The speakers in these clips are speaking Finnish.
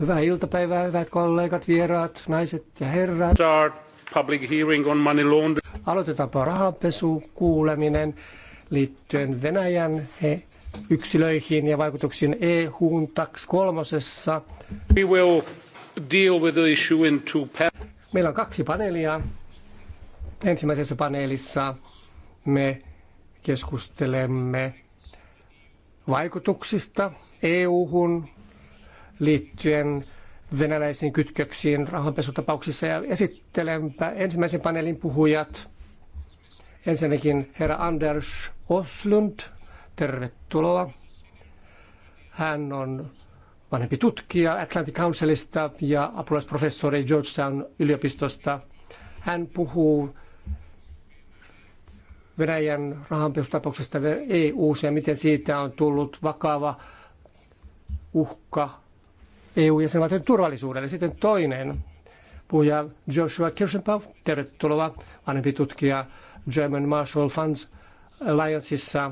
Hyvää iltapäivää, hyvät kollegat, vieraat, naiset ja herrat. Start public hearing on money laundering. Aloitetaanpa rahanpesu kuuleminen liittyen Venäjän he yksilöihin ja vaikutuksiin EU:n tax kolmosessa. We will deal with the issue in two Meillä on kaksi paneelia. Ensimmäisessä paneelissa me keskustelemme vaikutuksista EU-hun liittyen venäläisiin kytköksiin rahanpesutapauksissa. Ja esittelenpä ensimmäisen paneelin puhujat. Ensinnäkin herra Anders Oslund, tervetuloa. Hän on vanhempi tutkija Atlantic Councilista ja apulaisprofessori Georgetown yliopistosta. Hän puhuu Venäjän rahanpesutapauksesta EU ja miten siitä on tullut vakava uhka EU-jäsenvaltion turvallisuudelle. Sitten toinen puhuja Joshua Kirschenbaum, tervetuloa, vanhempi tutkija German Marshall Funds Allianceissa.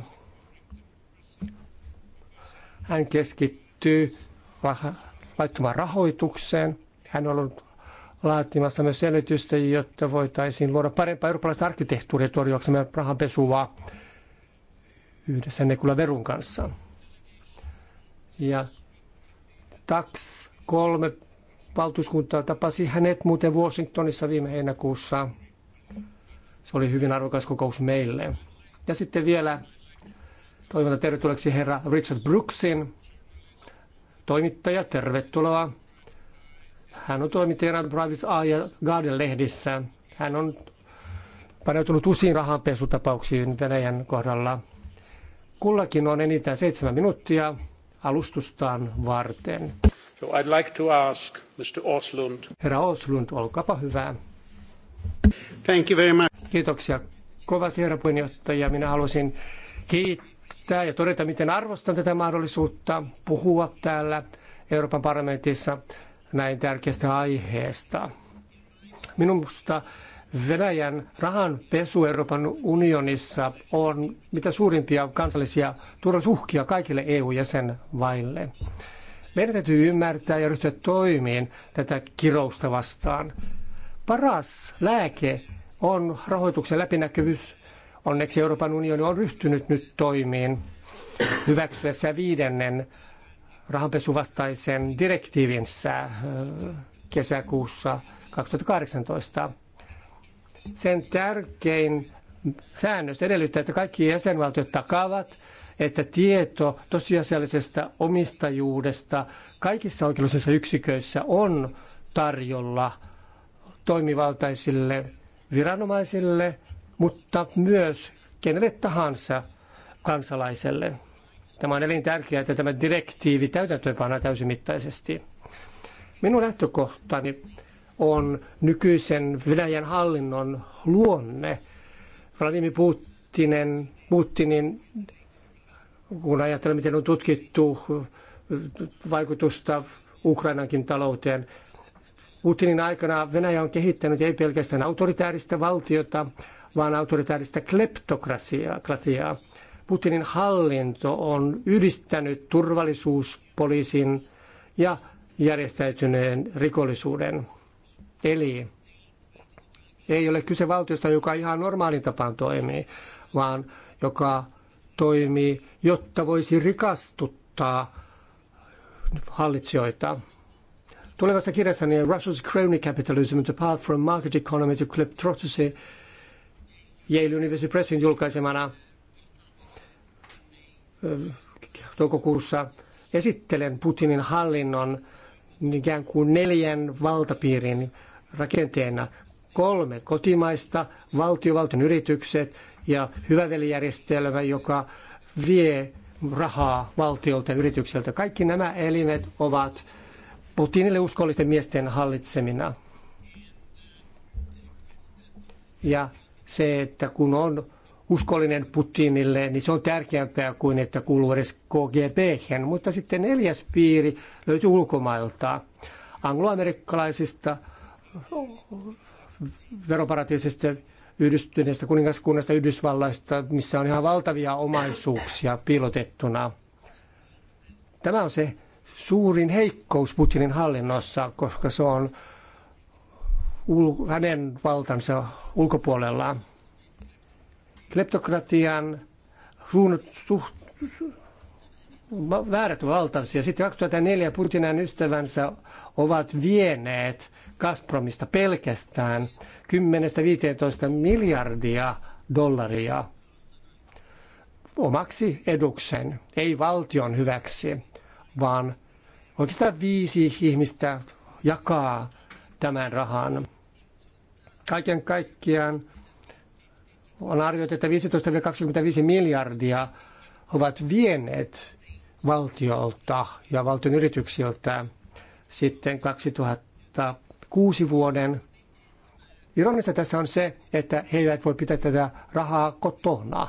Hän keskittyy laittomaan rahoitukseen. Hän on ollut laatimassa myös selvitystä, jotta voitaisiin luoda parempaa eurooppalaista arkkitehtuuria torjuaksemme rahanpesua yhdessä Nekula Verun kanssa. Ja kaksi, kolme valtuuskuntaa tapasi hänet muuten Washingtonissa viime heinäkuussa. Se oli hyvin arvokas kokous meille. Ja sitten vielä toivotan tervetulleeksi herra Richard Brooksin, toimittaja, tervetuloa. Hän on toimittajana Private Eye garden Guardian-lehdissä. Hän on paneutunut usein rahanpesutapauksiin Venäjän kohdalla. Kullakin on enintään seitsemän minuuttia alustustaan varten. So I'd like to ask Mr. Oslund. Herra Oslund, olkaapa hyvä. Thank you very much. Kiitoksia kovasti, herra puheenjohtaja. Minä haluaisin kiittää ja todeta, miten arvostan tätä mahdollisuutta puhua täällä Euroopan parlamentissa näin tärkeästä aiheesta. Minusta Venäjän rahanpesu Euroopan unionissa on mitä suurimpia kansallisia turvallisuusuhkia kaikille EU-jäsenvaille. Meidän täytyy ymmärtää ja ryhtyä toimiin tätä kirousta vastaan. Paras lääke on rahoituksen läpinäkyvyys. Onneksi Euroopan unioni on ryhtynyt nyt toimiin hyväksyessä viidennen rahanpesuvastaisen direktiivinsä äh, kesäkuussa 2018. Sen tärkein säännös edellyttää, että kaikki jäsenvaltiot takaavat, että tieto tosiasiallisesta omistajuudesta kaikissa oikeudellisissa yksiköissä on tarjolla toimivaltaisille viranomaisille, mutta myös kenelle tahansa kansalaiselle. Tämä on elintärkeää, että tämä direktiivi täytäntöönpannaan täysimittaisesti. Minun lähtökohtani on nykyisen Venäjän hallinnon luonne. Vladimir Putinen, Putinin, kun ajatellaan, miten on tutkittu vaikutusta Ukrainankin talouteen, Putinin aikana Venäjä on kehittänyt ei pelkästään autoritääristä valtiota, vaan autoritääristä kleptokratiaa. Putinin hallinto on yhdistänyt turvallisuuspoliisin ja järjestäytyneen rikollisuuden. Eli ei ole kyse valtiosta, joka ihan normaalin tapaan toimii, vaan joka toimii, jotta voisi rikastuttaa hallitsijoita. Tulevassa kirjassani Russia's Crony Capitalism, The Path from Market Economy to Kleptocracy, Yale University Pressin julkaisemana toukokuussa esittelen Putinin hallinnon ikään kuin neljän valtapiirin rakenteena kolme kotimaista, valtiovaltion yritykset ja hyvävelijärjestelmä, joka vie rahaa valtiolta ja yritykseltä. Kaikki nämä elimet ovat Putinille uskollisten miesten hallitsemina. Ja se, että kun on uskollinen Putinille, niin se on tärkeämpää kuin että kuuluu edes KGB. Mutta sitten neljäs piiri löytyy ulkomailta, angloamerikkalaisista veroparatiisista yhdistyneestä kuningaskunnasta Yhdysvalloista, missä on ihan valtavia omaisuuksia piilotettuna. Tämä on se suurin heikkous Putinin hallinnossa, koska se on hänen valtansa ulkopuolella. Kleptokratian suunnat suht, väärät valtansa. Ja sitten 2004 Putinin ystävänsä ovat vieneet Gazpromista pelkästään 10-15 miljardia dollaria omaksi eduksen, ei valtion hyväksi, vaan oikeastaan viisi ihmistä jakaa tämän rahan. Kaiken kaikkiaan on arvioitu, että 15-25 miljardia ovat vienneet valtiolta ja valtion yrityksiltä sitten 2000 kuusi vuoden. Ironista tässä on se, että he eivät voi pitää tätä rahaa kotona,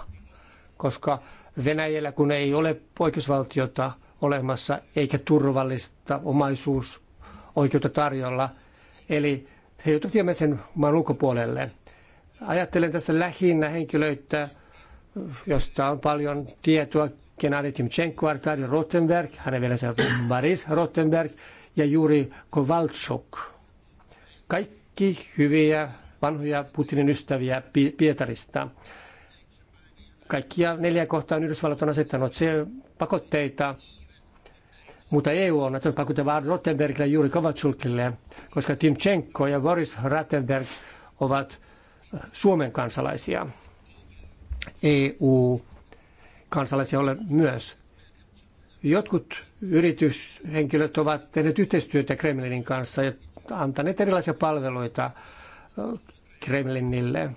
koska Venäjällä kun ei ole oikeusvaltiota olemassa eikä turvallista omaisuusoikeutta tarjolla, eli he joutuvat viemään sen maan ulkopuolelle. Ajattelen tässä lähinnä henkilöitä, josta on paljon tietoa, Kenari Timchenko, Arkadi Rottenberg, hänen se Boris Rottenberg ja Juri Kovalchuk – kaikki hyviä vanhoja Putinin ystäviä Pietarista. Kaikkia neljä kohtaa Yhdysvallat on asettanut se pakotteita, mutta EU on antanut pakotteita vain Rottenbergille juuri Kovatsulkille, koska Timchenko ja Boris Rattenberg ovat äh, Suomen kansalaisia. EU-kansalaisia ole myös. Jotkut yrityshenkilöt ovat tehneet yhteistyötä Kremlinin kanssa ja antaneet erilaisia palveluita Kremlinille.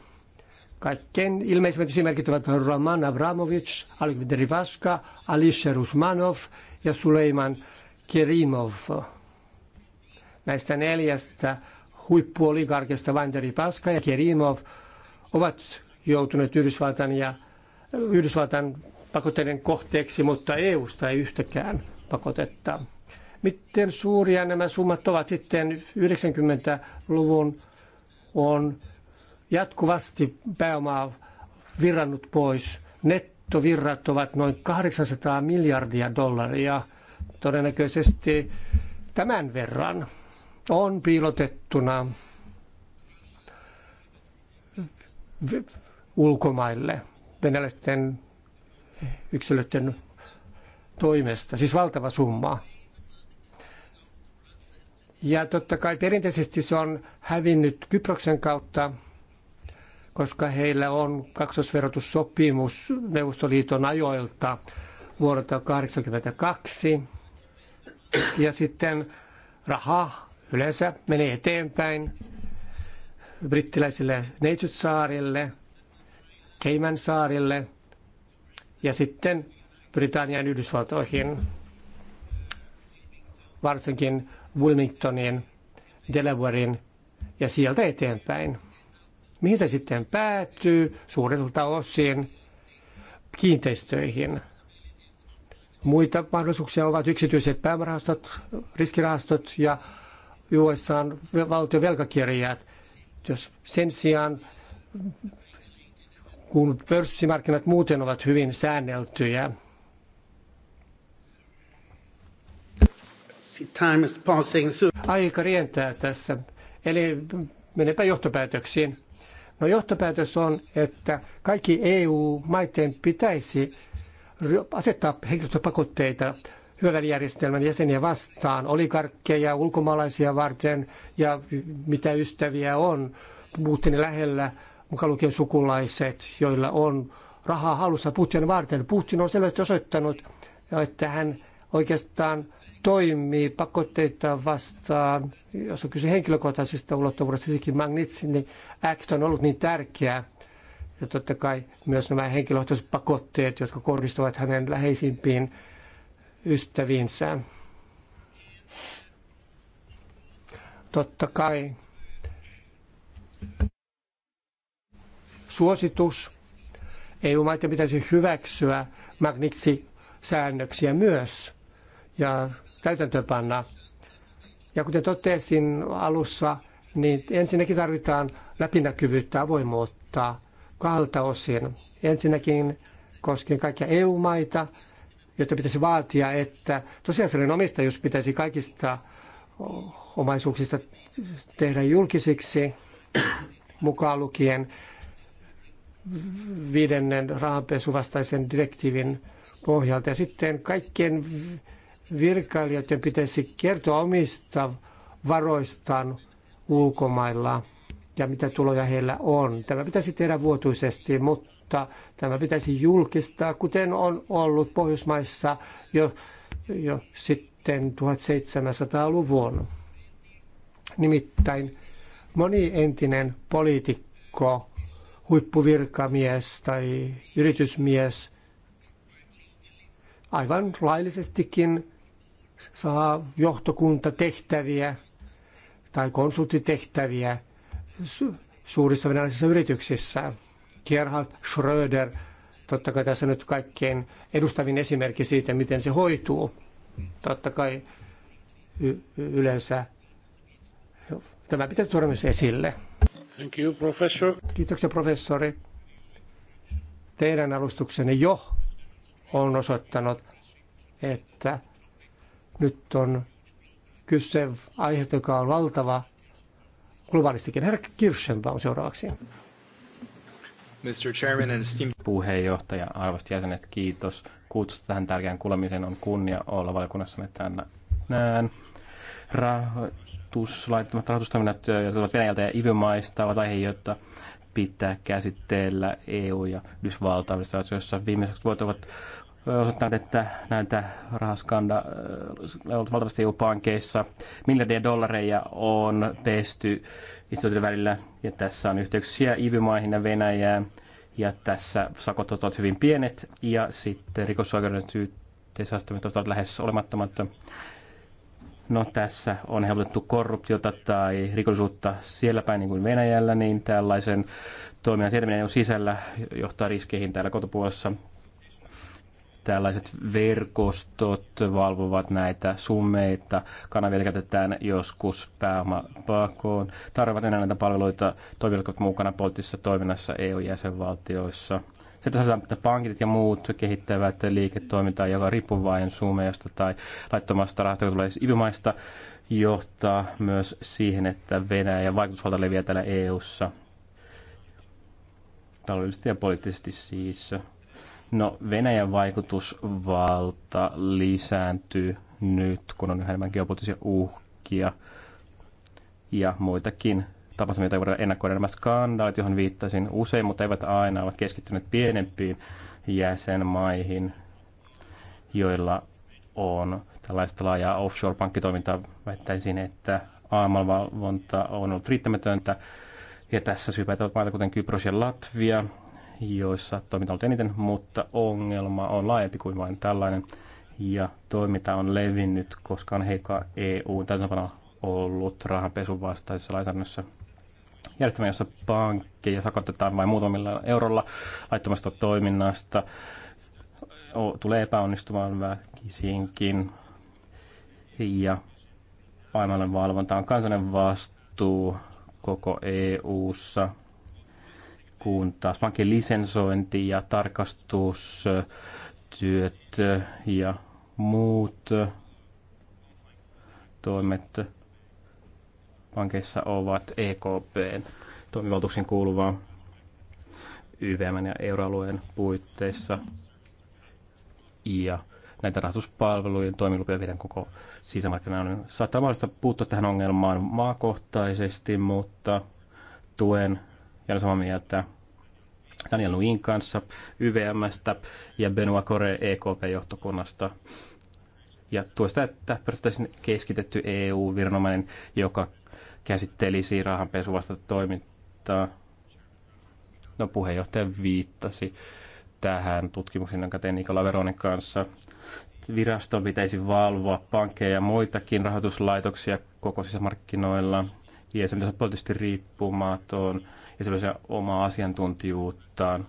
Kaikkein ilmeisimmät esimerkit ovat Roman Abramovich, Alekh Rivaska, Alisher Usmanov ja Suleiman Kerimov. Näistä neljästä huippuoligarkista vain Derivaska ja Kerimov ovat joutuneet Yhdysvaltain ja Yhdysvaltain pakotteiden kohteeksi, mutta EUsta ei yhtäkään pakotetta. Miten suuria nämä summat ovat sitten 90-luvun on jatkuvasti pääomaa virrannut pois. Nettovirrat ovat noin 800 miljardia dollaria. Todennäköisesti tämän verran on piilotettuna ulkomaille venäläisten yksilöiden toimesta, siis valtava summa. Ja totta kai perinteisesti se on hävinnyt Kyproksen kautta, koska heillä on kaksosverotussopimus Neuvostoliiton ajoilta vuodelta 1982. Ja sitten raha yleensä menee eteenpäin brittiläisille Neitsytsaarille, Caymansaarille ja sitten Britannian Yhdysvaltoihin, varsinkin Wilmingtonin, Delawarein ja sieltä eteenpäin. Mihin se sitten päätyy? Suurelta osin kiinteistöihin. Muita mahdollisuuksia ovat yksityiset pääomarahastot, riskirahastot ja USAn valtion velkakirjat. Jos sen sijaan, kun pörssimarkkinat muuten ovat hyvin säänneltyjä, Time is passing. Aika rientää tässä. Eli menepä johtopäätöksiin. No johtopäätös on, että kaikki EU-maiden pitäisi asettaa henkilöstöpakotteita hyövälijärjestelmän jäseniä vastaan, oli ulkomaalaisia varten ja mitä ystäviä on Putinin lähellä, mukaan lukien sukulaiset, joilla on rahaa halussa Putin varten. Putin on selvästi osoittanut, että hän oikeastaan toimii pakotteita vastaan, jos on kyse henkilökohtaisesta ulottuvuudesta, sekin siis Magnitskin Act on ollut niin tärkeä. Ja totta kai myös nämä henkilökohtaiset pakotteet, jotka kohdistuvat hänen läheisimpiin ystäviinsä. Totta kai suositus EU-maiden pitäisi hyväksyä Magnitsi-säännöksiä myös. Ja täytäntöönpanna. Ja kuten totesin alussa, niin ensinnäkin tarvitaan läpinäkyvyyttä, avoimuutta kahdelta osin. Ensinnäkin koskien kaikkia EU-maita, jotta pitäisi vaatia, että tosiasiallinen omistajuus pitäisi kaikista omaisuuksista tehdä julkisiksi, mukaan lukien viidennen rahanpesuvastaisen direktiivin pohjalta. Ja sitten kaikkien virkailijat pitäisi kertoa omista varoistaan ulkomailla ja mitä tuloja heillä on. Tämä pitäisi tehdä vuotuisesti, mutta tämä pitäisi julkistaa, kuten on ollut Pohjoismaissa jo, jo sitten 1700-luvun. Nimittäin moni entinen poliitikko, huippuvirkamies tai yritysmies aivan laillisestikin saa johtokuntatehtäviä tai konsulttitehtäviä suurissa venäläisissä yrityksissä. Gerhard Schröder, totta kai tässä nyt kaikkein edustavin esimerkki siitä, miten se hoituu. Totta kai y- yleensä tämä pitäisi tuoda myös esille. Thank you, professor. Kiitoksia, professori. Teidän alustuksenne jo on osoittanut, että nyt on kyse aiheesta, joka on valtava globaalistikin. Herra Kirschenbaum seuraavaksi. Mr. Chairman and esteemed... Puheenjohtaja, arvoisat jäsenet, kiitos kutsusta tähän tärkeään kuulemiseen. On kunnia olla valiokunnassanne tänään. laittomat rahoitustoiminnat, jotka ovat Venäjältä ja Ivymaista, ovat aihe, jotta pitää käsitellä EU- ja Yhdysvaltain jossa viimeiset vuodet ovat osoittaneet, että näitä rahaskandaa äh, on ollut valtavasti EU-pankeissa. Miljardien dollareja on pesty instituutioiden välillä ja tässä on yhteyksiä iv maihin ja Venäjään. Ja tässä sakot ovat hyvin pienet ja sitten rikosoikeuden syytteisastamit ovat lähes olemattomat. No tässä on helpotettu korruptiota tai rikollisuutta siellä päin niin kuin Venäjällä, niin tällaisen toiminnan sietäminen on e sisällä johtaa riskeihin täällä kotopuolessa tällaiset verkostot valvovat näitä summeita, Kanavia käytetään joskus pääomapakoon. tarvitaan enää näitä palveluita toimivat mukana poliittisessa toiminnassa EU-jäsenvaltioissa. Sitten sanotaan, että pankit ja muut kehittävät liiketoimintaa, joka riippuu vain sumeista tai laittomasta rahasta, joka tulee ivimaista, johtaa myös siihen, että Venäjä vaikutusvalta leviää täällä EU-ssa. Taloudellisesti ja poliittisesti siis. No, Venäjän vaikutusvalta lisääntyy nyt, kun on yhä enemmän geopoliittisia uhkia ja muitakin tapahtumia, joita voidaan voida ennakoida. Nämä skandaalit, johon viittasin usein, mutta eivät aina, ovat keskittyneet pienempiin jäsenmaihin, joilla on tällaista laajaa offshore-pankkitoimintaa. Väittäisin, että aamalvalvonta on ollut riittämätöntä. Ja tässä syypäitä ovat maita kuten Kypros ja Latvia, joissa toiminta on eniten, mutta ongelma on laajempi kuin vain tällainen. Ja toiminta on levinnyt, koska on heikkoa EU täytäntöpano ollut rahanpesun vastaisessa lainsäädännössä järjestelmä, jossa pankkeja sakotetaan vain muutamilla eurolla laittomasta toiminnasta, tulee epäonnistumaan väkisinkin. Ja maailmanvalvonta on kansallinen vastuu koko EU-ssa kun taas pankin lisensointi ja tarkastustyöt ja muut toimet pankeissa ovat EKPn toimivaltuuksiin kuuluvaa YVM ja euroalueen puitteissa. Ja näitä rahoituspalvelujen toimilupia viedään koko sisämarkkinoiden. Saattaa mahdollista puuttua tähän ongelmaan maakohtaisesti, mutta tuen ja olen samaa mieltä Daniel Luin kanssa YVMstä ja Benoit Kore EKP-johtokunnasta. Ja tuosta, että perustaisin keskitetty EU-viranomainen, joka käsittelisi rahanpesuvasta toimintaa. No puheenjohtaja viittasi tähän tutkimuksiin, jonka tein Nikola Veronin kanssa. Viraston pitäisi valvoa pankkeja ja muitakin rahoituslaitoksia koko sisämarkkinoilla – ja se on poliittisesti riippumaton ja sellaisia omaa asiantuntijuuttaan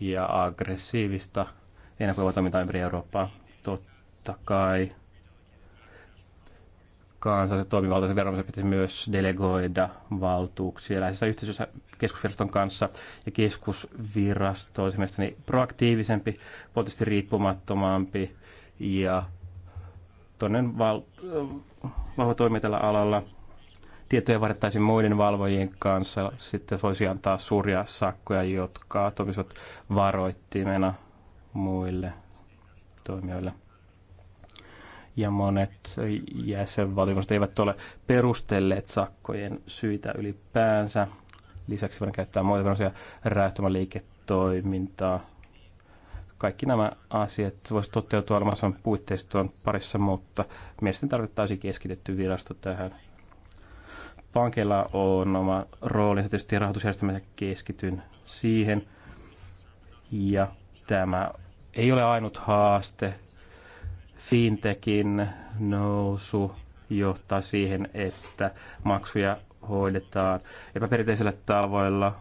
ja aggressiivista ennakoivaa toimintaa ympäri Eurooppaa. Totta kai kansalliset toimivaltaiset viranomaiset pitäisi myös delegoida valtuuksia läheisessä yhteisössä keskusviraston kanssa. Ja keskusvirasto on mielestäni proaktiivisempi, poliittisesti riippumattomampi ja toinen val- vahva toimi tällä alalla tietoja vaihdettaisiin muiden valvojien kanssa, sitten voisi antaa suuria sakkoja, jotka toimisivat varoittimena muille toimijoille. Ja monet jäsenvaltiot eivät ole perustelleet sakkojen syitä ylipäänsä. Lisäksi voidaan käyttää muita tämmöisiä liiketoimintaa. Kaikki nämä asiat voisivat toteutua olemassa puitteiston parissa, mutta mielestäni tarvittaisiin keskitetty virasto tähän Pankilla on oma roolinsa tietysti rahoitusjärjestelmässä keskityn siihen. Ja tämä ei ole ainut haaste. Fintekin nousu johtaa siihen, että maksuja hoidetaan epäperinteisillä tavoilla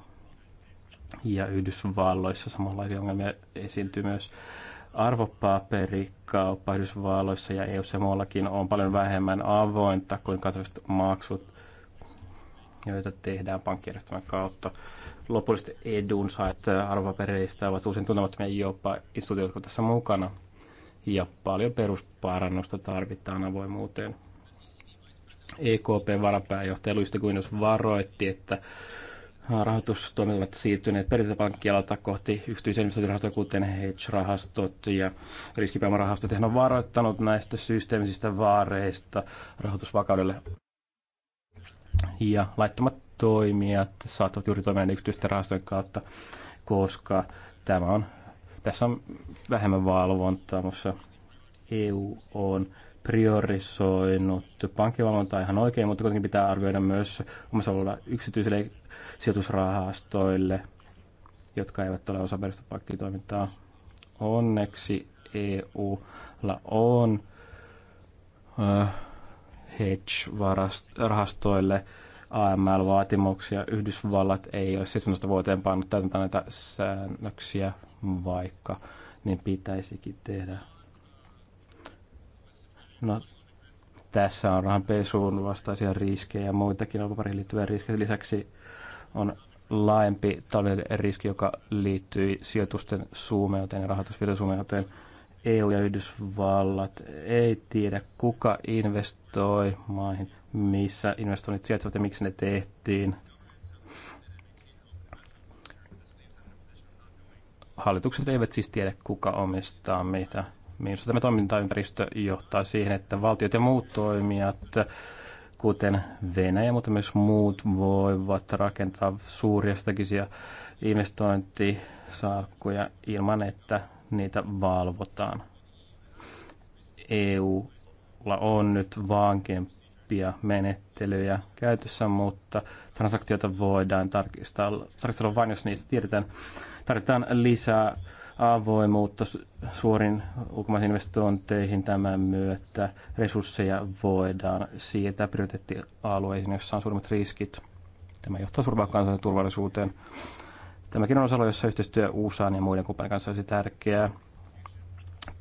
ja Yhdysvalloissa samanlaisia ongelmia esiintyy myös arvopaperikauppa Yhdysvalloissa ja EU-semollakin on paljon vähemmän avointa kuin kansalliset maksut joita tehdään pankkijärjestelmän kautta. Lopulliset edunsaajat arvopapereista ovat usein tuntemattomia jopa instituutioita, jotka tässä mukana. Ja paljon perusparannusta tarvitaan avoimuuteen. EKP-varapääjohtaja Luista de varoitti, että rahoitustoimet ovat siirtyneet perintöpankkialalta kohti yksityisen investointirahastoja, kuten hedge-rahastot ja riskipääomarahastot. Hän on varoittanut näistä systeemisistä vaareista rahoitusvakaudelle. Ja laittomat toimijat saattavat juuri toimia yksityisten rahastojen kautta, koska tämä on, tässä on vähemmän valvontaa, mutta EU on priorisoinut pankkivalvontaa ihan oikein, mutta kuitenkin pitää arvioida myös omassa alueella yksityisille sijoitusrahastoille, jotka eivät ole osa perustuspankkitoimintaa. Onneksi EUlla on äh, hedge-rahastoille AML-vaatimuksia. Yhdysvallat ei ole 17 vuoteen pannut täytäntöön näitä säännöksiä, vaikka niin pitäisikin tehdä. No, tässä on rahanpesuun vastaisia riskejä ja muitakin alkupariin liittyviä riskejä. Lisäksi on laajempi taloudellinen riski, joka liittyy sijoitusten suumeuteen ja rahoitusvirtosuumeuteen. suumeuteen EU ja Yhdysvallat ei tiedä, kuka investoi maihin, missä investoinnit sijaitsevat ja miksi ne tehtiin. Hallitukset eivät siis tiedä, kuka omistaa mitä. Minusta tämä toimintaympäristö johtaa siihen, että valtiot ja muut toimijat, kuten Venäjä, mutta myös muut, voivat rakentaa suuria strategisia investointisalkkuja ilman, että niitä valvotaan. EUlla on nyt vankempia menettelyjä käytössä, mutta transaktioita voidaan tarkistaa, tarkistaa vain, jos niistä tiedetään. Tarvitaan lisää avoimuutta suorin ulkomaisiin investointeihin tämän myötä. Resursseja voidaan siirtää prioriteettialueisiin, joissa on suurimmat riskit. Tämä johtaa suurempaan kansallisen turvallisuuteen. Tämäkin on osa jossa yhteistyö USAan ja muiden kumppanien kanssa olisi tärkeää.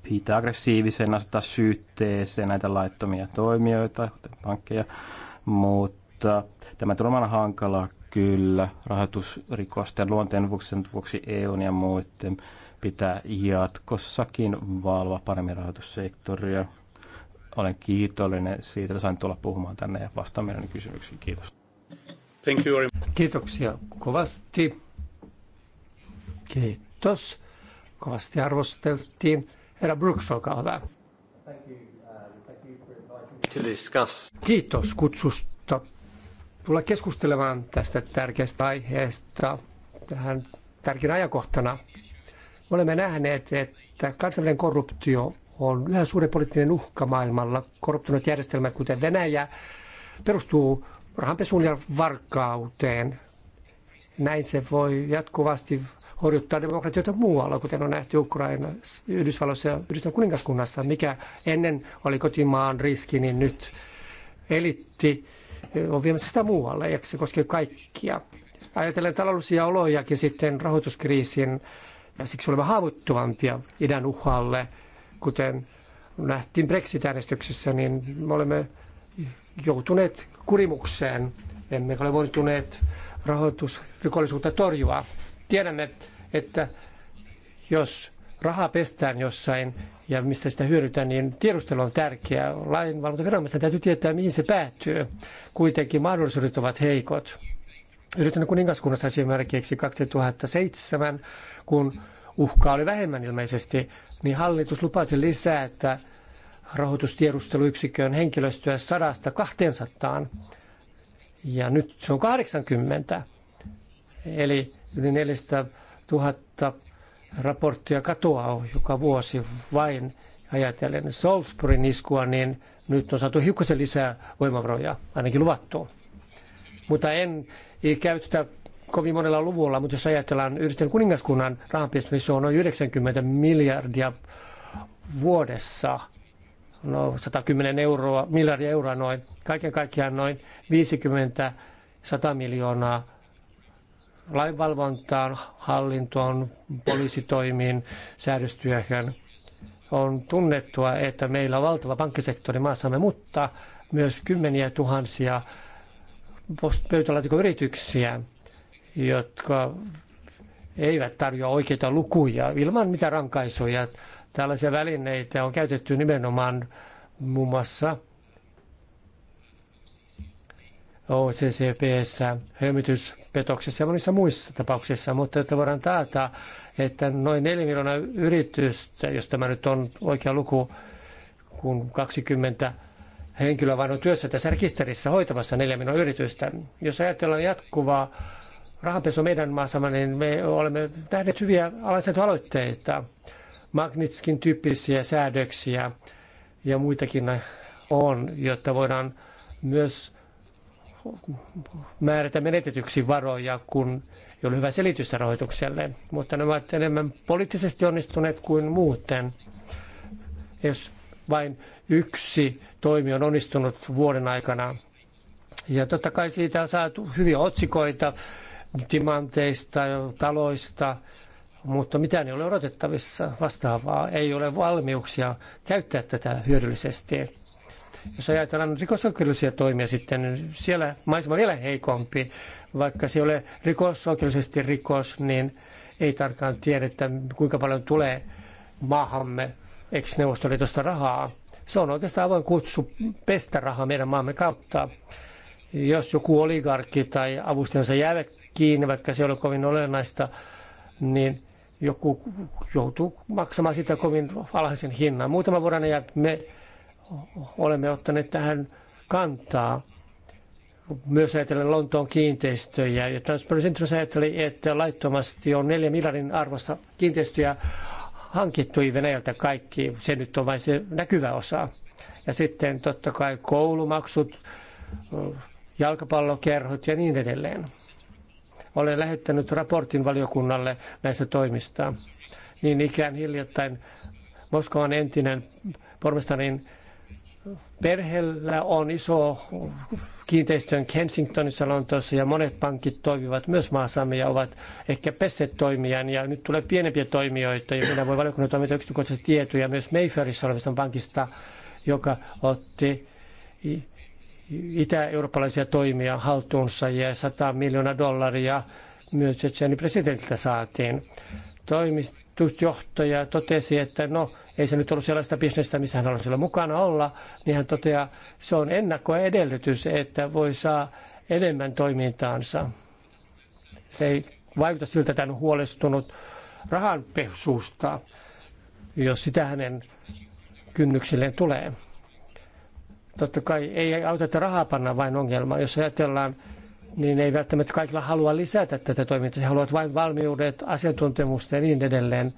Pitää aggressiivisen asettaa syytteeseen näitä laittomia toimijoita, kuten pankkeja, mutta tämä tulee olemaan hankalaa kyllä rahoitusrikosten luonteen vuoksi, sen vuoksi EUn ja muiden pitää jatkossakin valvoa paremmin rahoitussektoria. Olen kiitollinen siitä, että sain tulla puhumaan tänne ja vastaan meidän kysymyksiin. Kiitos. Thank you very much. Kiitoksia kovasti. Kiitos. Kovasti arvosteltiin. Herra Brooks, olkaa hyvä. Kiitos kutsusta tulla keskustelemaan tästä tärkeästä aiheesta tähän tärkeänä ajankohtana. Me olemme nähneet, että kansainvälinen korruptio on yhä suuri poliittinen uhka maailmalla. Korruptunut järjestelmät, kuten Venäjä, perustuu rahanpesuun ja varkauteen. Näin se voi jatkuvasti horjuttaa demokratioita muualla, kuten on nähty Ukrainassa, Yhdysvalloissa ja Yhdysvallan kuningaskunnassa, mikä ennen oli kotimaan riski, niin nyt elitti eh, on viemässä sitä muualle, ja se koskee kaikkia. Ajatellen taloudellisia olojakin sitten rahoituskriisin, ja siksi olemme haavoittuvampia idän uhalle, kuten nähtiin Brexit-äänestyksessä, niin me olemme joutuneet kurimukseen, emme ole voineet rahoitusrikollisuutta torjua. Tiedämme, että jos raha pestään jossain ja mistä sitä hyödytään, niin tiedustelu on tärkeää. Lainvalvontaviranomaisen täytyy tietää, mihin se päättyy. Kuitenkin mahdollisuudet ovat heikot. Yritän kuningaskunnassa esimerkiksi 2007, kun uhkaa oli vähemmän ilmeisesti, niin hallitus lupasi lisää, että rahoitustiedusteluyksikön henkilöstöä sadasta 200 Ja nyt se on 80. Eli yli 000 raporttia katoaa joka vuosi vain ajatellen Salisburyn iskua, niin nyt on saatu hiukkasen lisää voimavaroja, ainakin luvattua. Mutta en käytetä kovin monella luvulla, mutta jos ajatellaan yhdistön kuningaskunnan rahanpiestä, niin se on noin 90 miljardia vuodessa. No 110 euroa, miljardia euroa noin, kaiken kaikkiaan noin 50-100 miljoonaa lainvalvontaan, hallintoon, poliisitoimiin säädöstyöhön. On tunnettua, että meillä on valtava pankkisektori maassamme, mutta myös kymmeniä tuhansia pöytälaatikoyrityksiä, jotka eivät tarjoa oikeita lukuja ilman mitä rankaisuja. Tällaisia välineitä on käytetty nimenomaan muun muassa OCCPssä, hömmityspetoksissa ja monissa muissa tapauksissa, mutta että voidaan taata, että noin 4 miljoonaa yritystä, jos tämä nyt on oikea luku, kun 20 henkilöä vain on työssä tässä rekisterissä hoitamassa 4 miljoonaa yritystä. Jos ajatellaan jatkuvaa rahanpesu meidän maassamme, niin me olemme nähneet hyviä aloitteita, Magnitskin tyyppisiä säädöksiä ja muitakin on, jotta voidaan myös määrätä menetetyksi varoja, kun ei ole hyvä selitystä rahoitukselle. Mutta ne ovat enemmän poliittisesti onnistuneet kuin muuten. Jos vain yksi toimi on onnistunut vuoden aikana. Ja totta kai siitä on saatu hyviä otsikoita timanteista ja taloista, mutta mitään ei ole odotettavissa vastaavaa. Ei ole valmiuksia käyttää tätä hyödyllisesti. Jos ajatellaan rikosoikeudellisia toimia sitten, siellä maisema vielä heikompi, vaikka se ei ole rikosoikeudellisesti rikos, niin ei tarkkaan että kuinka paljon tulee maahamme ex-neuvostoliitosta rahaa. Se on oikeastaan avoin kutsu pestä rahaa meidän maamme kautta. Jos joku oligarkki tai avustajansa jäävät kiinni, vaikka se ei ole kovin olennaista, niin joku joutuu maksamaan sitä kovin alhaisen hinnan. Muutama vuoden ja me olemme ottaneet tähän kantaa. Myös ajatellen Lontoon kiinteistöjä. Ja Transparency International ajatteli, että laittomasti on 4 miljardin arvosta kiinteistöjä hankittu Venäjältä kaikki. Se nyt on vain se näkyvä osa. Ja sitten totta kai koulumaksut, jalkapallokerhot ja niin edelleen. Olen lähettänyt raportin valiokunnalle näistä toimista. Niin ikään hiljattain Moskovan entinen pormestarin perheellä on iso kiinteistö Kensingtonissa, Lontoossa ja monet pankit toimivat myös maassamme ja ovat ehkä pesset toimijan ja nyt tulee pienempiä toimijoita ja minä voi valiokunnan toimijoita yksityiskohtaisesti tietoja myös Mayfairissa olevasta pankista, joka otti itä-eurooppalaisia toimia haltuunsa ja 100 miljoonaa dollaria myös Tsetseni presidentiltä saatiin. Toimista johtaja totesi, että no ei se nyt ollut sellaista bisnestä, missä hän haluaisi olla mukana olla, niin hän toteaa, se on ennakkoedellytys, että voi saa enemmän toimintaansa. Se ei vaikuta siltä, että hän on huolestunut rahanpehsuusta, jos sitä hänen kynnyksilleen tulee. Totta kai ei auta, että rahaa panna vain ongelma. Jos ajatellaan niin ei välttämättä kaikilla halua lisätä tätä toimintaa. He haluavat vain valmiudet, asiantuntemusta ja niin edelleen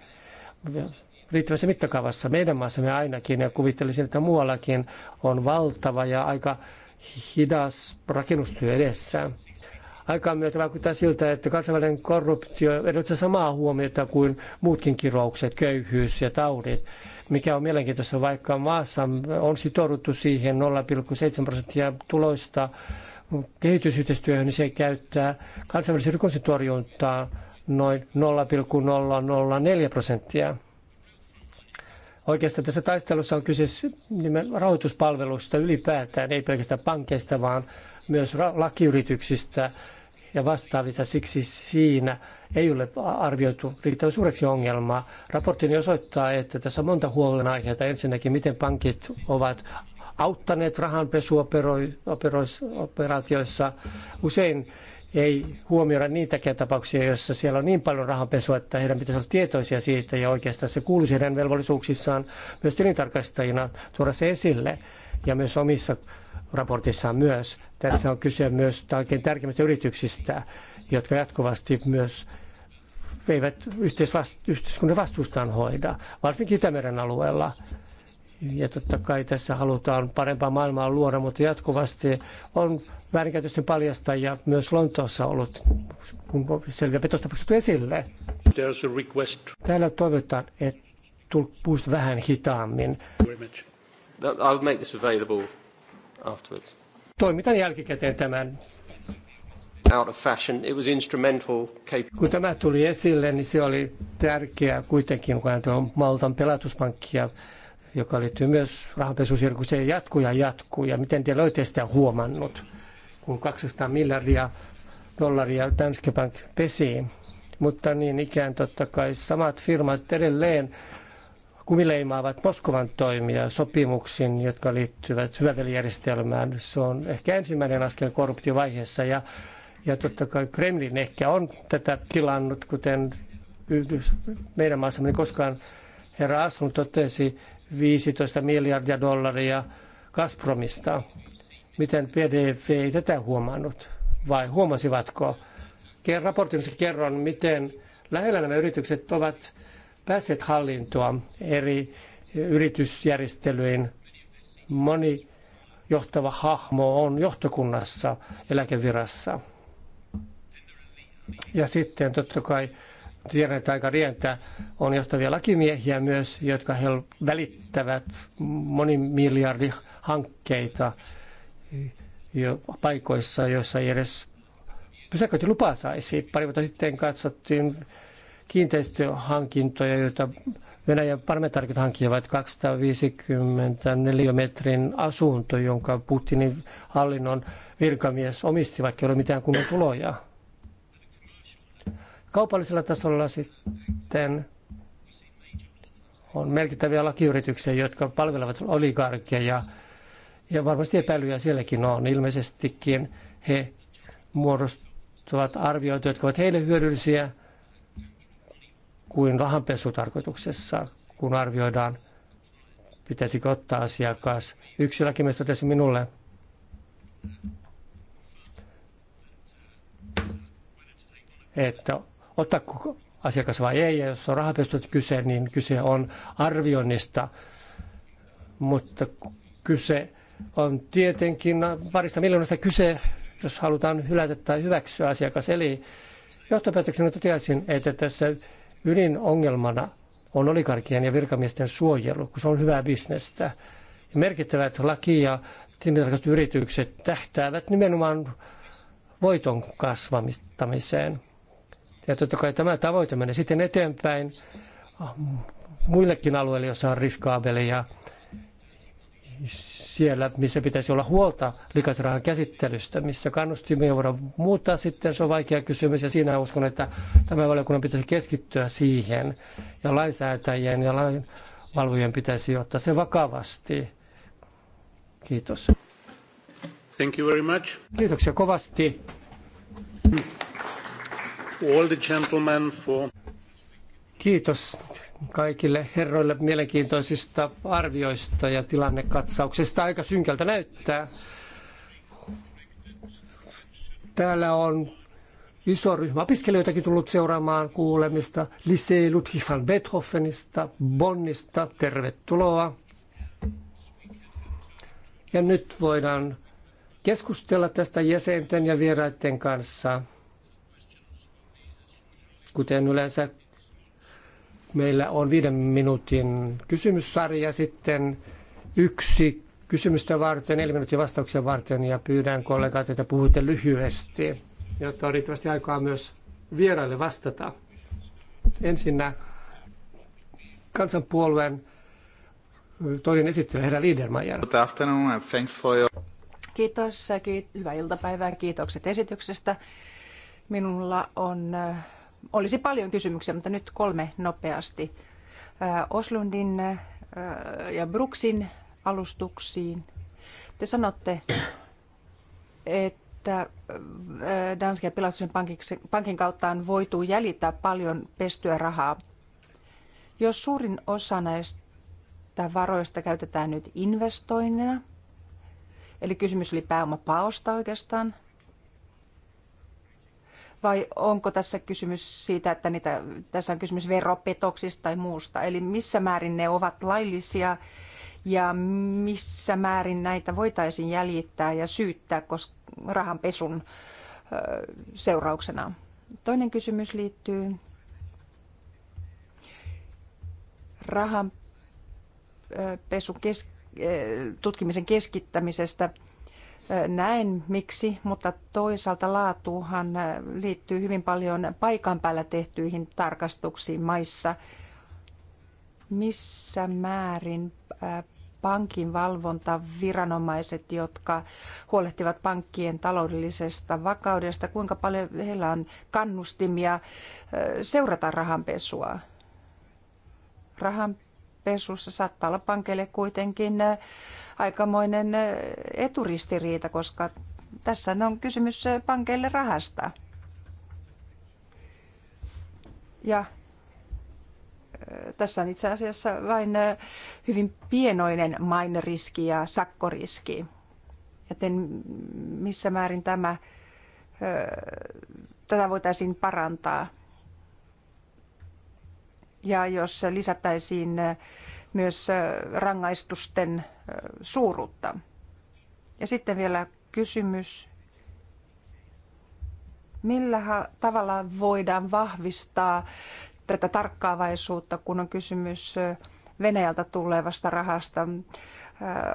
riittävässä mittakaavassa. Meidän maassamme ainakin, ja kuvittelisin, että muuallakin on valtava ja aika hidas rakennustyö edessä. Aikaan myötä vaikuttaa siltä, että kansainvälinen korruptio edustaa samaa huomiota kuin muutkin kiroukset, köyhyys ja taudit. Mikä on mielenkiintoista, vaikka maassa on sitouduttu siihen 0,7 prosenttia tuloista kehitysyhteistyöhön, niin se käyttää kansainvälisen rikollisen torjuntaa noin 0,004 prosenttia. Oikeastaan tässä taistelussa on kyse rahoituspalveluista ylipäätään, ei pelkästään pankeista, vaan myös lakiyrityksistä ja vastaavista. Siksi siinä ei ole arvioitu riittävän suureksi ongelmaa. Raportti osoittaa, että tässä on monta huolenaiheita. Ensinnäkin, miten pankit ovat auttaneet rahanpesuoperaatioissa. Usein ei huomioida niitäkään tapauksia, joissa siellä on niin paljon rahanpesua, että heidän pitäisi olla tietoisia siitä ja oikeastaan se kuuluisi heidän velvollisuuksissaan myös tilintarkastajina tuoda se esille ja myös omissa raportissaan myös. Tässä on kyse myös oikein tärkeimmistä yrityksistä, jotka jatkuvasti myös eivät yhteiskunnan vastuustaan hoida, varsinkin Itämeren alueella. Ja totta kai tässä halutaan parempaa maailmaa luoda, mutta jatkuvasti on väärinkäytösten paljastajia myös Lontoossa ollut, kun selviä petostapaukset esille. There's a request. Täällä toivotaan, että puhust vähän hitaammin. I'll make this available afterwards. Toimitan jälkikäteen tämän. Out of fashion. It was instrumental kun tämä tuli esille, niin se oli tärkeää kuitenkin, kun hän on Maltan pelatuspankkia joka liittyy myös rahanpesusiirron, jatkuu ja jatkuu. Ja miten te olette sitä huomannut, kun 200 miljardia dollaria Danske Bank pesii. Mutta niin ikään totta kai samat firmat edelleen kumileimaavat Moskovan toimia sopimuksiin, jotka liittyvät hyvävelijärjestelmään. Se on ehkä ensimmäinen askel korruptiovaiheessa ja, ja totta kai Kremlin ehkä on tätä tilannut, kuten Yhdys, meidän maassamme niin koskaan herra Assun totesi, 15 miljardia dollaria Gazpromista. Miten PDV ei tätä huomannut? Vai huomasivatko? Raportinsa kerron, miten lähellä nämä yritykset ovat päässeet hallintoa eri yritysjärjestelyin. Moni johtava hahmo on johtokunnassa eläkevirassa. Ja sitten totta kai tiedän, että aika rientää, on johtavia lakimiehiä myös, jotka he välittävät monimiljardihankkeita jo paikoissa, joissa ei edes pysäköintilupaa saisi. Pari vuotta sitten katsottiin kiinteistöhankintoja, joita Venäjän parlamentaarikot hankkivat 254 metrin asunto, jonka Putinin hallinnon virkamies omisti, vaikka ei ole mitään kunnon tuloja. Kaupallisella tasolla sitten on merkittäviä lakiyrityksiä, jotka palvelevat oligarkkeja ja varmasti epäilyjä sielläkin on. Ilmeisestikin he muodostuvat arvioita, jotka ovat heille hyödyllisiä kuin rahanpesutarkoituksessa, kun arvioidaan, pitäisikö ottaa asiakas. Yksi lakimies totesi minulle, että ottaa asiakas vai ei. Ja jos on rahapestot kyse, niin kyse on arvioinnista, mutta kyse on tietenkin parista miljoonasta kyse, jos halutaan hylätä tai hyväksyä asiakas. Eli johtopäätöksenä toteaisin, että tässä ydinongelmana on olikarkien ja virkamiesten suojelu, kun se on hyvää bisnestä. Ja merkittävät laki- ja tilintarkastusyritykset tähtäävät nimenomaan voiton kasvamistamiseen. Ja totta kai tämä tavoite menee sitten eteenpäin muillekin alueille, joissa on riskaabeleja, siellä, missä pitäisi olla huolta likaisrahan käsittelystä, missä kannustimia voidaan muuttaa sitten, se on vaikea kysymys ja siinä uskon, että tämän valiokunnan pitäisi keskittyä siihen ja lainsäätäjien ja lainvalvojien pitäisi ottaa se vakavasti. Kiitos. Thank you very much. Kiitoksia kovasti. Hmm. Kiitos kaikille herroille mielenkiintoisista arvioista ja tilannekatsauksesta. Aika synkältä näyttää. Täällä on iso ryhmä opiskelijoitakin tullut seuraamaan kuulemista. Lycée Ludwig van Beethovenista, Bonnista, tervetuloa. Ja nyt voidaan keskustella tästä jäsenten ja vieraiden kanssa kuten yleensä meillä on viiden minuutin kysymyssarja sitten yksi kysymystä varten, neljä minuutin vastauksia varten ja pyydän kollegat, että puhutte lyhyesti, jotta on riittävästi aikaa myös vieraille vastata. Ensinnä kansanpuolueen toinen esittely, herra Liedermayer. Good thanks for Kiitos, hyvää iltapäivää, kiitokset esityksestä. Minulla on olisi paljon kysymyksiä, mutta nyt kolme nopeasti. Oslundin ja Brooksin alustuksiin. Te sanotte, että ja Pilatusen pankin kautta on voitu jäljittää paljon pestyä rahaa. Jos suurin osa näistä varoista käytetään nyt investoinnina, eli kysymys oli pääomapaosta oikeastaan, vai onko tässä kysymys siitä, että niitä, tässä on kysymys veropetoksista tai muusta? Eli missä määrin ne ovat laillisia ja missä määrin näitä voitaisiin jäljittää ja syyttää koska rahanpesun seurauksena? Toinen kysymys liittyy rahanpesun kes, tutkimisen keskittämisestä – näen miksi, mutta toisaalta laatuhan liittyy hyvin paljon paikan päällä tehtyihin tarkastuksiin maissa. Missä määrin pankin valvontaviranomaiset, jotka huolehtivat pankkien taloudellisesta vakaudesta, kuinka paljon heillä on kannustimia seurata rahanpesua? Rahanpesua pesussa. saattaa olla pankeille kuitenkin äh, aikamoinen äh, eturistiriita, koska tässä on kysymys äh, pankeille rahasta. Ja tässä on itse asiassa vain hyvin pienoinen mainriski ja sakkoriski. Joten missä määrin tämä, tätä voitaisiin parantaa? ja jos lisättäisiin eh, myös eh, rangaistusten eh, suuruutta. Ja sitten vielä kysymys, millä tavalla voidaan vahvistaa tätä tarkkaavaisuutta, kun on kysymys Venäjältä tulevasta rahasta.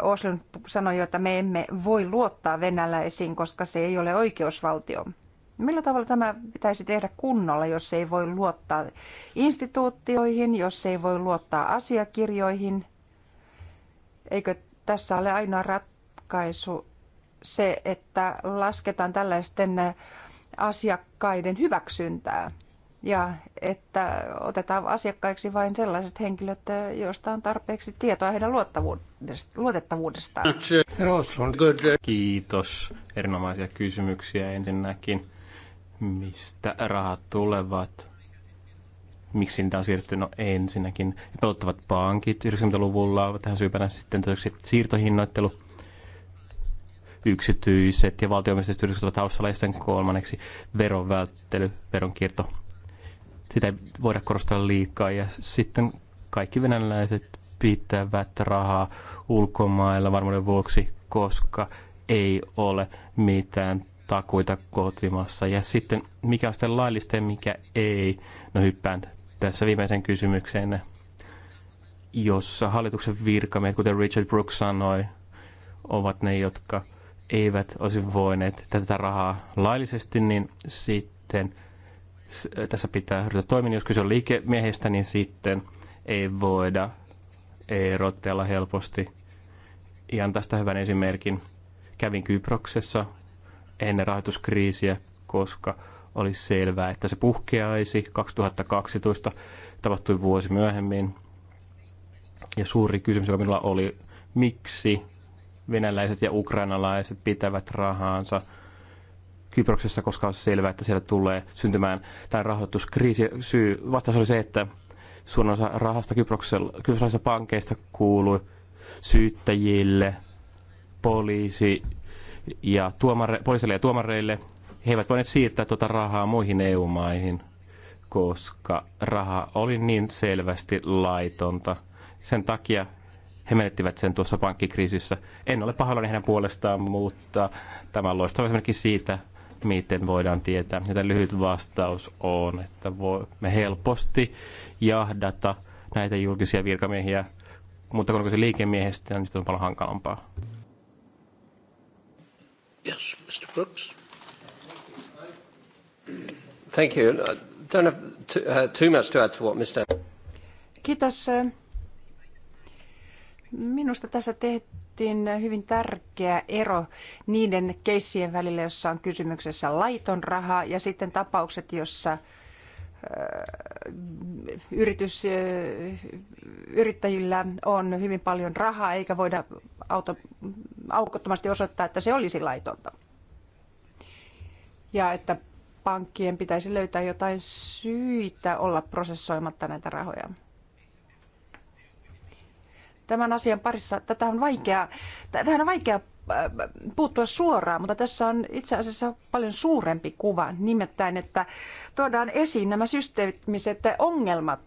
Oslund sanoi jo, että me emme voi luottaa venäläisiin, koska se ei ole oikeusvaltio. Millä tavalla tämä pitäisi tehdä kunnolla, jos ei voi luottaa instituutioihin, jos ei voi luottaa asiakirjoihin? Eikö tässä ole ainoa ratkaisu se, että lasketaan tällaisten asiakkaiden hyväksyntää ja että otetaan asiakkaiksi vain sellaiset henkilöt, joista on tarpeeksi tietoa heidän luotettavuudestaan? Kiitos. Erinomaisia kysymyksiä ensinnäkin mistä rahat tulevat. Miksi niitä on siirtynyt? No ensinnäkin pelottavat pankit 90-luvulla, tähän syypänä sitten toiseksi siirtohinnoittelu, yksityiset ja valtioomistuiset yritykset ovat taustalla ja sitten kolmanneksi veronvälttely, veronkierto. Sitä ei voida korostaa liikaa ja sitten kaikki venäläiset pitävät rahaa ulkomailla varmuuden vuoksi, koska ei ole mitään takuita kotimassa. Ja sitten mikä on sitten laillista ja mikä ei. No hyppään tässä viimeisen kysymykseen, jossa hallituksen virkamiehet, kuten Richard Brooks sanoi, ovat ne, jotka eivät olisi voineet tätä rahaa laillisesti, niin sitten tässä pitää ryhtyä toimia. Jos kyse on liikemiehestä niin sitten ei voida erotella helposti. Ihan tästä hyvän esimerkin. Kävin Kyproksessa ennen rahoituskriisiä, koska oli selvää, että se puhkeaisi 2012, tapahtui vuosi myöhemmin. Ja suuri kysymys, joka minulla oli, miksi venäläiset ja ukrainalaiset pitävät rahansa Kyproksessa, koska on selvää, että siellä tulee syntymään tämä rahoituskriisi. Syy vastaus oli se, että suurin osa rahasta kyproksalaisista pankeista kuului syyttäjille, poliisi, ja tuomare, poliisille ja tuomareille. He eivät voineet siirtää tuota rahaa muihin EU-maihin, koska raha oli niin selvästi laitonta. Sen takia he menettivät sen tuossa pankkikriisissä. En ole pahoillani heidän puolestaan, mutta tämä on loistava esimerkki siitä, miten voidaan tietää. tämä lyhyt vastaus on, että me helposti jahdata näitä julkisia virkamiehiä, mutta kun se liikemiehestä, niin on paljon hankalampaa. Yes, Mr. Brooks. Thank you. I don't have too, uh, too much to add to what Mr. Kiitos. Minusta tässä tehtiin hyvin tärkeä ero niiden keissien välillä, jossa on kysymyksessä laiton raha ja sitten tapaukset, jossa yritys, yrittäjillä on hyvin paljon rahaa, eikä voida auto, aukottomasti osoittaa, että se olisi laitonta. Ja että pankkien pitäisi löytää jotain syitä olla prosessoimatta näitä rahoja. Tämän asian parissa, tätä on vaikea, Tätä on vaikea puuttua suoraan, mutta tässä on itse asiassa paljon suurempi kuva, nimittäin, että tuodaan esiin nämä systeemiset ongelmat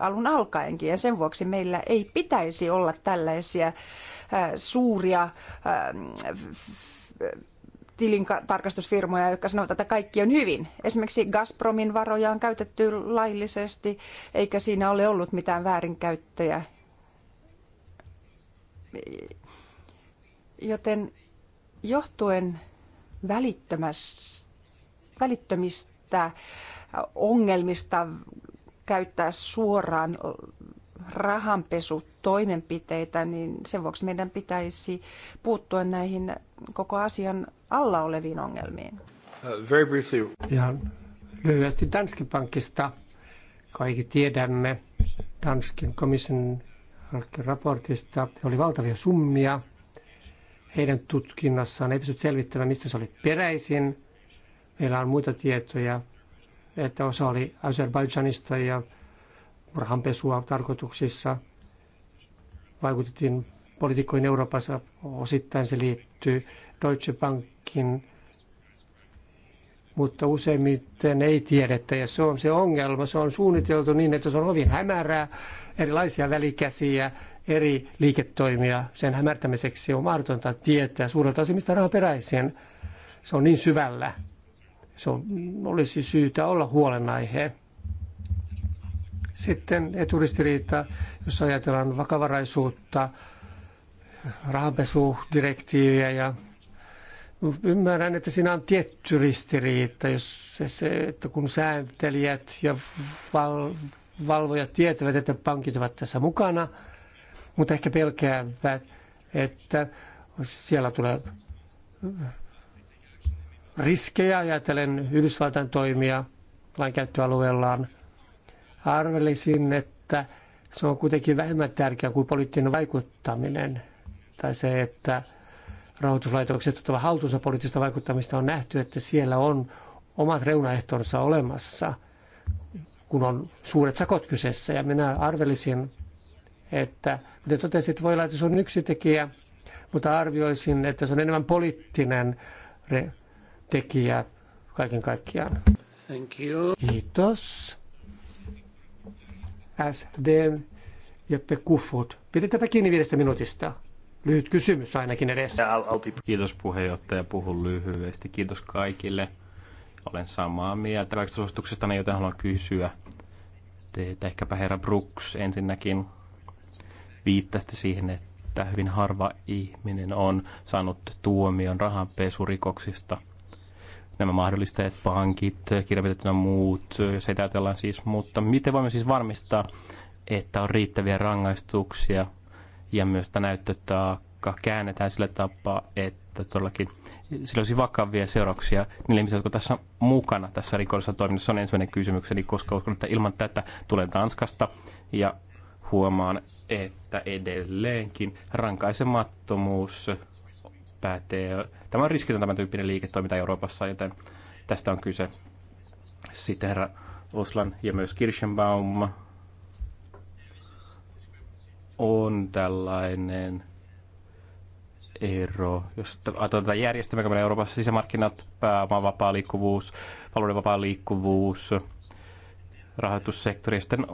alun alkaenkin, ja sen vuoksi meillä ei pitäisi olla tällaisia äh, suuria äh, tilintarkastusfirmoja, jotka sanovat, että kaikki on hyvin. Esimerkiksi Gazpromin varoja on käytetty laillisesti, eikä siinä ole ollut mitään väärinkäyttöjä Joten johtuen välittömistä ongelmista käyttää suoraan rahanpesutoimenpiteitä, niin sen vuoksi meidän pitäisi puuttua näihin koko asian alla oleviin ongelmiin. Uh, very briefly. Ihan lyhyesti Danskin pankista. Kaikki tiedämme Danskin komission raportista. Oli valtavia summia, heidän tutkinnassaan ei pysty selvittämään, mistä se oli peräisin. Meillä on muita tietoja, että osa oli Azerbaijanista ja rahanpesua tarkoituksissa. Vaikutettiin poliitikkoihin Euroopassa, osittain se liittyy Deutsche Bankin, mutta useimmiten ei tiedetä ja se on se ongelma. Se on suunniteltu niin, että se on hyvin hämärää, erilaisia välikäsiä eri liiketoimia sen hämärtämiseksi. On mahdotonta tietää suurelta osin, mistä raha peräisin. Se on niin syvällä. Se on, olisi syytä olla huolenaihe. Sitten eturistiriita, jos ajatellaan vakavaraisuutta, rahanpesudirektiiviä ja ymmärrän, että siinä on tietty ristiriita, jos se, että kun sääntelijät ja val, valvojat tietävät, että pankit ovat tässä mukana – mutta ehkä pelkäävät, että siellä tulee riskejä ajatellen Yhdysvaltain toimia lainkäyttöalueellaan. Arvelisin, että se on kuitenkin vähemmän tärkeää kuin poliittinen vaikuttaminen tai se, että rahoituslaitokset ottavat haltuunsa poliittista vaikuttamista on nähty, että siellä on omat reunaehtonsa olemassa, kun on suuret sakot kyseessä. Ja minä arvelisin, että kuten totesit, voi olla, että se on yksi tekijä, mutta arvioisin, että se on enemmän poliittinen tekijä kaiken kaikkiaan. Thank you. Kiitos. SD ja Kufut. Pidetäänpä kiinni viidestä minuutista. Lyhyt kysymys ainakin edes. Kiitos puheenjohtaja, puhun lyhyesti. Kiitos kaikille. Olen samaa mieltä suosituksestani, joten haluan kysyä teitä. ehkäpä herra Brooks ensinnäkin viittasitte siihen, että hyvin harva ihminen on saanut tuomion rahanpesurikoksista. Nämä mahdollistajat, pankit, kirjapitot ja muut, jos ei ajatellaan siis, mutta miten voimme siis varmistaa, että on riittäviä rangaistuksia ja myös tämä näyttötaakka käännetään sillä tapaa, että todellakin sillä olisi vakavia seurauksia niille ihmisille, jotka tässä mukana tässä rikollisessa toiminnassa. on ensimmäinen kysymykseni, koska uskon, että ilman tätä tulee Tanskasta ja huomaan, että edelleenkin rankaisemattomuus pätee. Tämä on riskitön tämän tyyppinen liiketoiminta Euroopassa, joten tästä on kyse. Sitten herra Oslan ja myös Kirschenbaum on tällainen ero. Jos ajatellaan tätä järjestelmää, meillä Euroopassa sisämarkkinat, pääoman vapaa liikkuvuus, valuuden vapaa liikkuvuus, rahoitussektori ja sitten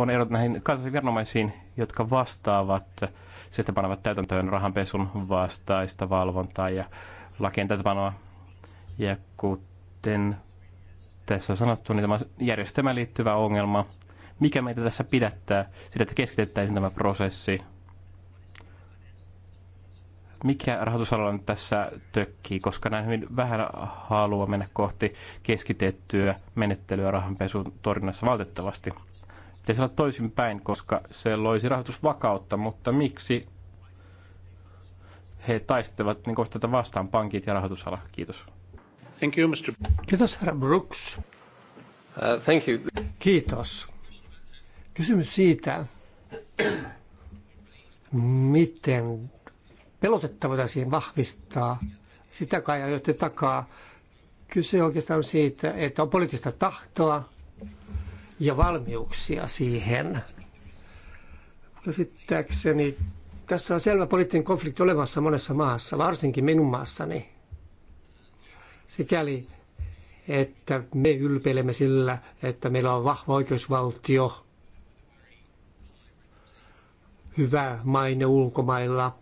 on erot näihin kansallisiin viranomaisiin, jotka vastaavat, sitten panevat täytäntöön rahanpesun vastaista valvontaa ja lakien täytäntöpanoa. Ja kuten tässä on sanottu, niin tämä järjestelmään liittyvä ongelma, mikä meitä tässä pidättää, sitä, että keskitettäisiin tämä prosessi mikä rahoitusalalla nyt tässä tökkii, koska näin hyvin vähän haluaa mennä kohti keskitettyä menettelyä rahanpesun torjunnassa valitettavasti pitäisi olla toisinpäin, koska se loisi rahoitusvakautta, mutta miksi he taistelevat niin tätä vastaan pankit ja rahoitusala? Kiitos. Thank you, Mr. Kiitos, herra Brooks. Uh, thank you. Kiitos. Kysymys siitä, miten pelotetta voitaisiin vahvistaa. Sitä kai ajoitte takaa. Kyse oikeastaan siitä, että on poliittista tahtoa ja valmiuksia siihen. Käsittääkseni tässä on selvä poliittinen konflikti olemassa monessa maassa, varsinkin minun maassani. Sikäli, että me ylpeilemme sillä, että meillä on vahva oikeusvaltio, hyvä maine ulkomailla.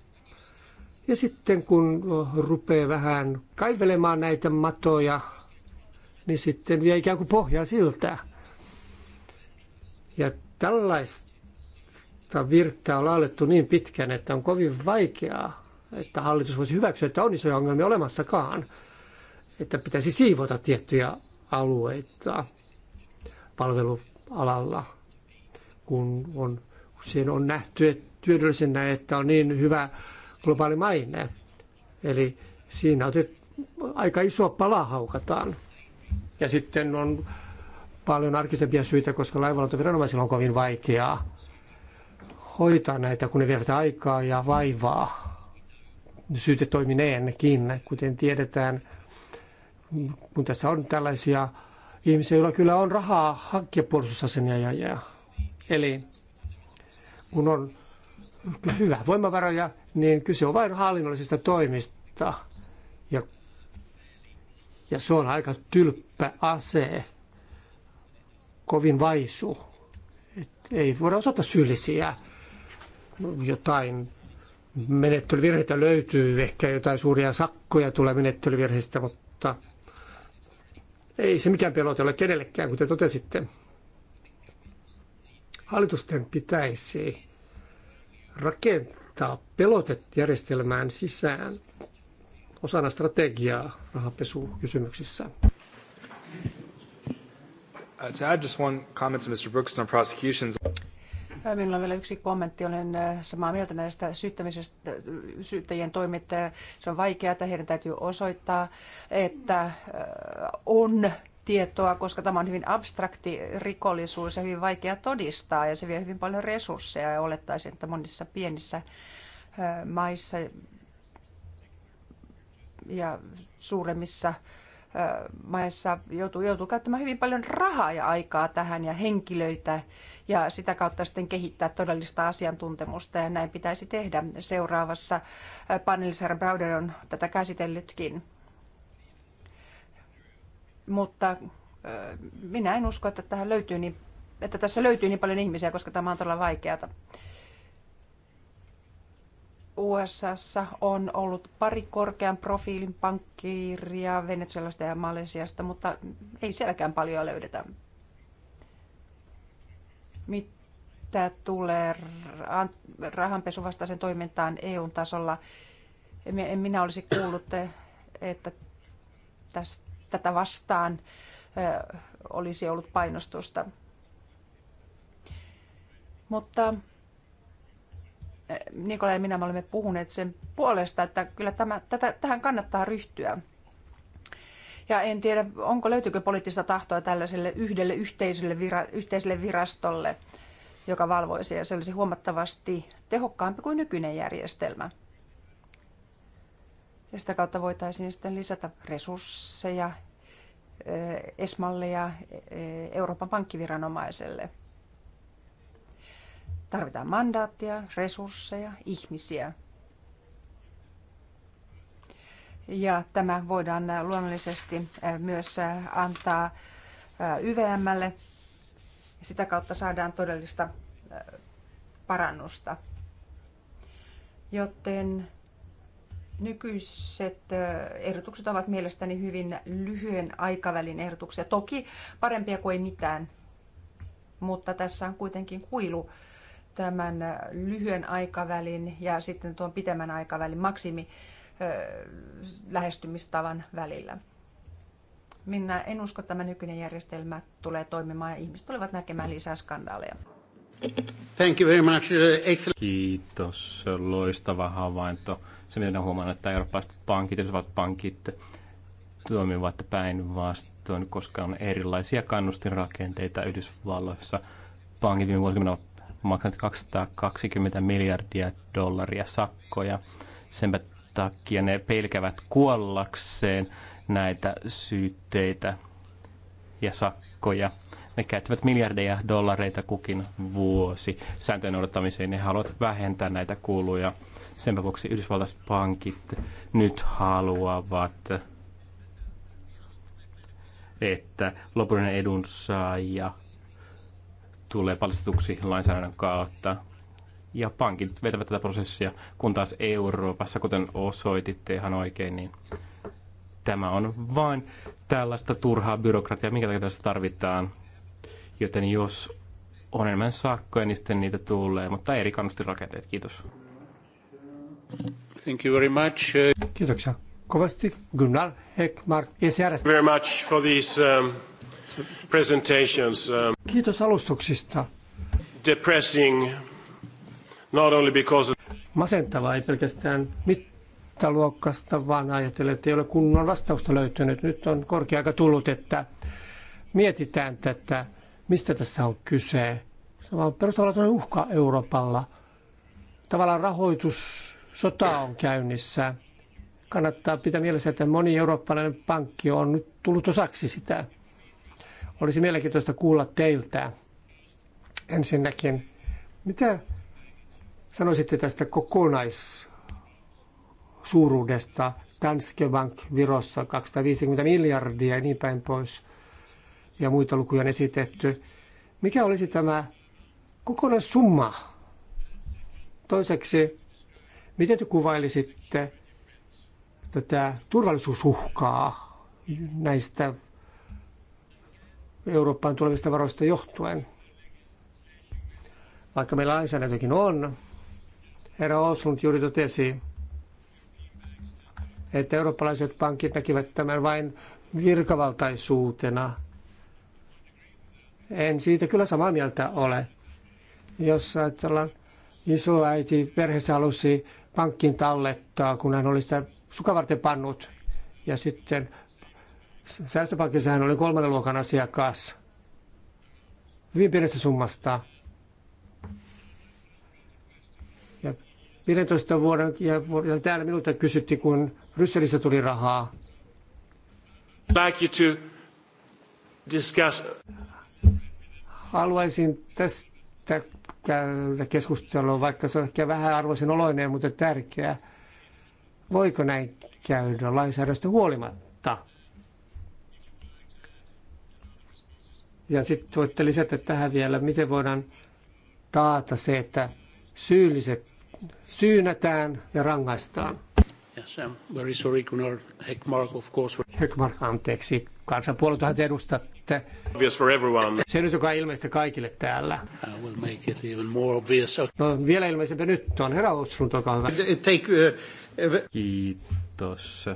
Ja sitten kun rupeaa vähän kaivelemaan näitä matoja, niin sitten vie ikään kuin pohjaa siltä. Ja tällaista virtaa on laulettu niin pitkään, että on kovin vaikeaa, että hallitus voisi hyväksyä, että on isoja ongelmia olemassakaan, että pitäisi siivota tiettyjä alueita palvelualalla, kun on, siinä on nähty työllisenä, että on niin hyvä globaali maine. Eli siinä otet, aika isoa palaa haukataan. Ja sitten on paljon arkisempia syitä, koska laivanvalvontaviranomaisilla on kovin vaikeaa hoitaa näitä, kun ne vievät aikaa ja vaivaa syytetoimineenkin, kuten tiedetään, kun tässä on tällaisia ihmisiä, joilla kyllä on rahaa hankkia ja Eli kun on hyvä voimavaroja, niin kyse on vain hallinnollisista toimista. Ja, ja se on aika tylppä ase kovin vaisu. Et ei voida osata syyllisiä jotain menettelyvirheitä löytyy, ehkä jotain suuria sakkoja tulee menettelyvirheistä, mutta ei se mikään pelote ole kenellekään, kuten totesitte. Hallitusten pitäisi rakentaa järjestelmään sisään osana strategiaa rahapesukysymyksissä. Uh, to add just one comment to Mr. Brooks on prosecutions. Äh, minulla on vielä yksi kommentti. Olen äh, samaa mieltä näistä syyttämisestä, äh, syyttäjien toimista. Se on vaikeaa, että heidän täytyy osoittaa, että on tietoa, koska tämä on hyvin abstrakti rikollisuus ja hyvin vaikea todistaa ja se vie hyvin paljon resursseja ja olettaisin, että monissa pienissä maissa ja suuremmissa maissa joutuu, joutuu käyttämään hyvin paljon rahaa ja aikaa tähän ja henkilöitä ja sitä kautta sitten kehittää todellista asiantuntemusta ja näin pitäisi tehdä. Seuraavassa paneelissa herra Browder on tätä käsitellytkin. Mutta minä en usko, että, tähän löytyy niin, että tässä löytyy niin paljon ihmisiä, koska tämä on todella vaikeata. USA on ollut pari korkean profiilin pankkiiria Venezuelasta ja Malesiasta, mutta ei sielläkään paljon löydetä. Mitä tulee rahanpesuvastaisen toimintaan EUn tasolla, en minä olisi kuullut, että tästä, tätä vastaan olisi ollut painostusta. Mutta Nikola ja minä me olemme puhuneet sen puolesta, että kyllä tämä, tätä, tähän kannattaa ryhtyä. Ja en tiedä, onko löytyykö poliittista tahtoa tällaiselle yhdelle yhteisölle, vira, yhteiselle virastolle, joka valvoisi, ja se olisi huomattavasti tehokkaampi kuin nykyinen järjestelmä. Ja sitä kautta voitaisiin sitten lisätä resursseja Esmalle eh, ja eh, Euroopan pankkiviranomaiselle – Tarvitaan mandaattia, resursseja, ihmisiä. Ja tämä voidaan luonnollisesti äh, myös äh, antaa äh, YVMlle. Sitä kautta saadaan todellista parannusta. Joten nykyiset ehdotukset ovat mielestäni hyvin lyhyen aikavälin ehdotuksia. Toki parempia kuin ei mitään, mutta tässä on kuitenkin kuilu tämän äh, lyhyen aikavälin ja sitten tuon pitemmän aikavälin maksimi äh, lähestymistavan välillä. Minä en usko, että tämä nykyinen järjestelmä tulee toimimaan ja ihmiset tulevat näkemään lisää skandaaleja. Thank you very much. Uh, excellent. Kiitos. Loistava havainto. Se, mitä huomannut, että eurooppalaiset pankit, yhdysvallat pankit toimivat päinvastoin, koska on erilaisia kannustinrakenteita Yhdysvalloissa. Pankit viime vuosikymmenellä ovat maksanut 220 miljardia dollaria sakkoja. Sen takia ne pelkävät kuollakseen näitä syytteitä ja sakkoja. Ne käyttävät miljardeja dollareita kukin vuosi sääntöjen odottamiseen. Ne haluavat vähentää näitä kuluja. Sen vuoksi Yhdysvaltain pankit nyt haluavat, että lopullinen edunsaaja tulee paljastetuksi lainsäädännön kautta. Ja pankit vetävät tätä prosessia, kun taas Euroopassa, kuten osoititte ihan oikein, niin tämä on vain tällaista turhaa byrokratiaa, minkä takia tässä tarvitaan. Joten jos on enemmän sakkoja, niin sitten niitä tulee, mutta eri kannustirakenteet. Kiitos. Thank you very much. Kiitoksia kovasti. Gunnar Heckmark, ECRS. Very much for these um presentations. Um, Kiitos alustuksista. Depressing, not only because... Masentavaa ei pelkästään mittaluokasta, vaan ajatellen, että ei ole kunnon vastausta löytynyt. Nyt on korkea aika tullut, että mietitään tätä, mistä tässä on kyse. Se on perustavallinen uhka Euroopalla. Tavallaan rahoitus, sota on käynnissä. Kannattaa pitää mielessä, että moni eurooppalainen pankki on nyt tullut osaksi sitä. Olisi mielenkiintoista kuulla teiltä ensinnäkin, mitä sanoisitte tästä kokonaissuuruudesta Danske Bank Virossa 250 miljardia ja niin päin pois ja muita lukuja on esitetty. Mikä olisi tämä kokonaissumma? Toiseksi, miten te kuvailisitte tätä turvallisuusuhkaa näistä Eurooppaan tulevista varoista johtuen. Vaikka meillä lainsäädäntökin on, herra Oslund juuri totesi, että eurooppalaiset pankit näkivät tämän vain virkavaltaisuutena. En siitä kyllä samaa mieltä ole. Jos ajatellaan, isoäiti perheessä halusi pankkiin tallettaa, kun hän oli sitä sukavarten pannut. Ja sitten Säästöpankissa hän oli kolmannen luokan asiakas. Hyvin pienestä summasta. Ja 15 vuoden, ja täällä minulta kysytti kun Brysselissä tuli rahaa. Like you to discuss. Haluaisin tästä käydä keskustelua, vaikka se on ehkä vähän arvoisen oloinen, mutta tärkeä. Voiko näin käydä lainsäädännöstä huolimatta? Ja sitten voitte lisätä tähän vielä, miten voidaan taata se, että syylliset syynätään ja rangaistaan. Yes, I'm very sorry, Gunnar Heckmark, of course. Heckmark, anteeksi. Kansanpuoluettahan te edustatte. Obvious for everyone. Se nyt, joka on ilmeistä kaikille täällä. I will make it even more obvious. No, vielä ilmeisempi nyt on. Herra Oslund, olkaa hyvä. Take, uh, uh Kiitos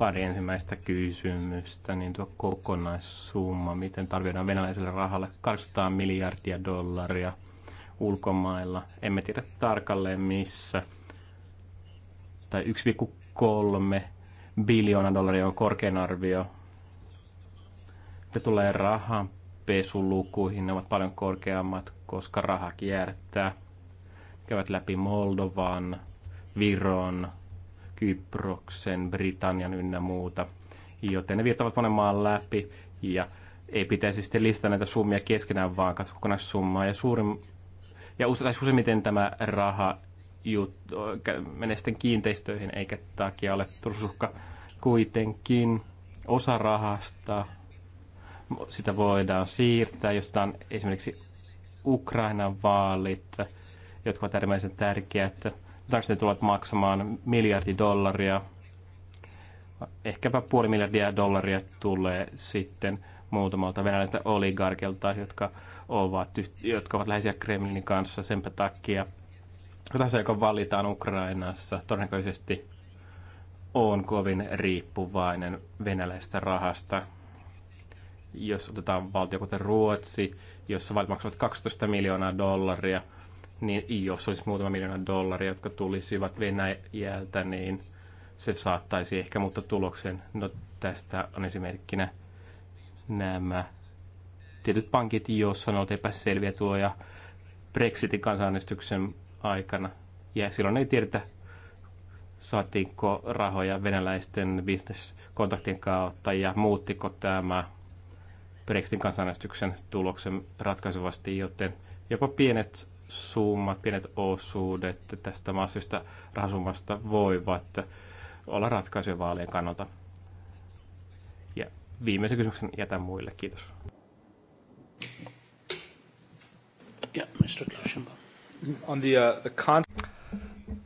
pari ensimmäistä kysymystä, niin tuo kokonaissumma, miten tarvitaan venäläiselle rahalle 200 miljardia dollaria ulkomailla. Emme tiedä tarkalleen missä. Tai 1,3 biljoona dollaria on korkein arvio. Mitä tulee pesulukuihin, ne ovat paljon korkeammat, koska raha kiertää. Käyvät läpi Moldovan, Viron, Kyproksen, Britannian ynnä muuta. Joten ne virtaavat monen maan läpi ja ei pitäisi sitten listata näitä summia keskenään, vaan katsoa kokonaissummaa. Ja, suurin, ja useimmiten tämä raha jut, menee sitten kiinteistöihin eikä takia ole tursuhka kuitenkin osa rahasta. Sitä voidaan siirtää, jos on esimerkiksi Ukrainan vaalit, jotka ovat äärimmäisen tärkeät tai tulevat maksamaan miljardi dollaria. Ehkäpä puoli miljardia dollaria tulee sitten muutamalta venäläistä oligarkilta, jotka ovat, jotka ovat läheisiä Kremlinin kanssa sen takia. Tässä, joka valitaan Ukrainassa, todennäköisesti on kovin riippuvainen venäläisestä rahasta. Jos otetaan valtio kuten Ruotsi, jossa valit maksavat 12 miljoonaa dollaria – niin jos olisi muutama miljoona dollaria, jotka tulisivat Venäjältä, niin se saattaisi ehkä mutta tuloksen. No tästä on esimerkkinä nämä tietyt pankit, joissa on ollut epäselviä tuloja Brexitin kansanäänestyksen aikana. Ja silloin ei tiedetä, saatiinko rahoja venäläisten bisneskontaktien kautta ja muuttiko tämä Brexitin kansanäänestyksen tuloksen ratkaisuvasti, joten jopa pienet summat, pienet osuudet tästä massiivista rahasummasta voivat olla ratkaisuja vaalien kannalta. Ja viimeisen kysymyksen jätän muille. Kiitos. Yeah, Mr. On the, uh, the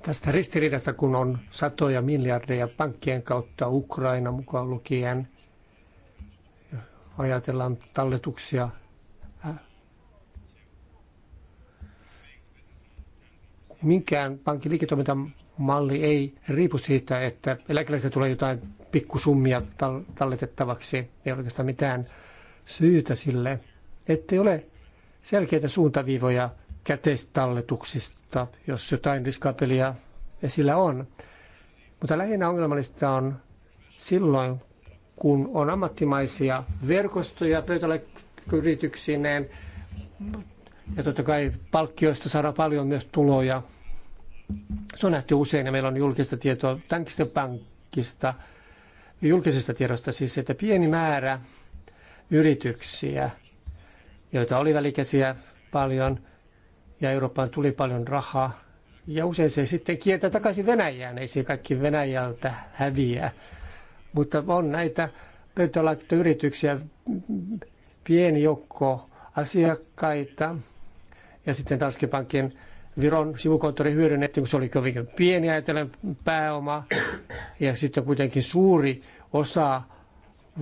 Tästä ristiriidasta, kun on satoja miljardeja pankkien kautta Ukraina mukaan lukien, ajatellaan talletuksia minkään pankin liiketoimintamalli ei riipu siitä, että eläkeläisille tulee jotain pikkusummia talletettavaksi. Ei ole oikeastaan mitään syytä sille, ettei ole selkeitä suuntaviivoja käteistalletuksista, jos jotain riskaapelia esillä on. Mutta lähinnä ongelmallista on silloin, kun on ammattimaisia verkostoja pöytällä ja totta kai palkkioista saadaan paljon myös tuloja. Se on nähty usein ja meillä on julkista tietoa tänkistä pankista, julkisesta tiedosta siis, että pieni määrä yrityksiä, joita oli välikäsiä paljon ja Eurooppaan tuli paljon rahaa. Ja usein se sitten kiertää takaisin Venäjään, ei se kaikki Venäjältä häviä. Mutta on näitä yrityksiä, pieni joukko asiakkaita, ja sitten Danske Bankin Viron sivukonttori hyödynnettiin, kun se oli kovinkin pieni ajatellen pääoma ja sitten kuitenkin suuri osa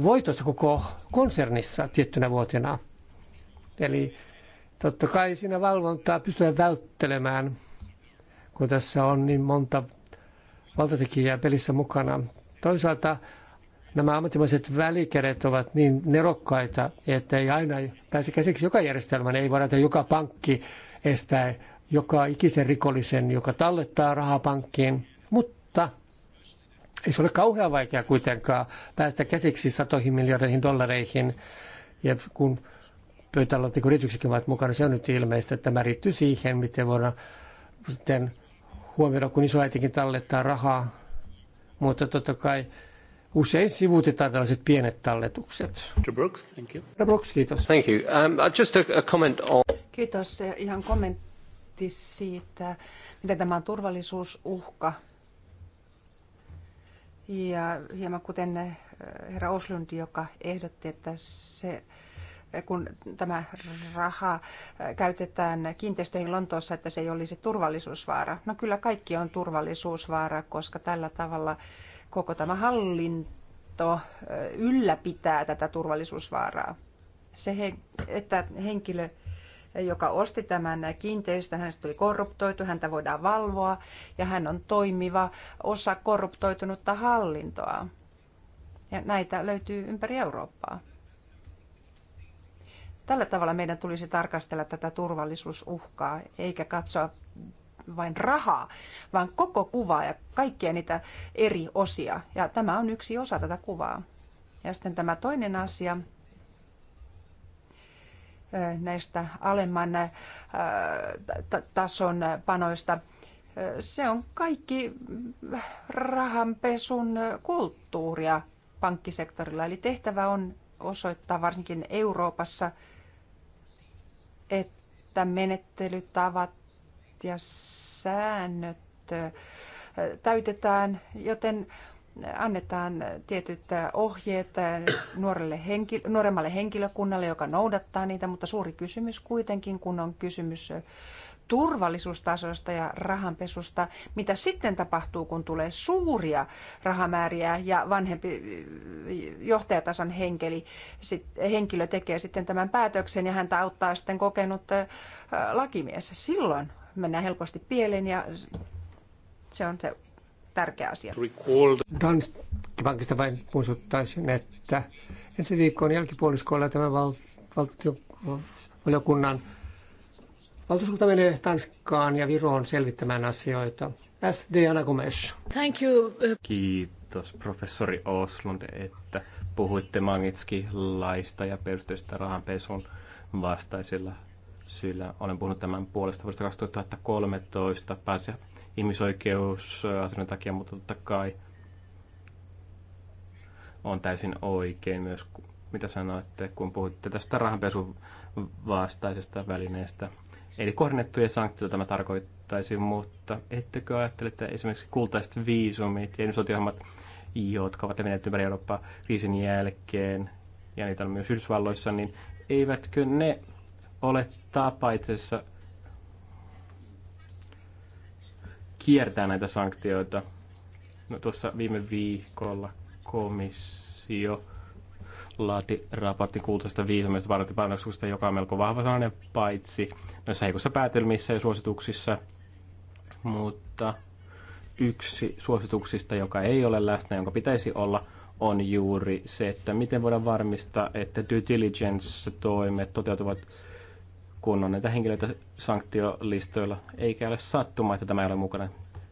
voitosta koko konsernissa tiettynä vuotena. Eli totta kai siinä valvontaa pystytään välttelemään, kun tässä on niin monta valtatekijää pelissä mukana. Toisaalta nämä ammattimaiset välikädet ovat niin nerokkaita, että ei aina pääse käsiksi joka järjestelmän, Ei voida, että joka pankki estää joka ikisen rikollisen, joka tallettaa rahaa pankkiin. Mutta ei se ole kauhean vaikea kuitenkaan päästä käsiksi satoihin miljardeihin dollareihin. Ja kun pöytälaatikon yrityksetkin ovat mukana, se on nyt ilmeistä, että tämä riittyy siihen, miten voidaan sitten huomioida, kun isoäitikin tallettaa rahaa. Mutta totta kai Usein sivuutetaan tällaiset pienet talletukset. Mr. Brooks, thank you. Mr. Brooks, kiitos. Thank you. Um, uh, just a, a comment on... Kiitos. Ihan kommentti siitä, miten tämä on turvallisuusuhka. Ja hieman kuten eh, herra Oslund, joka ehdotti, että se eh, kun tämä raha eh, käytetään kiinteistöihin Lontoossa, että se ei olisi turvallisuusvaara. No kyllä kaikki on turvallisuusvaara, koska tällä tavalla koko tämä hallinto ylläpitää tätä turvallisuusvaaraa. Se, että henkilö, joka osti tämän kiinteistön, hänestä tuli korruptoitu, häntä voidaan valvoa ja hän on toimiva osa korruptoitunutta hallintoa. Ja näitä löytyy ympäri Eurooppaa. Tällä tavalla meidän tulisi tarkastella tätä turvallisuusuhkaa, eikä katsoa vain rahaa, vaan koko kuvaa ja kaikkia niitä eri osia. Ja tämä on yksi osa tätä kuvaa. Ja sitten tämä toinen asia äh, näistä alemman äh, tason panoista. Äh, se on kaikki rahanpesun kulttuuria pankkisektorilla. Eli tehtävä on osoittaa varsinkin Euroopassa, että menettelytavat ja säännöt täytetään, joten annetaan tietyt ohjeet nuorelle henki, nuoremmalle henkilökunnalle, joka noudattaa niitä, mutta suuri kysymys kuitenkin, kun on kysymys turvallisuustasosta ja rahanpesusta, mitä sitten tapahtuu, kun tulee suuria rahamääriä ja vanhempi johtajatason henkeli, sit, henkilö tekee sitten tämän päätöksen ja häntä auttaa sitten kokenut lakimies. Silloin mennään helposti pieleen ja se on se tärkeä asia. Danske vain muistuttaisin, että ensi viikon jälkipuoliskolla tämä val, valtio, valiokunnan valtuuskunta menee Tanskaan ja Viroon selvittämään asioita. SD Thank you. Kiitos professori Oslund, että puhuitte Magnitski-laista ja perusteista rahanpesun vastaisella sillä olen puhunut tämän puolesta vuodesta 2013 pääse ihmisoikeusasioiden takia, mutta totta kai on täysin oikein myös, mitä sanoitte, kun puhutte tästä rahanpesun vastaisesta välineestä. Eli kohdennettuja sanktioita tämä tarkoittaisi, mutta ettekö ajattele, että esimerkiksi kultaiset viisumit ja ihmisoikeusohjelmat, jotka ovat levinneet ympäri Eurooppaa kriisin jälkeen, ja niitä on myös Yhdysvalloissa, niin eivätkö ne ole tapaitsessa kiertää näitä sanktioita. No, tuossa viime viikolla komissio laati raportti kultaista viisumista vartioparannuksesta, joka on melko vahva sellainen paitsi noissa heikossa päätelmissä ja suosituksissa, mutta yksi suosituksista, joka ei ole läsnä, jonka pitäisi olla, on juuri se, että miten voidaan varmistaa, että due diligence-toimet toteutuvat kun on näitä henkilöitä sanktiolistoilla, eikä ole sattumaa, että tämä ei ole mukana.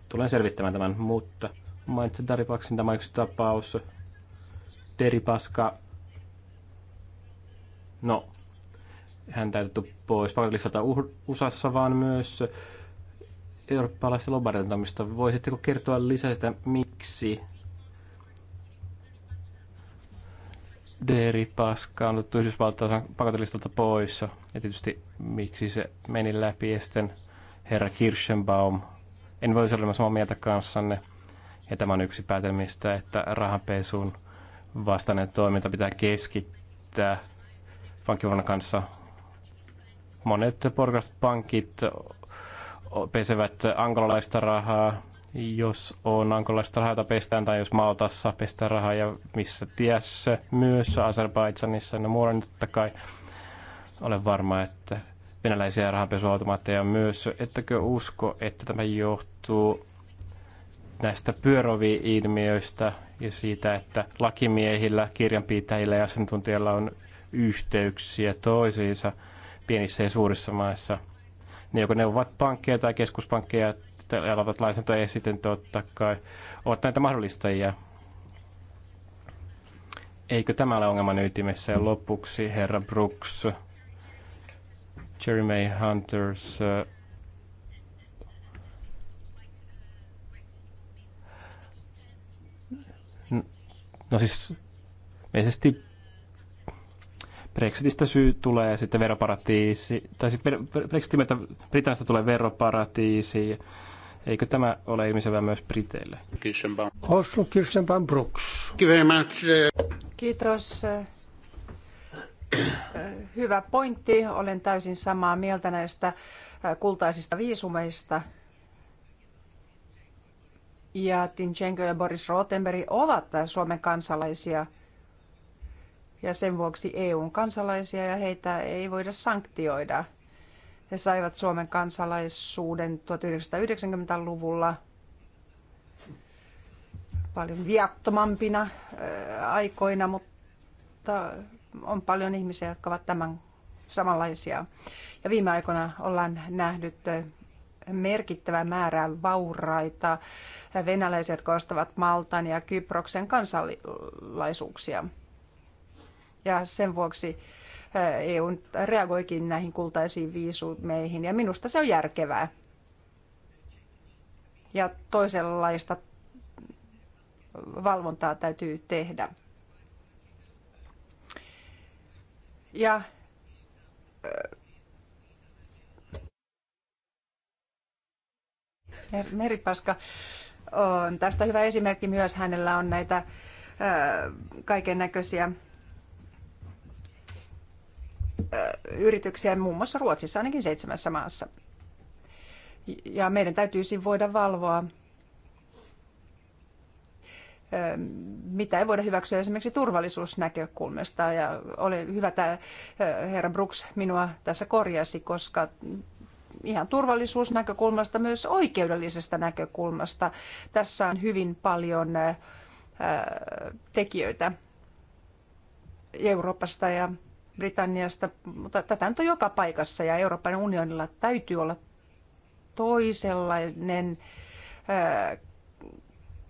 Tulen selvittämään tämän, mutta mainitsen Daripaksin tämä yksi tapaus. Deripaska, no, hän täytetty pois pakotelistalta USAssa, vaan myös eurooppalaisten lobarentamista. Voisitteko kertoa lisää sitä, miksi deripaska on otettu Yhdysvaltain pakotelistalta pois. Ja tietysti miksi se meni läpi ja sitten herra Kirschenbaum. En voi olla samaa mieltä kanssanne. Ja tämä on yksi päätelmistä, että rahanpesun vastainen toiminta pitää keskittää pankkivuonna kanssa. Monet porkaiset pankit pesevät angolalaista rahaa, jos on ankolaista rahaa, pestään tai jos Maltassa pestään rahaa ja missä tiessä myös Azerbaidsanissa ja no muualla, niin totta kai olen varma, että venäläisiä rahanpesuautomaatteja on myös. Ettäkö usko, että tämä johtuu näistä pyörovi-ilmiöistä ja siitä, että lakimiehillä, kirjanpitäjillä ja asiantuntijoilla on yhteyksiä toisiinsa pienissä ja suurissa maissa. Ne joko ne ovat pankkeja tai keskuspankkeja sitten aloitat lainsäädäntöä ja sitten totta kai ovat näitä mahdollistajia. Eikö tämä ole ongelman ytimessä? Ja lopuksi herra Brooks, Jeremy Hunters, äh, No siis ilmeisesti Brexitistä syy tulee sitten veroparatiisi, tai sitten siis Brexitin myötä Britannista tulee veroparatiisi, Eikö tämä ole ilmiselvä myös Briteille? Oslo Kirchenbaum Brooks. Kiitos. Hyvä pointti. Olen täysin samaa mieltä näistä kultaisista viisumeista. Ja Tinchenko ja Boris Rotenberg ovat Suomen kansalaisia ja sen vuoksi EUn kansalaisia ja heitä ei voida sanktioida – he saivat Suomen kansalaisuuden 1990-luvulla paljon viattomampina äh, aikoina, mutta on paljon ihmisiä, jotka ovat tämän samanlaisia. Ja viime aikoina ollaan nähnyt äh, merkittävä määrä vauraita äh, venäläisiä, jotka ostavat Maltan ja Kyproksen kansalaisuuksia. Ja sen vuoksi EU reagoikin näihin kultaisiin viisumeihin ja minusta se on järkevää. Ja toisenlaista valvontaa täytyy tehdä. Ja Meripaska on tästä hyvä esimerkki myös. Hänellä on näitä kaiken näköisiä yrityksiä muun muassa Ruotsissa, ainakin seitsemässä maassa. Ja meidän täytyisi voida valvoa, mitä ei voida hyväksyä esimerkiksi turvallisuusnäkökulmasta. Ja oli hyvä tämä herra Brooks minua tässä korjasi, koska ihan turvallisuusnäkökulmasta, myös oikeudellisesta näkökulmasta. Tässä on hyvin paljon tekijöitä Euroopasta ja Britanniasta, mutta tätä nyt on joka paikassa ja Euroopan unionilla täytyy olla toisenlainen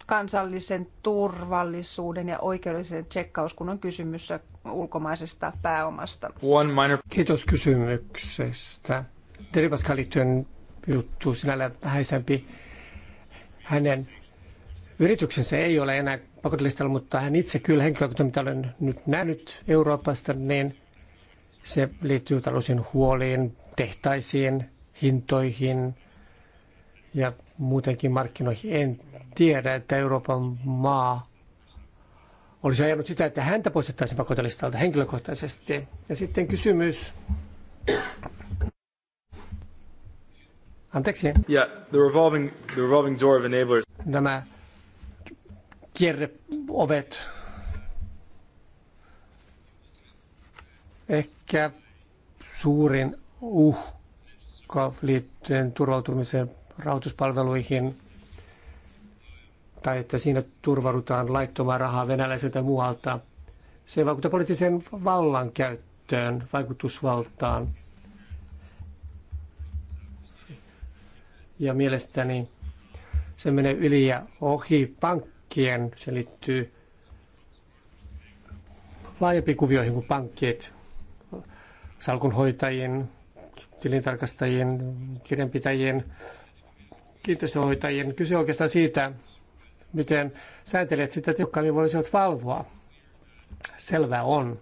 kansallisen turvallisuuden ja oikeudellisen tsekkaus, kun on kysymys ulkomaisesta pääomasta. One minor... Kiitos kysymyksestä. Derivaskaan liittyen juttu sinällä vähäisempi. Hänen yrityksensä ei ole enää pakotelistalla, mutta hän itse kyllä henkilökohtaisesti, mitä olen nyt nähnyt Euroopasta, niin se liittyy talousin huoliin, tehtaisiin, hintoihin ja muutenkin markkinoihin. En tiedä, että Euroopan maa olisi ajanut sitä, että häntä poistettaisiin pakotelistalta henkilökohtaisesti. Ja sitten kysymys. Anteeksi. Yeah, the revolving, the revolving door of enablers. Nämä kierreovet Ehkä suurin uhka liittyen turvautumiseen rahoituspalveluihin tai että siinä turvaudutaan laittomaa rahaa venäläiseltä muualta. Se vaikuttaa poliittiseen vallankäyttöön, vaikutusvaltaan. Ja mielestäni se menee yli ja ohi pankkien. Se liittyy laajempiin kuvioihin kuin pankkiet salkunhoitajien, tilintarkastajien, kirjanpitäjien, kiinteistöhoitajien. Kyse oikeastaan siitä, miten sääntelijät sitä tehokkaammin voisivat valvoa. selvä on,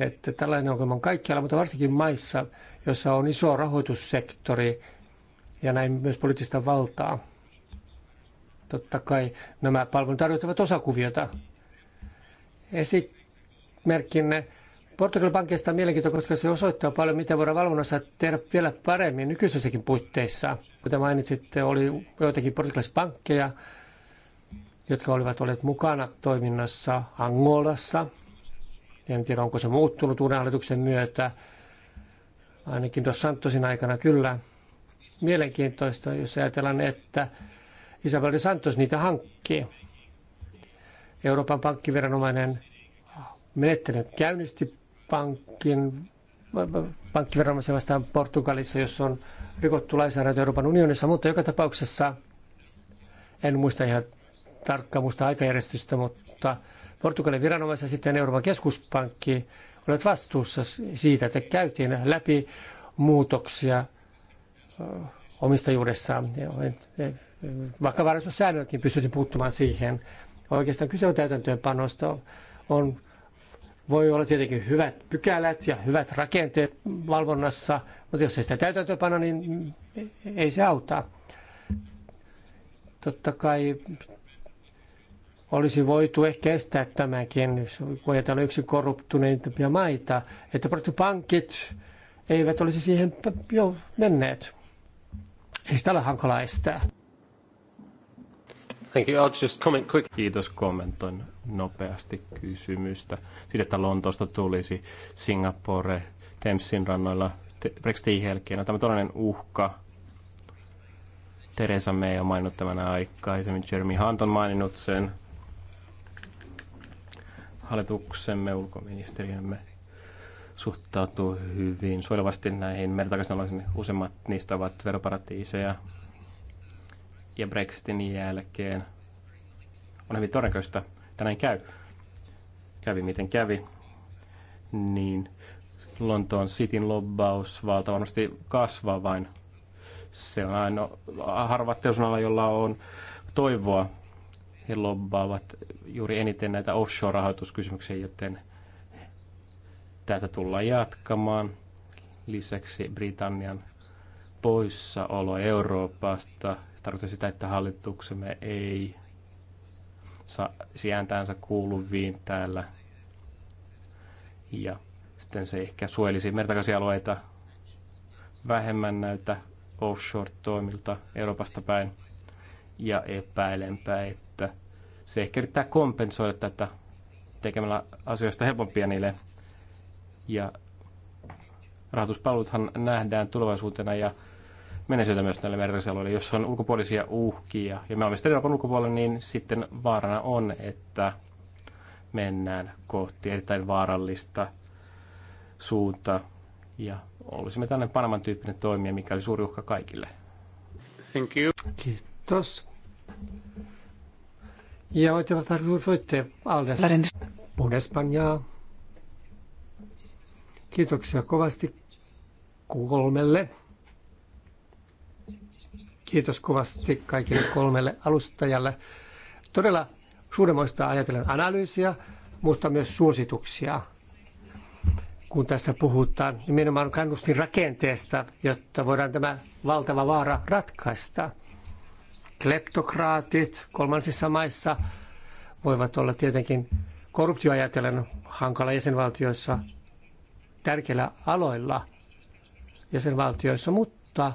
että tällainen ongelma on kaikkialla, mutta varsinkin maissa, jossa on iso rahoitussektori ja näin myös poliittista valtaa. Totta kai nämä palvelut tarjoavat osakuviota. Esimerkkinne Portugalin pankista on mielenkiintoista, koska se osoittaa paljon, mitä voidaan valvonnassa tehdä vielä paremmin nykyisessäkin puitteissa. Kuten mainitsitte, oli joitakin portugalaisia pankkeja, jotka olivat olleet mukana toiminnassa Angolassa. En tiedä, onko se muuttunut uuden hallituksen myötä. Ainakin tuossa Santosin aikana kyllä. Mielenkiintoista, jos ajatellaan, että Isabel de Santos niitä hankkii. Euroopan pankkiviranomainen menettely käynnisti pankin, pankkiviranomaisia vastaan Portugalissa, jos on rikottu lainsäädäntö Euroopan unionissa, mutta joka tapauksessa, en muista ihan tarkkaan muista aikajärjestystä, mutta Portugalin viranomaiset sitten Euroopan keskuspankki olet vastuussa siitä, että käytiin läpi muutoksia omistajuudessaan. Vakavaraisuussäännölläkin pystyttiin puuttumaan siihen. Oikeastaan kyse on täytäntöönpanosta. On voi olla tietenkin hyvät pykälät ja hyvät rakenteet valvonnassa, mutta jos ei sitä täytäntöpano, niin ei se auta. Totta kai olisi voitu ehkä estää tämäkin, kun ajatellaan yksin korruptuneimpia maita, että pankit eivät olisi siihen jo menneet. Ei sitä ole hankala estää. Thank you. I'll just comment quick. Kiitos, kommentoin nopeasti kysymystä. Siitä, että Lontoosta tulisi Singapore Thamesin rannoilla Brexitin jälkeen. No, tämä todellinen uhka. Teresa May on maininnut tämän aikaisemmin. Jeremy Hunt on maininnut sen. Hallituksemme, ulkoministeriömme suhtautuu hyvin suojelvasti näihin meritakaisinalaisiin. Useimmat niistä ovat veroparatiiseja, ja Brexitin jälkeen on hyvin todennäköistä, että näin käy. Kävi miten kävi, niin Lontoon Cityn lobbausvalta varmasti kasvaa vain. Se on ainoa harva teosunala, jolla on toivoa. He lobbaavat juuri eniten näitä offshore-rahoituskysymyksiä, joten tätä tullaan jatkamaan. Lisäksi Britannian poissaolo Euroopasta tarkoittaa sitä, että hallituksemme ei saa sijaintänsä kuuluviin täällä. Ja sitten se ehkä suojelisi mertakasialueita vähemmän näiltä offshore-toimilta Euroopasta päin. Ja epäilenpä, että se ehkä yrittää kompensoida tätä tekemällä asioista helpompia niille. Ja rahoituspalveluthan nähdään tulevaisuutena ja menneisyyttä myös näille merkitysalueille, Jos on ulkopuolisia uhkia ja me olemme sitten Euroopan ulkopuolella, niin sitten vaarana on, että mennään kohti erittäin vaarallista suuntaa ja olisimme tällainen Panaman tyyppinen toimija, mikä oli suuri uhka kaikille. Thank you. Kiitos. Ja voitte Aldes. Puhun Espanjaa. Kiitoksia kovasti kolmelle Kiitos kovasti kaikille kolmelle alustajalle. Todella suuremmoista ajatellen analyysiä, mutta myös suosituksia. Kun tästä puhutaan niin nimenomaan kannustin rakenteesta, jotta voidaan tämä valtava vaara ratkaista. Kleptokraatit kolmansissa maissa voivat olla tietenkin korruptioajatellen hankala jäsenvaltioissa tärkeillä aloilla jäsenvaltioissa, mutta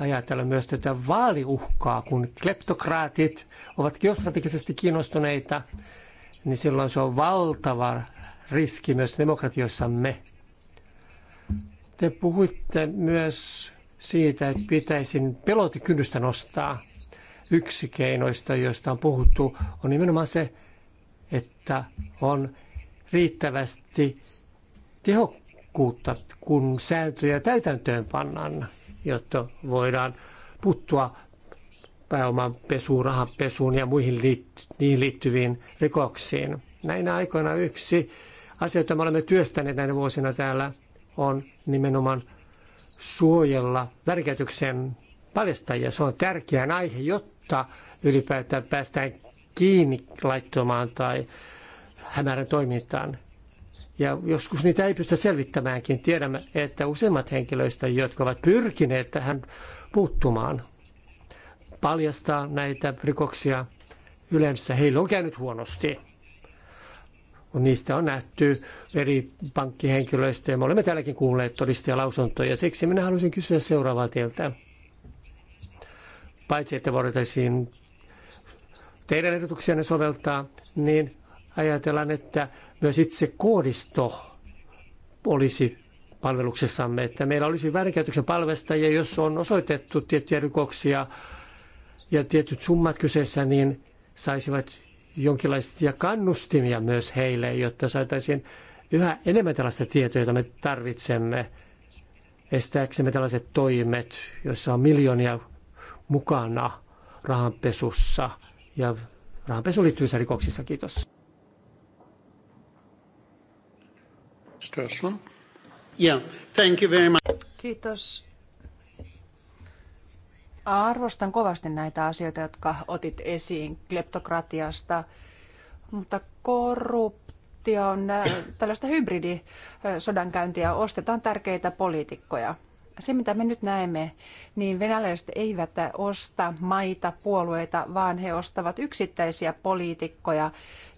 ajatella myös tätä vaaliuhkaa, kun kleptokraatit ovat geostrategisesti kiinnostuneita, niin silloin se on valtava riski myös demokratiossamme. Te puhuitte myös siitä, että pitäisi pelotikynnystä nostaa. Yksi keinoista, joista on puhuttu, on nimenomaan se, että on riittävästi tehokkuutta, kun sääntöjä täytäntöön pannaan jotta voidaan puuttua pääoman pesuun, rahanpesuun ja muihin liitty- niihin liittyviin rikoksiin. Näinä aikoina yksi asia, jota me olemme työstäneet näinä vuosina täällä, on nimenomaan suojella värkätyksen paljastajia. Se on tärkeä aihe, jotta ylipäätään päästään kiinni laittomaan tai hämärän toimintaan. Ja joskus niitä ei pystytä selvittämäänkin. Tiedämme, että useimmat henkilöistä, jotka ovat pyrkineet tähän puuttumaan, paljastaa näitä rikoksia. Yleensä heillä on käynyt huonosti. Niistä on nähty eri pankkihenkilöistä ja me olemme täälläkin kuulleet lausuntoja. Siksi minä haluaisin kysyä seuraavaa teiltä. Paitsi, että voitaisiin teidän ehdotuksianne soveltaa, niin ajatellaan, että myös itse koodisto olisi palveluksessamme, että meillä olisi väärinkäytöksen palvestajia, jos on osoitettu tiettyjä rikoksia ja tietyt summat kyseessä, niin saisivat jonkinlaisia kannustimia myös heille, jotta saataisiin yhä enemmän tällaista tietoa, jota me tarvitsemme estääksemme tällaiset toimet, joissa on miljoonia mukana rahanpesussa ja rahanpesuun liittyvissä rikoksissa. Kiitos. Störsson. Yeah, thank you very much. Kiitos. Arvostan kovasti näitä asioita, jotka otit esiin kleptokratiasta, mutta korruptio on äh, tällaista hybridisodankäyntiä. Ostetaan tärkeitä poliitikkoja se, mitä me nyt näemme, niin venäläiset eivät osta maita, puolueita, vaan he ostavat yksittäisiä poliitikkoja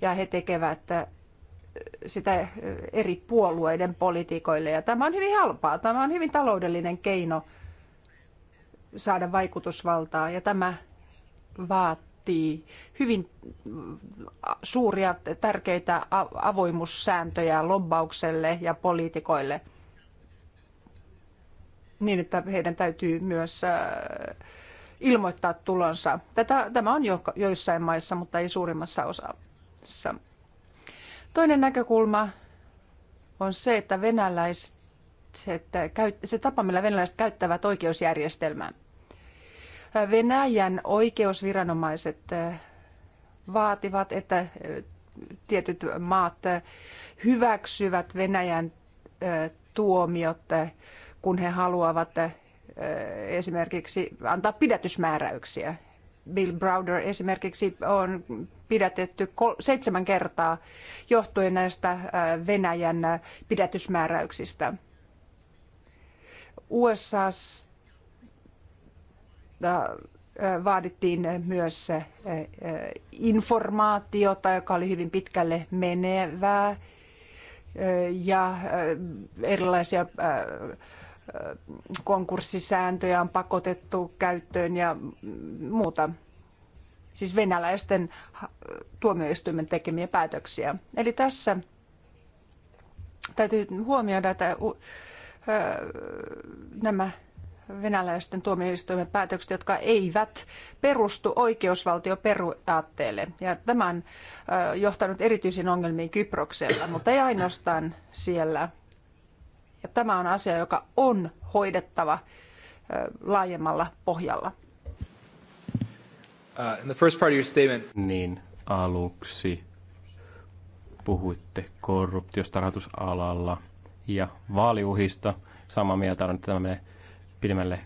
ja he tekevät sitä eri puolueiden poliitikoille. Ja tämä on hyvin halpaa, tämä on hyvin taloudellinen keino saada vaikutusvaltaa ja tämä vaatii hyvin suuria tärkeitä avoimuussääntöjä lobbaukselle ja poliitikoille niin, että heidän täytyy myös äh, ilmoittaa tulonsa. Tätä, tämä on jo, joissain maissa, mutta ei suurimmassa osassa. Toinen näkökulma on se, että venäläiset, se tapa, millä venäläiset käyttävät oikeusjärjestelmää. Venäjän oikeusviranomaiset eh, vaativat, että eh, tietyt maat eh, hyväksyvät Venäjän tuomiot, kun he haluavat esimerkiksi antaa pidätysmääräyksiä. Bill Browder esimerkiksi on pidätetty seitsemän kertaa johtuen näistä äh, Venäjän äh, pidätysmääräyksistä. USA äh, vaadittiin myös informaatiota, joka oli hyvin pitkälle menevää ja erilaisia konkurssisääntöjä on pakotettu käyttöön ja muuta. Siis venäläisten tuomioistuimen tekemiä päätöksiä. Eli tässä täytyy huomioida, että nämä venäläisten tuomioistuimen päätökset, jotka eivät perustu oikeusvaltioperiaatteelle. Ja tämä on johtanut erityisiin ongelmiin Kyproksella, mutta ei ainoastaan siellä, ja tämä on asia, joka on hoidettava laajemmalla pohjalla. Uh, in the first part of your statement... Niin aluksi puhuitte korruptiosta rahoitusalalla ja vaaliuhista. Samaa mieltä on, että tämä menee pidemmälle.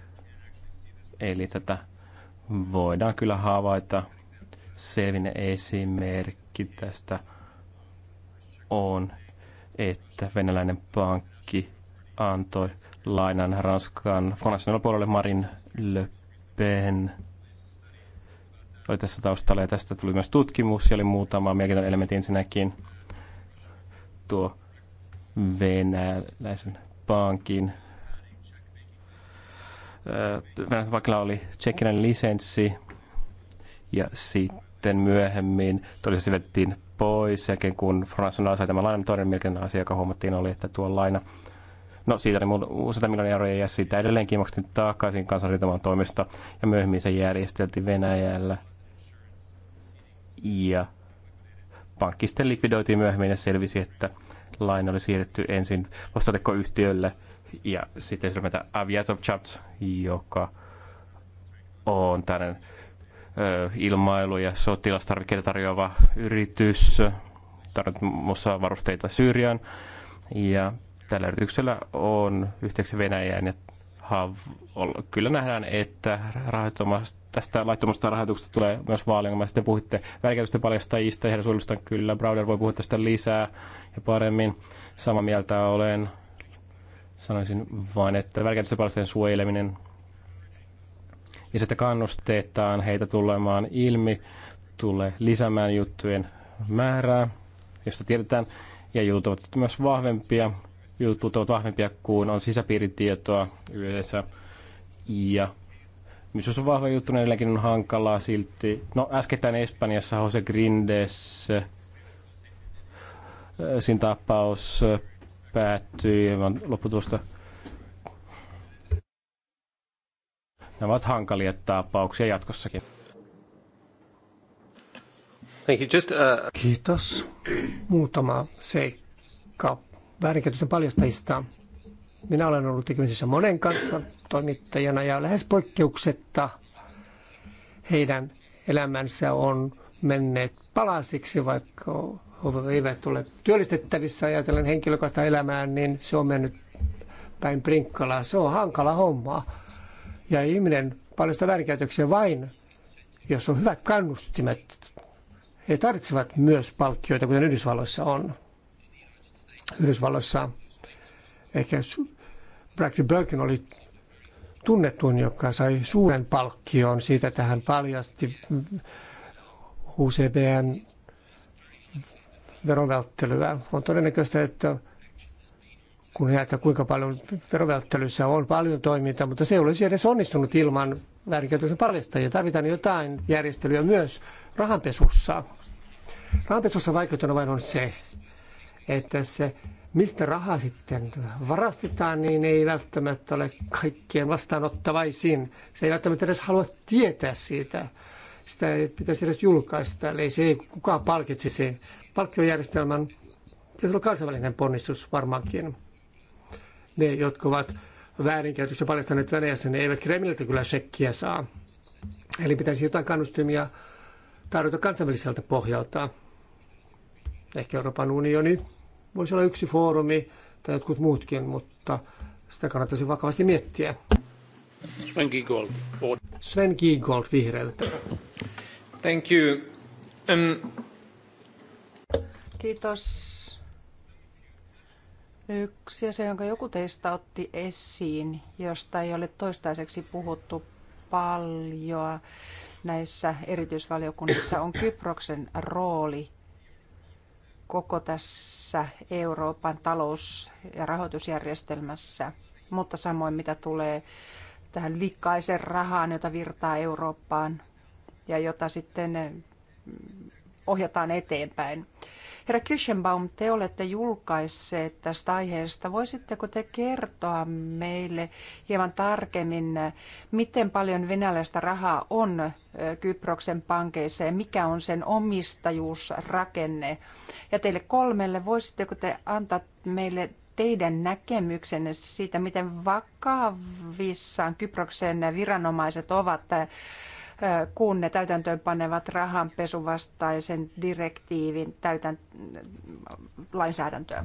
Eli tätä voidaan kyllä havaita. Selvinen esimerkki tästä on, että venäläinen pankki antoi lainan Ranskan Fonational puolelle Marin Le Pen. Oli tässä taustalla ja tästä tuli myös tutkimus ja oli muutama mielenkiintoinen elementti ensinnäkin tuo venäläisen pankin. Venäläisen pankilla oli tsekkinen lisenssi ja sitten myöhemmin se vettiin pois, ja kun Fransson sai tämän lainan, toinen mielenkiintoinen asia, joka huomattiin, oli, että tuo laina No siitä oli mun 100 miljoonaa euroa ja siitä edelleenkin maksettiin takaisin kansanritaman toimista ja myöhemmin se järjesteltiin Venäjällä. Ja pankki sitten likvidoitiin myöhemmin ja selvisi, että laina oli siirretty ensin vastatekoyhtiölle ja sitten se siirrytään Aviatov Chat, joka on tämmöinen ilmailu- ja sotilastarvikkeita tarjoava yritys, tarjonnut muassa varusteita Syyriaan. Ja Tällä yrityksellä on yhteyksiä Venäjään ja kyllä nähdään, että tästä laittomasta rahoituksesta tulee myös vaaliongelma. Sitten puhutte välikäytöstä paljastajista ja heidän suojelustaan kyllä. Browder voi puhua tästä lisää ja paremmin. Samaa mieltä olen. Sanoisin vain, että välikäytöstä paljastajien suojeleminen ja sitä kannustetaan heitä tulemaan ilmi, tulee lisäämään juttujen määrää, josta tiedetään, ja jutut ovat myös vahvempia jutut ovat vahvempia kuin on sisäpiiritietoa yleensä. Ja myös on vahva juttu, niin edelleenkin on hankalaa silti. No äskettäin Espanjassa Jose Grindes eh, sin tapaus eh, päättyi ilman lopputulosta. Nämä ovat hankalia tapauksia jatkossakin. Thank you. Just, uh... Kiitos. Muutama seikka väärinkäytösten paljastajista. Minä olen ollut tekemisissä monen kanssa toimittajana ja lähes poikkeuksetta heidän elämänsä on menneet palasiksi, vaikka eivät ole työllistettävissä ajatellen henkilökohta elämään, niin se on mennyt päin prinkkalaa. Se on hankala homma. Ja ihminen paljastaa väärinkäytöksiä vain, jos on hyvät kannustimet. He tarvitsevat myös palkkioita, kuten Yhdysvalloissa on. Yhdysvalloissa. Ehkä Bradley Birkin oli tunnetun, joka sai suuren palkkion siitä, että hän paljasti UCBn verovälttelyä. On todennäköistä, että kun näyttää kuinka paljon verovälttelyssä on paljon toimintaa, mutta se ei olisi edes onnistunut ilman väärinkäytöksen paljastajia. Tarvitaan jotain järjestelyä myös rahanpesussa. Rahanpesussa vaikeutena vain on se, että se, mistä raha sitten varastetaan, niin ei välttämättä ole kaikkien vastaanottavaisiin, Se ei välttämättä edes halua tietää siitä. Sitä ei pitäisi edes julkaista, eli se ei kukaan palkitsisi. Palkkiojärjestelmän pitäisi olla kansainvälinen ponnistus varmaankin. Ne, jotka ovat väärinkäytöksiä paljastaneet Venäjässä, ne eivät Kremliltä kyllä sekkiä saa. Eli pitäisi jotain kannustimia tarjota kansainväliseltä pohjalta. Ehkä Euroopan unioni voisi olla yksi foorumi tai jotkut muutkin, mutta sitä kannattaisi vakavasti miettiä. Sven Giegold. Sven Giegold vihreiltä. Thank you. Um... Kiitos. Yksi asia, jonka joku teistä otti esiin, josta ei ole toistaiseksi puhuttu paljon näissä erityisvaliokunnissa, on Kyproksen rooli koko tässä Euroopan talous- ja rahoitusjärjestelmässä, mutta samoin mitä tulee tähän likaisen rahaan, jota virtaa Eurooppaan ja jota sitten ohjataan eteenpäin. Herra Kirschenbaum, te olette julkaisseet tästä aiheesta. Voisitteko te kertoa meille hieman tarkemmin, miten paljon venäläistä rahaa on Kyproksen pankeissa ja mikä on sen omistajuusrakenne? Ja teille kolmelle, voisitteko te antaa meille teidän näkemyksenne siitä, miten vakavissaan Kyproksen viranomaiset ovat kun ne täytäntöön panevat rahanpesuvastaisen direktiivin täytän, lainsäädäntöä.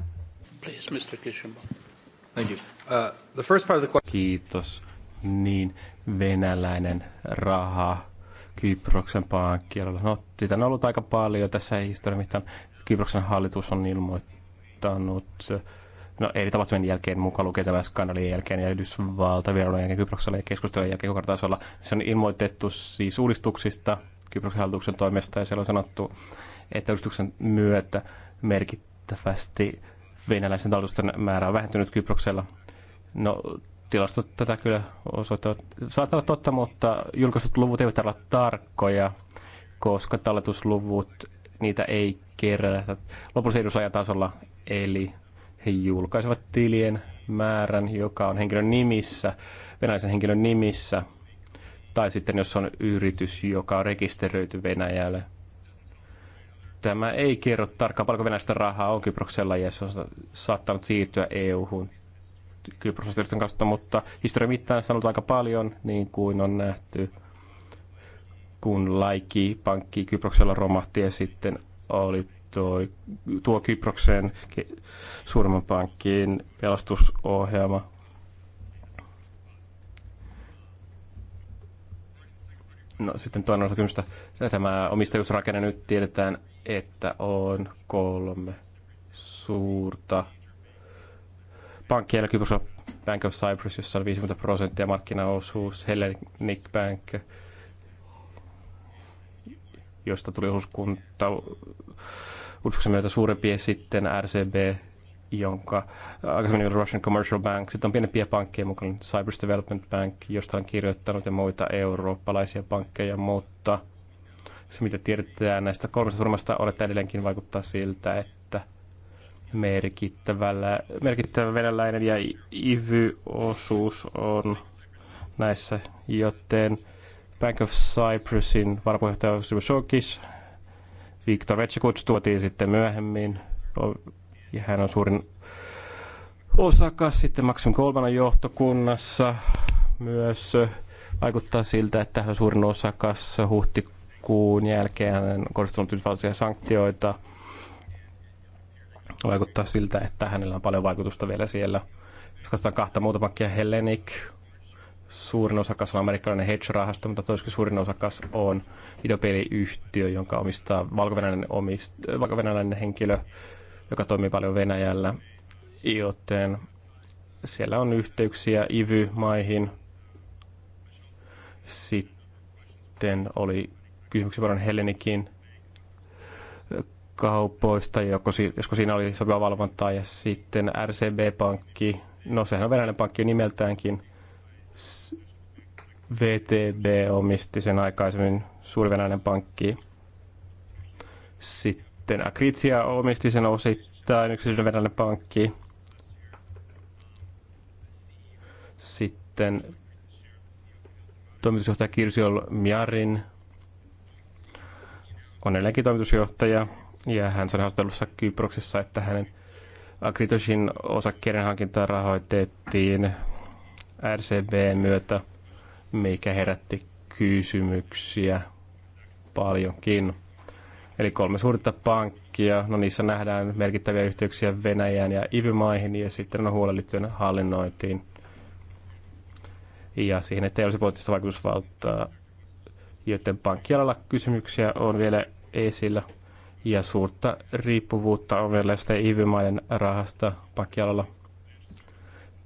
Uh, Kiitos. Niin, venäläinen raha Kyproksen pankkialalla. No, sitä on ollut aika paljon tässä historiassa, mitä Kyproksen hallitus on ilmoittanut no eri tapahtumien jälkeen, mukaan lukee tämän skandaalien jälkeen ja Yhdysvaltavierailun jälkeen Kyproksella ja keskustelujen jälkeen koko tasolla. Se on ilmoitettu siis uudistuksista Kyproksen hallituksen toimesta ja siellä on sanottu, että uudistuksen myötä merkittävästi venäläisten talousten määrä on vähentynyt Kyproksella. No tilastot tätä kyllä osoittavat. Saattaa olla totta, mutta julkaistut luvut eivät olla tarkkoja, koska talletusluvut, niitä ei kerätä lopullisen edusajan tasolla, eli he julkaisevat tilien määrän, joka on henkilön nimissä, venäläisen henkilön nimissä, tai sitten jos on yritys, joka on rekisteröity Venäjälle. Tämä ei kerro tarkkaan, paljonko venäläistä rahaa on Kyproksella ja se on saattanut siirtyä EU-hun Kyproksen kanssa, mutta historian mittaan on sanonut aika paljon, niin kuin on nähty, kun Laiki-pankki Kyproksella romahti ja sitten oli toi, tuo Kyprokseen suurimman pankkiin pelastusohjelma. No sitten toinen osa kysymystä. Tämä omistajuusrakenne nyt tiedetään, että on kolme suurta pankkia Kyproksella Bank of Cyprus, jossa on 50 prosenttia markkinaosuus, Hellenic Bank, josta tuli osuuskunta uudistuksen myötä suurempi sitten RCB, jonka aikaisemmin oli Russian Commercial Bank. Sitten on pienempiä pankkeja mukaan Cyprus Development Bank, josta on kirjoittanut ja muita eurooppalaisia pankkeja, mutta se mitä tiedetään näistä kolmesta surmasta olette edelleenkin vaikuttaa siltä, että merkittävällä, merkittävä venäläinen ja IVY-osuus on näissä, joten Bank of Cyprusin varapuheenjohtaja Shokis Viktor Vetsikuts tuotiin sitten myöhemmin. Ja hän on suurin osakas sitten Maxim Kolmanan johtokunnassa. Myös vaikuttaa siltä, että hän on suurin osakas huhtikuun jälkeen hän on kohdistunut yhdysvaltaisia sanktioita. Vaikuttaa siltä, että hänellä on paljon vaikutusta vielä siellä. Jos katsotaan kahta muuta pakkia, Hellenic suurin osakas on amerikkalainen hedge-rahasto, mutta toiseksi suurin osakas on videopeliyhtiö, jonka omistaa valko-venäläinen, omist, valkovenäläinen henkilö, joka toimii paljon Venäjällä. Joten siellä on yhteyksiä IVY-maihin. Sitten oli kysymyksiä paljon Helenikin kaupoista, josko siinä oli sopiva valvontaa, ja sitten RCB-pankki, no sehän on venäläinen pankki nimeltäänkin – VTB omisti sen aikaisemmin suurvenäinen pankki. Sitten Akritsia omisti sen osittain yksi venäläinen pankki. Sitten toimitusjohtaja Kirsiol Mjarin on edelleenkin toimitusjohtaja ja hän sanoi haastattelussa Kyproksessa, että hänen Akritoshin osakkeiden hankintaa rahoitettiin RCB myötä, mikä herätti kysymyksiä paljonkin. Eli kolme suurta pankkia, no niissä nähdään merkittäviä yhteyksiä Venäjään ja IVY-maihin ja sitten on huolellityön hallinnointiin. Ja siihen, että ei olisi poliittista vaikutusvaltaa, joten pankkialalla kysymyksiä on vielä esillä. Ja suurta riippuvuutta on vielä sitä IVY-maiden rahasta pankkialalla –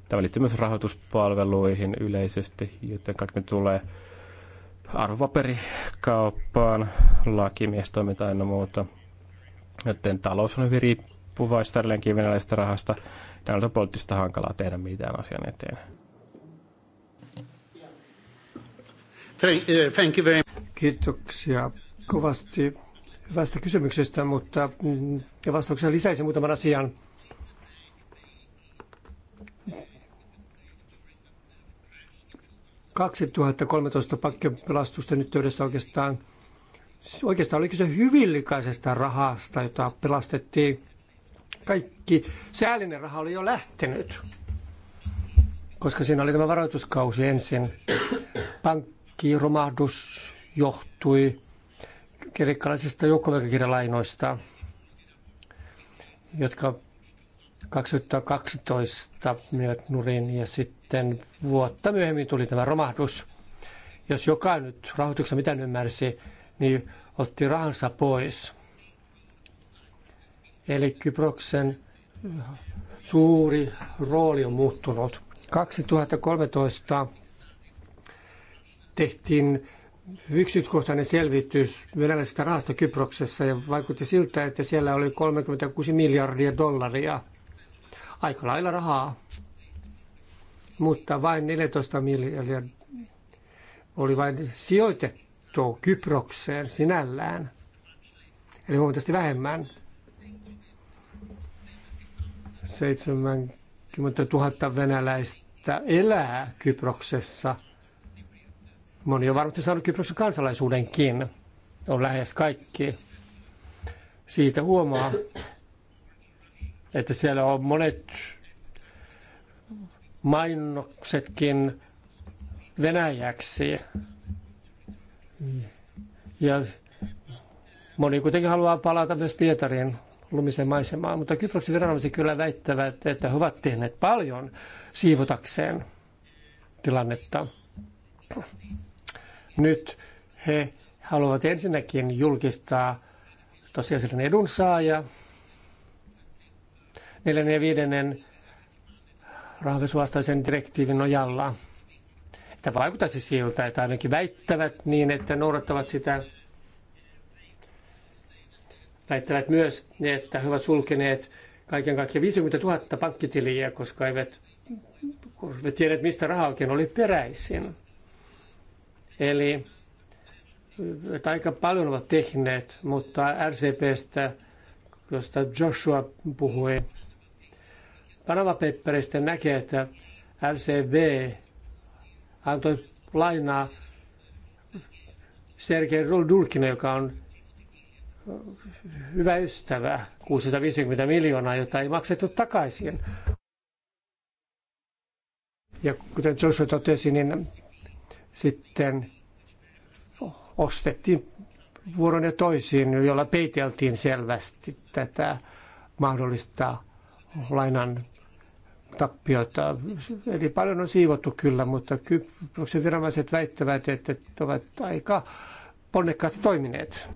Tämä liittyy myös rahoituspalveluihin yleisesti, joten kaikki tulee arvopaperikauppaan, lakimiestoimintaan ja muuta. Joten talous on hyvin riippuvaista edelleenkin venäläisestä rahasta. tämä on poliittista hankalaa tehdä mitään asian eteen. Thank eh, you very Kiitoksia kovasti hyvästä kysymyksestä, mutta mm, vastauksena lisäisin muutaman asian. 2013 pakkepelastusten yhteydessä oikeastaan, oikeastaan oli kyse hyvin likaisesta rahasta, jota pelastettiin. Kaikki säällinen raha oli jo lähtenyt, koska siinä oli tämä varoituskausi ensin. Pankkiromahdus johtui kerikkalaisista joukkovelkakirjalainoista, jotka 2012 menivät nurin ja sitten vuotta myöhemmin tuli tämä romahdus. Jos joka nyt rahoituksessa mitä ymmärsi, niin otti rahansa pois. Eli Kyproksen suuri rooli on muuttunut. 2013 tehtiin yksityiskohtainen selvitys venäläisestä rahasta Kyproksessa ja vaikutti siltä, että siellä oli 36 miljardia dollaria – aika lailla rahaa, mutta vain 14 miljardia oli vain sijoitettu Kyprokseen sinällään, eli huomattavasti vähemmän. 70 000 venäläistä elää Kyproksessa. Moni on varmasti saanut Kyproksen kansalaisuudenkin. On lähes kaikki. Siitä huomaa, että siellä on monet mainoksetkin venäjäksi. Ja moni kuitenkin haluaa palata myös Pietarin lumiseen maisemaan, mutta Kyproksen viranomaiset kyllä väittävät, että he ovat tehneet paljon siivotakseen tilannetta. Nyt he haluavat ensinnäkin julkistaa tosiasiallinen edunsaaja, neljännen ja viidennen rahanpesuvastaisen direktiivin nojalla. Että vaikuttaisi siltä, että ainakin väittävät niin, että noudattavat sitä. Väittävät myös, että he ovat sulkeneet kaiken kaikkiaan 50 000 pankkitiliä, koska eivät, eivät tiedä, mistä raha oikein oli peräisin. Eli että aika paljon ovat tehneet, mutta RCPstä, josta Joshua puhui, kanavapeppereistä näkee, että LCB antoi lainaa Sergei Dulkina, joka on hyvä ystävä, 650 miljoonaa, jota ei maksettu takaisin. Ja kuten Joshua totesi, niin sitten ostettiin vuoron ja toisiin, jolla peiteltiin selvästi tätä mahdollista lainan tappiota. Eli paljon on siivottu kyllä, mutta Kyproksen viranomaiset väittävät, että ovat aika ponnekkaasti toimineet.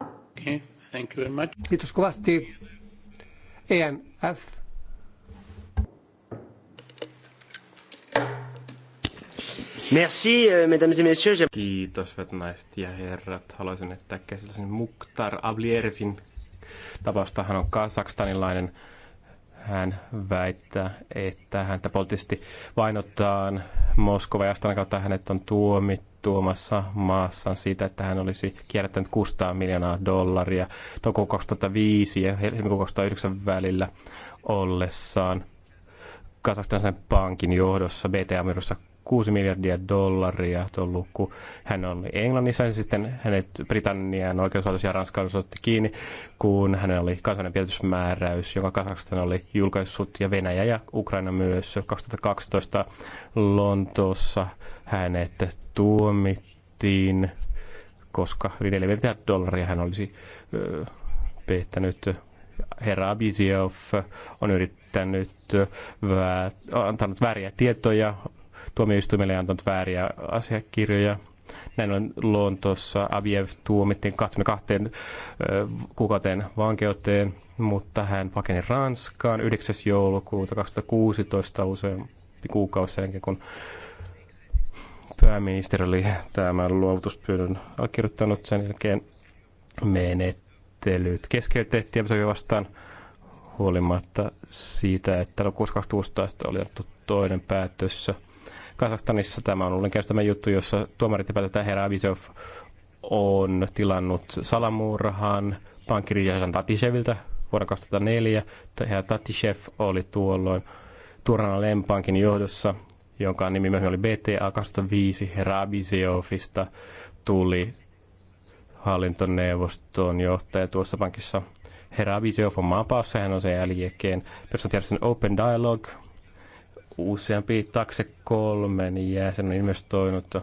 Okay, thank you very much. Kiitos kovasti. ENF. Merci, euh, mesdames et messieurs. Kiitos, hyvät naiset ja herrat. Haluaisin, että käsitellisen Muktar ablierfin tapausta. Hän on kasakstanilainen hän väittää, että häntä poliittisesti vainotaan Moskova ja Astana kautta hänet on tuomittu omassa maassaan siitä, että hän olisi kierrättänyt 600 miljoonaa dollaria toukokuun 2005 ja helmikuun 2009 välillä ollessaan sen pankin johdossa bta myrössä 6 miljardia dollaria tuon lukku. Hän oli Englannissa ja sitten hänet Britannian oikeuslaitos ja Ranska otti kiinni, kun hänellä oli kansainvälinen pidätysmääräys, joka Kasakstan oli julkaissut ja Venäjä ja Ukraina myös. 2012 Lontoossa hänet tuomittiin, koska 4 miljardia dollaria hän olisi peittänyt. herra Abiziev on yrittänyt antanut vääriä tietoja tuomioistuimelle antanut vääriä asiakirjoja. Näin on Lontoossa Abiev tuomittiin 22 kuukauteen vankeuteen, mutta hän pakeni Ranskaan 9. joulukuuta 2016 useampi kuukausi ennen kuin pääministeri oli tämän luovutuspyynnön allekirjoittanut. Sen jälkeen menettelyt keskeytettiin ja vastaan huolimatta siitä, että lokakuussa 2016 oli annettu toinen päätös Kazakstanissa tämä on ollut tämä juttu, jossa tuomarit epäilevät, että herra Abizov on tilannut salamurhan pankkirijaisen Tatisheviltä vuonna 2004. Herra Tatishev oli tuolloin Turana Lempankin johdossa, jonka nimi myöhemmin oli BTA 2005. Herra Abizovista tuli hallintoneuvoston johtaja tuossa pankissa. Herra Abizov on maapaassa, hän on sen jälkeen perustanut Open Dialogue – useampi takse kolmen jäsen on investoinut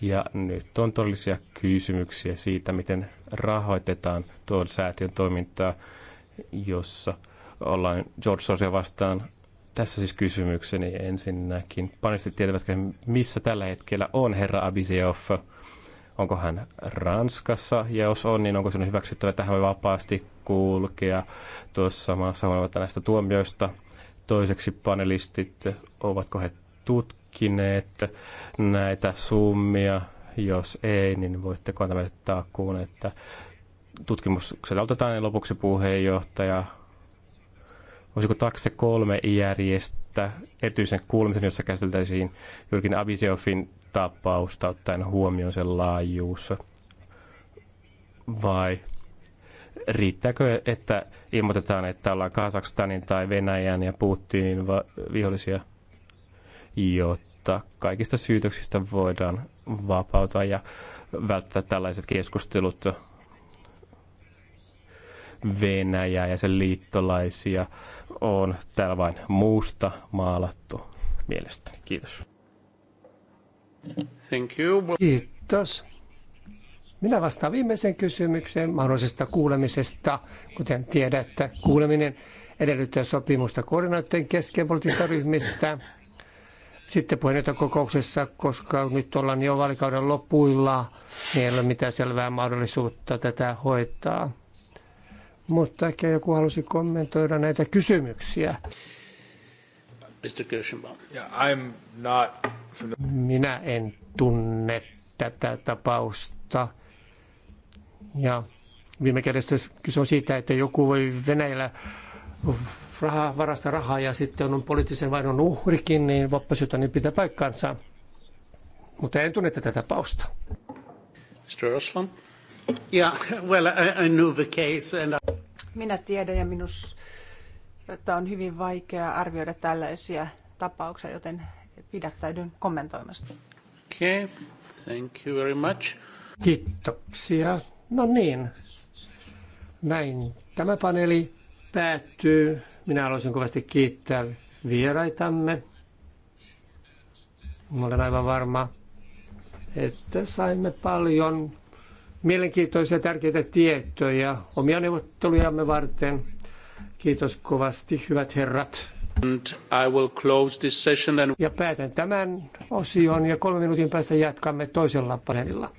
ja nyt on todellisia kysymyksiä siitä, miten rahoitetaan tuon säätiön toimintaa, jossa ollaan George Sosia vastaan. Tässä siis kysymykseni ensinnäkin. Panistit tietävätkö, missä tällä hetkellä on herra Abiseoff? Onko hän Ranskassa? Ja jos on, niin onko se hyväksyttävä, että hän voi vapaasti kulkea tuossa maassa huolimatta näistä tuomioista – Toiseksi panelistit, ovatko he tutkineet näitä summia? Jos ei, niin voitteko antaa meille taakkuun, että tutkimukselta otetaan lopuksi puheenjohtaja olisiko takse kolme järjestä erityisen kuulemisen, jossa käsiteltäisiin Jyrkin Abiseofin tapausta ottaen huomioon sen laajuus? Vai riittääkö, että ilmoitetaan, että ollaan Kazakstanin tai Venäjän ja Putinin vihollisia, jotta kaikista syytöksistä voidaan vapautua ja välttää tällaiset keskustelut Venäjää ja sen liittolaisia on täällä vain muusta maalattu mielestäni. Kiitos. Thank you. Kiitos. Minä vastaan viimeiseen kysymykseen mahdollisesta kuulemisesta. Kuten tiedätte, kuuleminen edellyttää sopimusta koordinaattojen kesken ryhmistä. Sitten kokouksessa, koska nyt ollaan jo vaalikauden lopuilla, niin ei ole mitään selvää mahdollisuutta tätä hoitaa. Mutta ehkä joku halusi kommentoida näitä kysymyksiä. Mr. Yeah, I'm not... Minä en tunne tätä tapausta. Ja viime kädessä kyse on siitä, että joku voi Venäjällä rahaa, varasta rahaa ja sitten on poliittisen vainon uhrikin, niin vappasyötä niin pitää paikkaansa. Mutta en tunne tätä tapausta. Mr. Osman? Yeah, well, I, I knew the case and I... Minä tiedän ja minus, että on hyvin vaikea arvioida tällaisia tapauksia, joten pidättäydyn kommentoimasta. Okay, thank you very much. Kiitoksia. No niin, näin tämä paneeli päättyy. Minä haluaisin kovasti kiittää vieraitamme. Mä olen aivan varma, että saimme paljon mielenkiintoisia tärkeitä tietoja omia neuvottelujamme varten. Kiitos kovasti, hyvät herrat. Ja päätän tämän osion ja kolmen minuutin päästä jatkamme toisella paneelilla.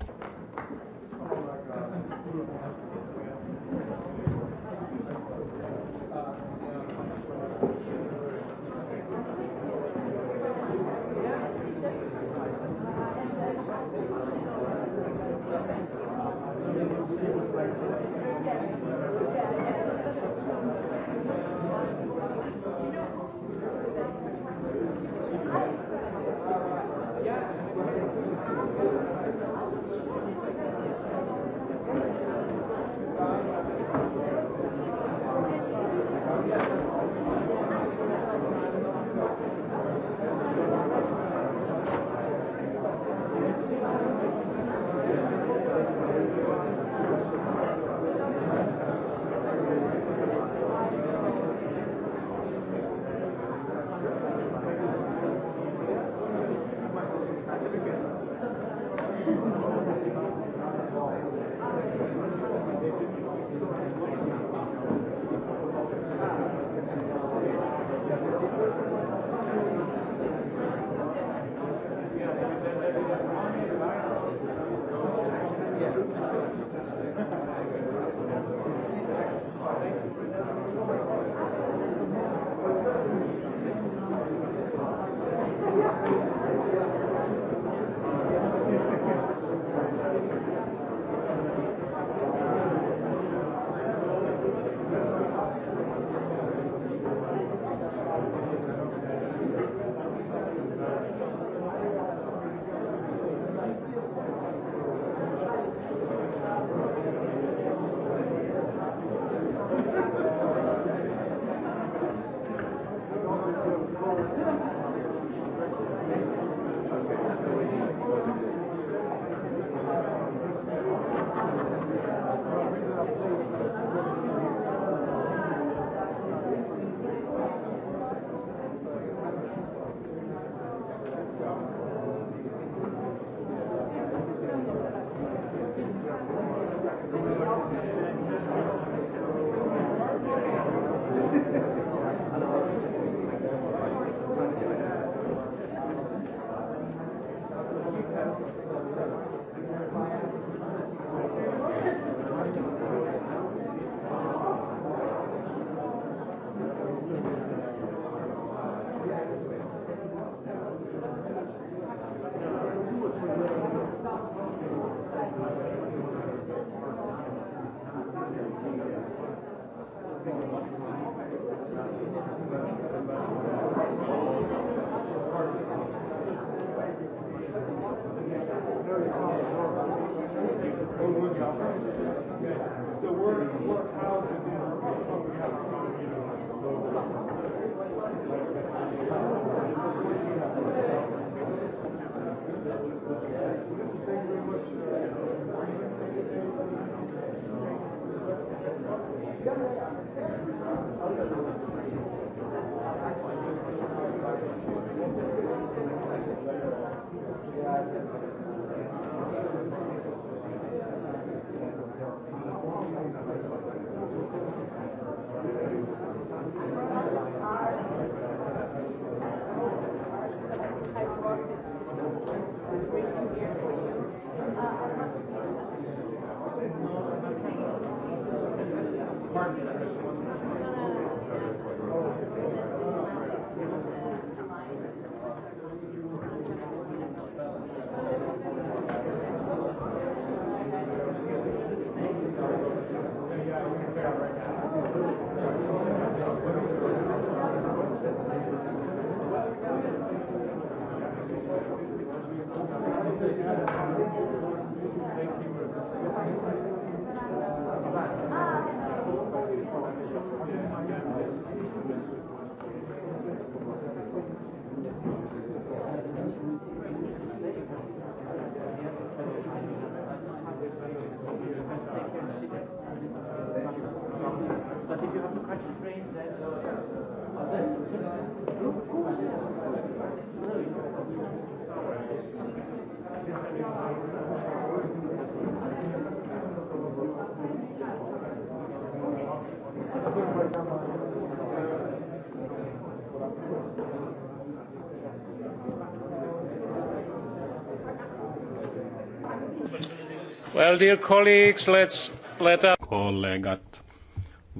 Well, dear colleagues, let's let us... Kollegat,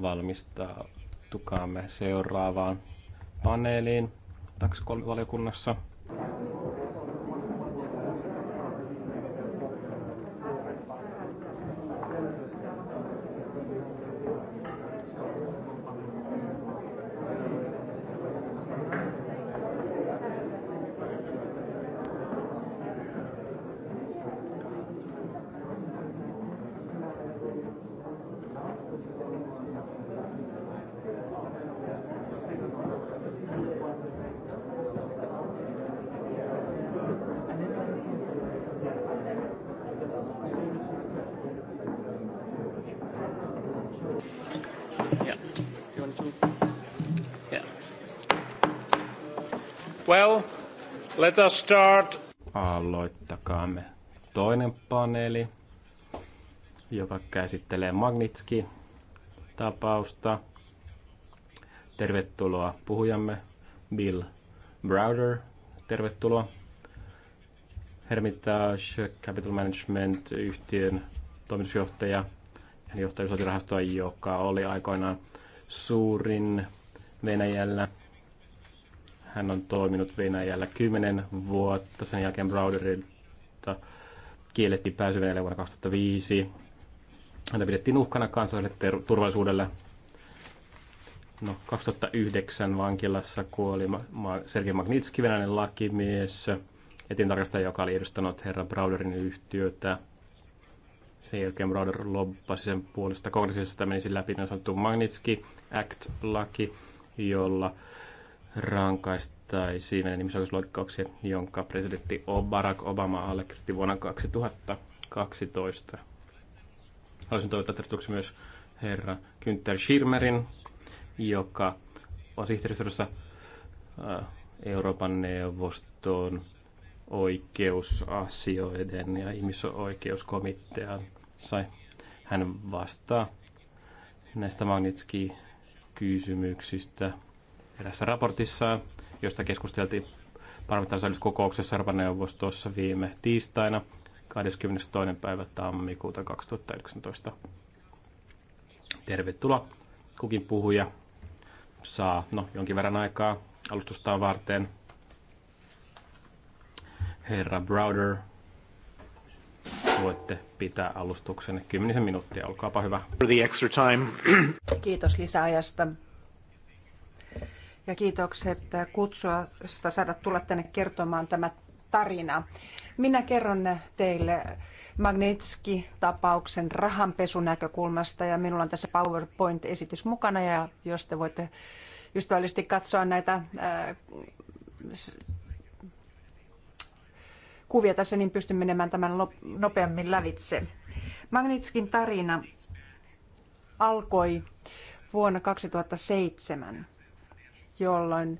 valmistautukaamme seuraavaan paneeliin taksivaliokunnassa. Let us start. Aloittakaamme toinen paneeli, joka käsittelee Magnitski-tapausta. Tervetuloa puhujamme Bill Browder. Tervetuloa. Hermitage Capital Management-yhtiön toimitusjohtaja. ja johtaja joka oli aikoinaan suurin Venäjällä – hän on toiminut Venäjällä 10 vuotta. Sen jälkeen Browderilta kiellettiin pääsy Venäjälle vuonna 2005. Häntä pidettiin uhkana kansalliselle turvallisuudelle. No, 2009 vankilassa kuoli Sergei Magnitski, venäläinen lakimies, etintarkastaja, joka oli edustanut herra Browderin yhtiötä. Sen jälkeen Browder lobbasi sen puolesta kongressissa, meni siis läpi niin sanottu Magnitski Act-laki, jolla rankaistaisiin näiden ihmisoikeusloikkauksia, jonka presidentti Barack Obama allekirjoitti vuonna 2012. Haluaisin toivottaa tervetuloksi myös herra Günther Schirmerin, joka on sihteeristössä äh, Euroopan neuvoston oikeusasioiden ja ihmisoikeuskomitean sai. Hän vastaa näistä Magnitski-kysymyksistä erässä raportissa, josta keskusteltiin parlamentaarisessa kokouksessa Euroopan neuvostossa viime tiistaina 22. päivä tammikuuta 2019. Tervetuloa. Kukin puhuja saa no, jonkin verran aikaa alustustaan varten. Herra Browder, voitte pitää alustuksenne kymmenisen minuuttia. Olkaapa hyvä. For the extra time. Kiitos lisäajasta ja kiitokset kutsusta saada tulla tänne kertomaan tämä tarina. Minä kerron teille Magnitski-tapauksen rahanpesunäkökulmasta ja minulla on tässä PowerPoint-esitys mukana ja jos te voitte ystävällisesti katsoa näitä ää, äh, kuvia tässä, niin pystyn menemään tämän nopeammin lävitse. Magnitskin tarina alkoi vuonna 2007 jolloin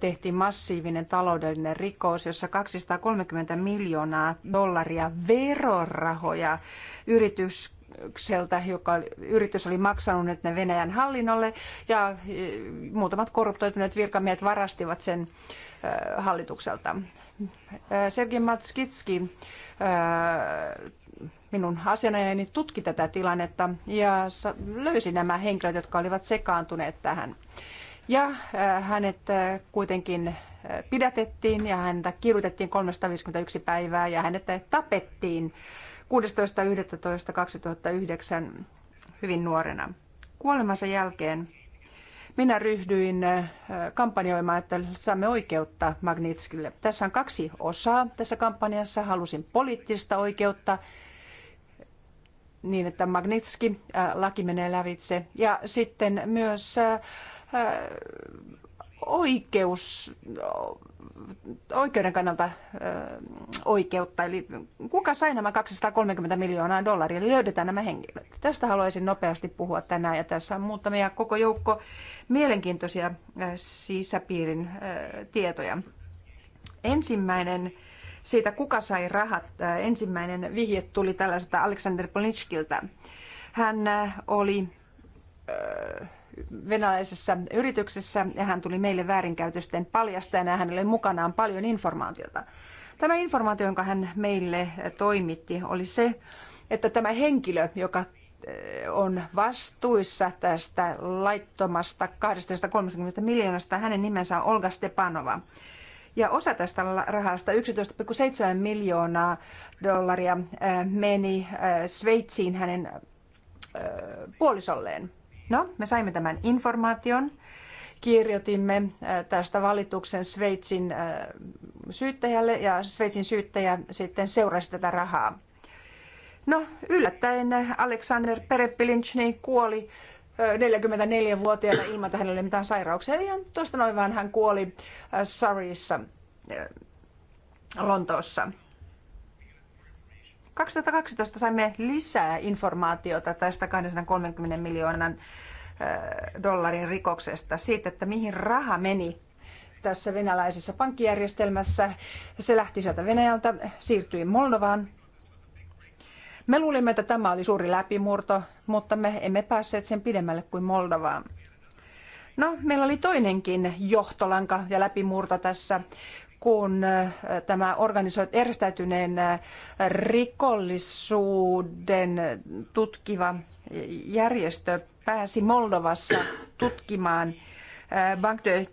tehtiin massiivinen taloudellinen rikos, jossa 230 miljoonaa dollaria verorahoja yritys joka yritys oli maksanut nyt ne Venäjän hallinnolle ja e, muutamat korruptoituneet virkamiehet varastivat sen e, hallitukselta. E, Sergei Matskitski, minun asianajani, tutki tätä tilannetta ja löysi nämä henkilöt, jotka olivat sekaantuneet tähän. Ja äh, hänet äh, kuitenkin äh, pidätettiin ja häntä kirjoitettiin 351 päivää ja hänet tapettiin 16.11.2009 hyvin nuorena. Kuolemansa jälkeen minä ryhdyin kampanjoimaan, että saamme oikeutta Magnitskille. Tässä on kaksi osaa tässä kampanjassa. Halusin poliittista oikeutta niin, että Magnitski laki menee lävitse. Ja sitten myös oikeus, oikeuden kannalta oikeutta. Eli kuka sai nämä 230 miljoonaa dollaria, eli löydetään nämä henkilöt. Tästä haluaisin nopeasti puhua tänään, ja tässä on muutamia koko joukko mielenkiintoisia sisäpiirin tietoja. Ensimmäinen siitä, kuka sai rahat, ensimmäinen vihje tuli tällaiselta Alexander Polinskilta. Hän oli äh, venäläisessä yrityksessä ja hän tuli meille väärinkäytösten paljastajana ja hänelle mukanaan paljon informaatiota. Tämä informaatio, jonka hän meille toimitti, oli se, että tämä henkilö, joka eh, on vastuissa tästä laittomasta 230 miljoonasta, hänen nimensä on Olga Stepanova. Ja osa tästä rahasta, 11,7 miljoonaa dollaria, eh, meni eh, Sveitsiin hänen puolisolleen. No, me saimme tämän informaation. Kirjoitimme äh, tästä valituksen Sveitsin äh, syyttäjälle ja Sveitsin syyttäjä sitten seurasi tätä rahaa. No, yllättäen Alexander niin kuoli 44-vuotiaana äh, ilman, että hänellä oli mitään sairauksia. Ja tuosta noin vaan hän kuoli Surreyssa, Lontoossa. 2012 saimme lisää informaatiota tästä 230 miljoonan dollarin rikoksesta, siitä, että mihin raha meni tässä venäläisessä pankkijärjestelmässä. Se lähti sieltä Venäjältä, siirtyi Moldovaan. Me luulimme, että tämä oli suuri läpimurto, mutta me emme päässeet sen pidemmälle kuin Moldovaan. No, meillä oli toinenkin johtolanka ja läpimurto tässä, kun äh, tämä organisoit, järjestäytyneen äh, rikollisuuden tutkiva järjestö pääsi Moldovassa tutkimaan äh, Bank de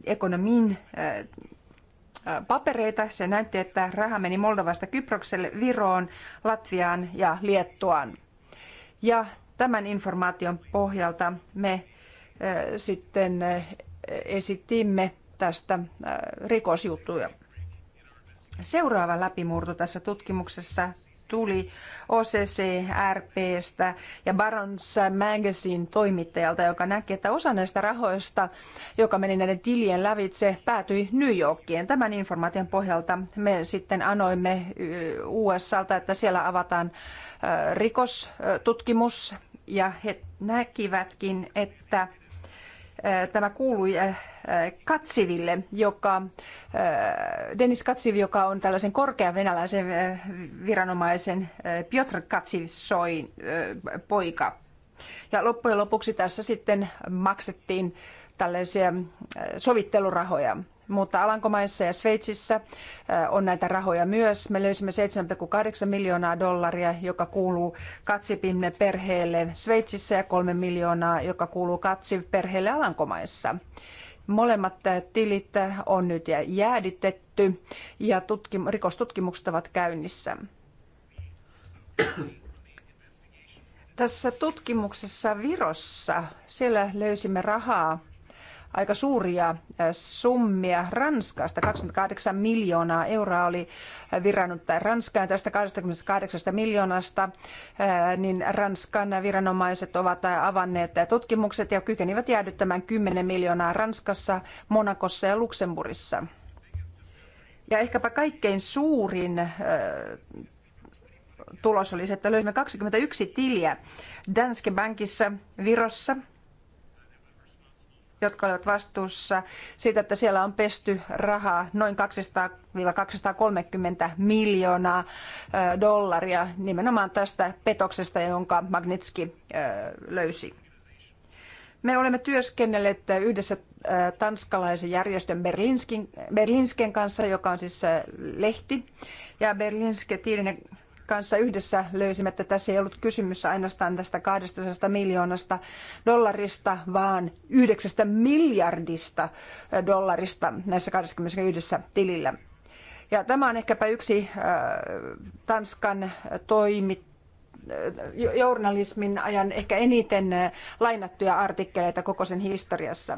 papereita. Se näytti, että raha meni Moldovasta Kyprokselle, Viroon, Latviaan ja Liettuaan. Ja tämän informaation pohjalta me sitten esitimme tästä rikosjuttuja. Seuraava läpimurto tässä tutkimuksessa tuli OCCRPstä ja Barons Magazine toimittajalta, joka näki, että osa näistä rahoista, joka meni näiden tilien lävitse, päätyi New Yorkiin. Tämän informaation pohjalta me sitten anoimme USAlta, että siellä avataan rikostutkimus ja he näkivätkin, että Äh, tämä kuului äh, Katsiville, joka, äh, Dennis Katsiv, joka on tällaisen korkean venäläisen viranomaisen Piotr Katsiv soin poika. Ja loppujen lopuksi tässä sitten maksettiin tällaisia sovittelurahoja mutta Alankomaissa ja Sveitsissä äh, on näitä rahoja myös. Me löysimme 7,8 miljoonaa dollaria, joka kuuluu Katsipinne perheelle Sveitsissä ja 3 miljoonaa, joka kuuluu Katsip perheelle Alankomaissa. Molemmat äh, tilit äh, on nyt jäädytetty ja tutkim- rikostutkimukset ovat käynnissä. Tässä tutkimuksessa Virossa, siellä löysimme rahaa aika suuria summia Ranskasta. 28 miljoonaa euroa oli virannut Ranskaan. Tästä 28 miljoonasta niin Ranskan viranomaiset ovat avanneet tutkimukset ja kykenivät jäädyttämään 10 miljoonaa Ranskassa, Monakossa ja Luxemburissa. Ja ehkäpä kaikkein suurin tulos oli se, että löysimme 21 tiliä Danske Bankissa Virossa – jotka olivat vastuussa siitä, että siellä on pesty rahaa noin 200-230 miljoonaa dollaria nimenomaan tästä petoksesta, jonka Magnitski löysi. Me olemme työskennelleet yhdessä tanskalaisen järjestön Berlinskin, Berlinsken kanssa, joka on siis lehti. Ja Berlinske Tiedinen kanssa yhdessä löysimme, että tässä ei ollut kysymys ainoastaan tästä 200 miljoonasta dollarista, vaan 9 miljardista dollarista näissä 21 tilillä. Ja tämä on ehkäpä yksi äh, Tanskan toimit äh, journalismin ajan ehkä eniten äh, lainattuja artikkeleita koko sen historiassa.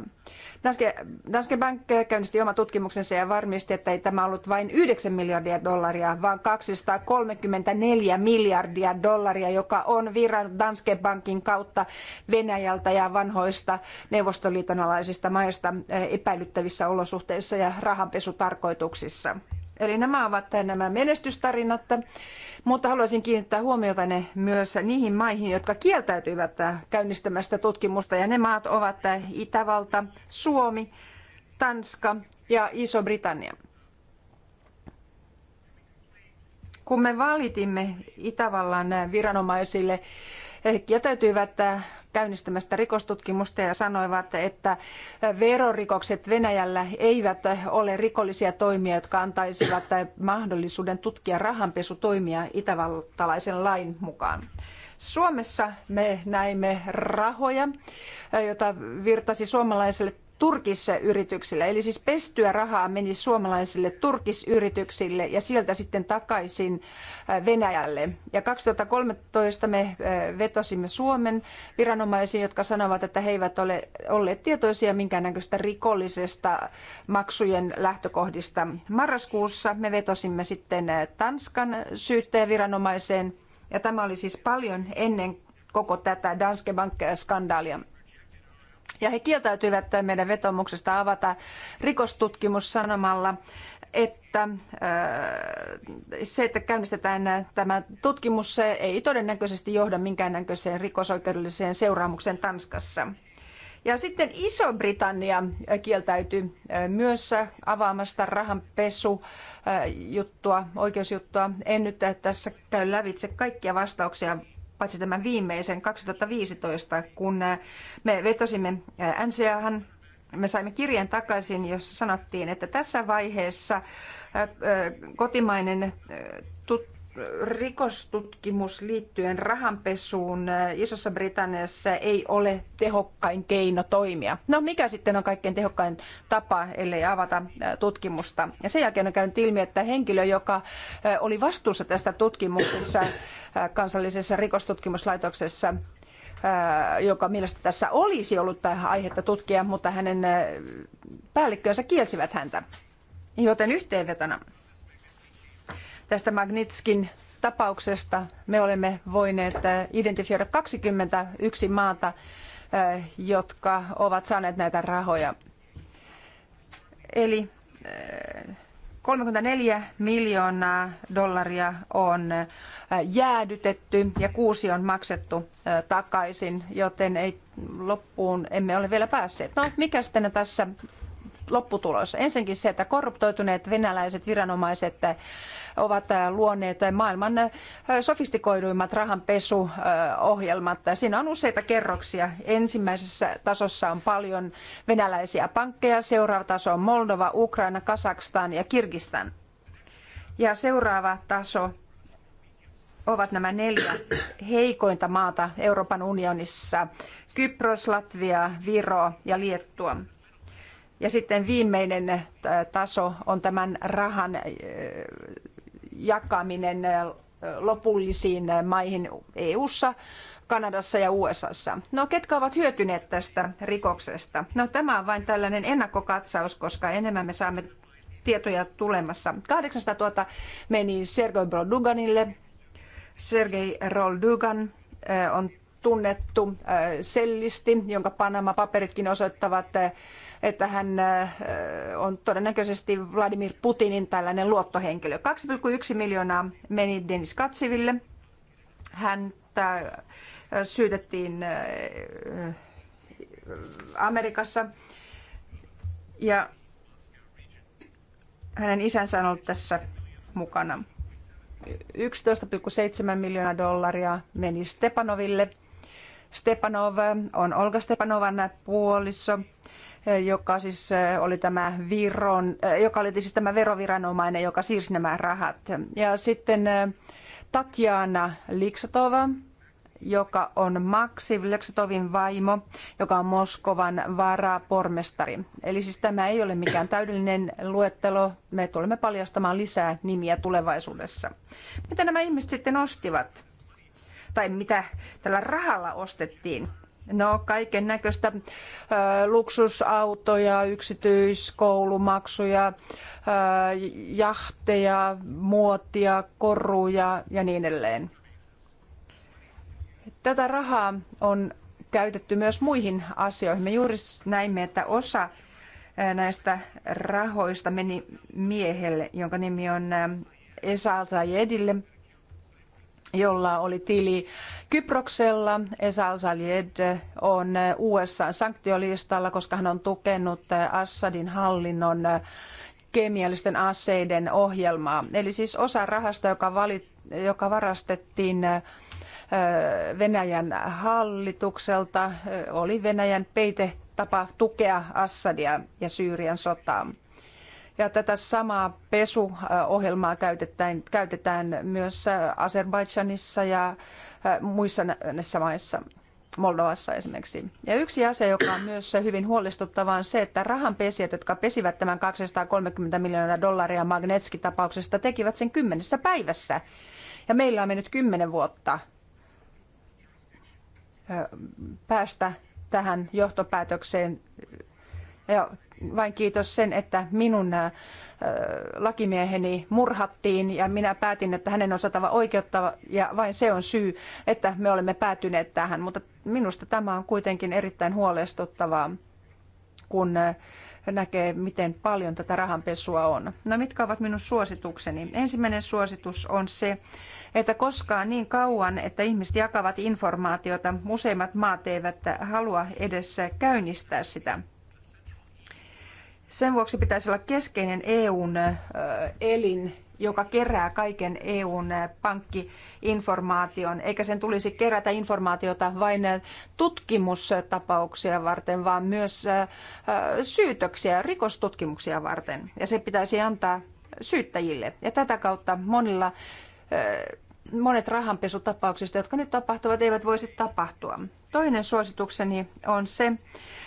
Danske, Danske Bank käynnisti oma tutkimuksensa ja varmisti, että ei tämä ollut vain 9 miljardia dollaria, vaan 234 miljardia dollaria, joka on viran Danske Bankin kautta Venäjältä ja vanhoista Neuvostoliiton alaisista maista eh, epäilyttävissä olosuhteissa ja rahanpesutarkoituksissa. Eli nämä ovat nämä menestystarinat, mutta haluaisin kiinnittää huomiota ne myös niihin maihin, jotka kieltäytyivät käynnistämästä tutkimusta, ja ne maat ovat Itävalta, Suomi, Suomi, Tanska ja Iso-Britannia. Kun me valitimme Itävallan viranomaisille, he jätäytyivät käynnistämästä rikostutkimusta ja sanoivat, että verorikokset Venäjällä eivät ole rikollisia toimia, jotka antaisivat mahdollisuuden tutkia rahanpesutoimia itävaltalaisen lain mukaan. Suomessa me näimme rahoja, joita virtasi suomalaiselle yrityksille, Eli siis pestyä rahaa meni suomalaisille turkisyrityksille ja sieltä sitten takaisin Venäjälle. Ja 2013 me vetosimme Suomen viranomaisiin, jotka sanovat, että he eivät ole olleet tietoisia minkäännäköistä rikollisesta maksujen lähtökohdista. Marraskuussa me vetosimme sitten Tanskan syyttäjäviranomaiseen ja tämä oli siis paljon ennen koko tätä Danske Bank-skandaalia. Ja he kieltäytyivät meidän vetomuksesta avata rikostutkimus sanomalla, että äh, se, että käynnistetään tämä tutkimus, se ei todennäköisesti johda minkäännäköiseen rikosoikeudelliseen seuraamukseen Tanskassa. Ja sitten Iso-Britannia kieltäytyi äh, myös avaamasta rahanpesujuttua, äh, oikeusjuttua. En nyt tässä käy lävitse kaikkia vastauksia paitsi tämän viimeisen 2015, kun äh, me vetosimme äh, NCAhan, me saimme kirjeen takaisin, jossa sanottiin, että tässä vaiheessa äh, kotimainen rikostutkimus liittyen rahanpesuun äh, Isossa Britanniassa ei ole tehokkain keino toimia. No mikä sitten on kaikkein tehokkain tapa, ellei avata äh, tutkimusta? Ja sen jälkeen on käynyt ilmi, että henkilö, joka äh, oli vastuussa tästä tutkimuksessa kansallisessa rikostutkimuslaitoksessa, joka mielestä tässä olisi ollut aihetta tutkia, mutta hänen päällikkönsä kielsivät häntä. Joten yhteenvetona tästä Magnitskin tapauksesta me olemme voineet äh, identifioida 21 maata, äh, jotka ovat saaneet näitä rahoja. Eli 34 äh, miljoonaa dollaria on jäädytetty ja kuusi on maksettu takaisin, joten ei loppuun emme ole vielä päässeet. No, mikä sitten tässä lopputulos? Ensinnäkin se, että korruptoituneet venäläiset viranomaiset ovat äh, luoneet maailman äh, sofistikoiduimmat rahanpesuohjelmat. Siinä on useita kerroksia. Ensimmäisessä tasossa on paljon venäläisiä pankkeja, seuraava taso on Moldova, Ukraina, Kazakstan ja Kirgistan. Ja seuraava taso ovat nämä neljä heikointa maata Euroopan unionissa. Kypros, Latvia, Viro ja Liettua. Ja sitten viimeinen äh, taso on tämän rahan jakaminen lopullisiin maihin EU:ssa, Kanadassa ja USAssa. No ketkä ovat hyötyneet tästä rikoksesta? No tämä on vain tällainen ennakkokatsaus, koska enemmän me saamme tietoja tulemassa. 800 000 meni Sergei Broduganille. Sergei Roldugan on tunnettu sellisti, jonka Panama-paperitkin osoittavat että hän äh, on todennäköisesti Vladimir Putinin tällainen luottohenkilö. 2,1 miljoonaa meni Denis Katsiville. Häntä äh, syytettiin äh, Amerikassa ja hänen isänsä on ollut tässä mukana. 11,7 miljoonaa dollaria meni Stepanoville. Stepanov on Olga Stepanovan puoliso joka siis eh, oli tämä, Viron, eh, joka oli siis tämä veroviranomainen, joka siirsi nämä rahat. Ja sitten eh, Tatjana Liksatova, joka on Maxi Leksetovin vaimo, joka on Moskovan varapormestari. Eli siis tämä ei ole mikään täydellinen luettelo. Me tulemme paljastamaan lisää nimiä tulevaisuudessa. Mitä nämä ihmiset sitten ostivat? Tai mitä tällä rahalla ostettiin? No kaiken näköistä luksusautoja, yksityiskoulumaksuja, jahteja, muotia, koruja ja niin edelleen. Tätä rahaa on käytetty myös muihin asioihin. Me juuri näimme, että osa näistä rahoista meni miehelle, jonka nimi on Esa Al-Zayedille – jolla oli tili Kyproksella. Esa al on USA-sanktiolistalla, koska hän on tukenut Assadin hallinnon kemiallisten aseiden ohjelmaa. Eli siis osa rahasta, joka, joka varastettiin Venäjän hallitukselta, oli Venäjän peitetapa tukea Assadia ja Syyrian sotaa. Ja tätä samaa pesuohjelmaa käytetään, käytetään myös äh, Azerbaidžanissa ja äh, muissa näissä maissa. Moldovassa esimerkiksi. Ja yksi asia, joka on myös hyvin huolestuttava, on se, että rahanpesijät, jotka pesivät tämän 230 miljoonaa dollaria Magnetski-tapauksesta, tekivät sen kymmenessä päivässä. Ja meillä on mennyt kymmenen vuotta äh, päästä tähän johtopäätökseen ja vain kiitos sen, että minun äh, lakimieheni murhattiin ja minä päätin, että hänen on saatava oikeutta ja vain se on syy, että me olemme päätyneet tähän. Mutta minusta tämä on kuitenkin erittäin huolestuttavaa, kun äh, näkee, miten paljon tätä rahanpesua on. No mitkä ovat minun suositukseni? Ensimmäinen suositus on se, että koskaan niin kauan, että ihmiset jakavat informaatiota, useimmat maat eivät halua edes käynnistää sitä sen vuoksi pitäisi olla keskeinen EUn elin, joka kerää kaiken EUn pankkiinformaation, eikä sen tulisi kerätä informaatiota vain tutkimustapauksia varten, vaan myös syytöksiä, rikostutkimuksia varten. Ja se pitäisi antaa syyttäjille. Ja tätä kautta monilla monet rahanpesutapauksista, jotka nyt tapahtuvat, eivät voisi tapahtua. Toinen suositukseni on se,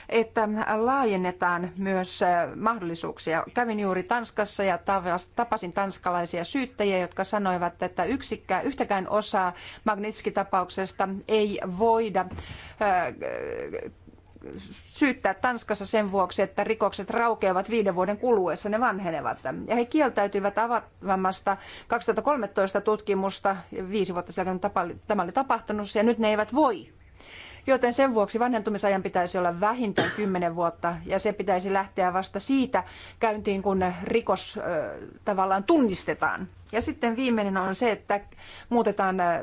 että laajennetaan myös äh, mahdollisuuksia. Kävin juuri Tanskassa ja tapasin tanskalaisia syyttäjiä, jotka sanoivat, että yksikkä, yhtäkään osaa Magnitski-tapauksesta ei voida äh, syyttää Tanskassa sen vuoksi, että rikokset raukeavat viiden vuoden kuluessa, ne vanhenevat. Ja he kieltäytyivät avaamasta 2013 tutkimusta, viisi vuotta sillä kun tämä oli tapahtunut, ja nyt ne eivät voi. Joten sen vuoksi vanhentumisajan pitäisi olla vähintään 10 vuotta, ja se pitäisi lähteä vasta siitä käyntiin, kun rikos äh, tavallaan tunnistetaan. Ja sitten viimeinen on se, että muutetaan, äh,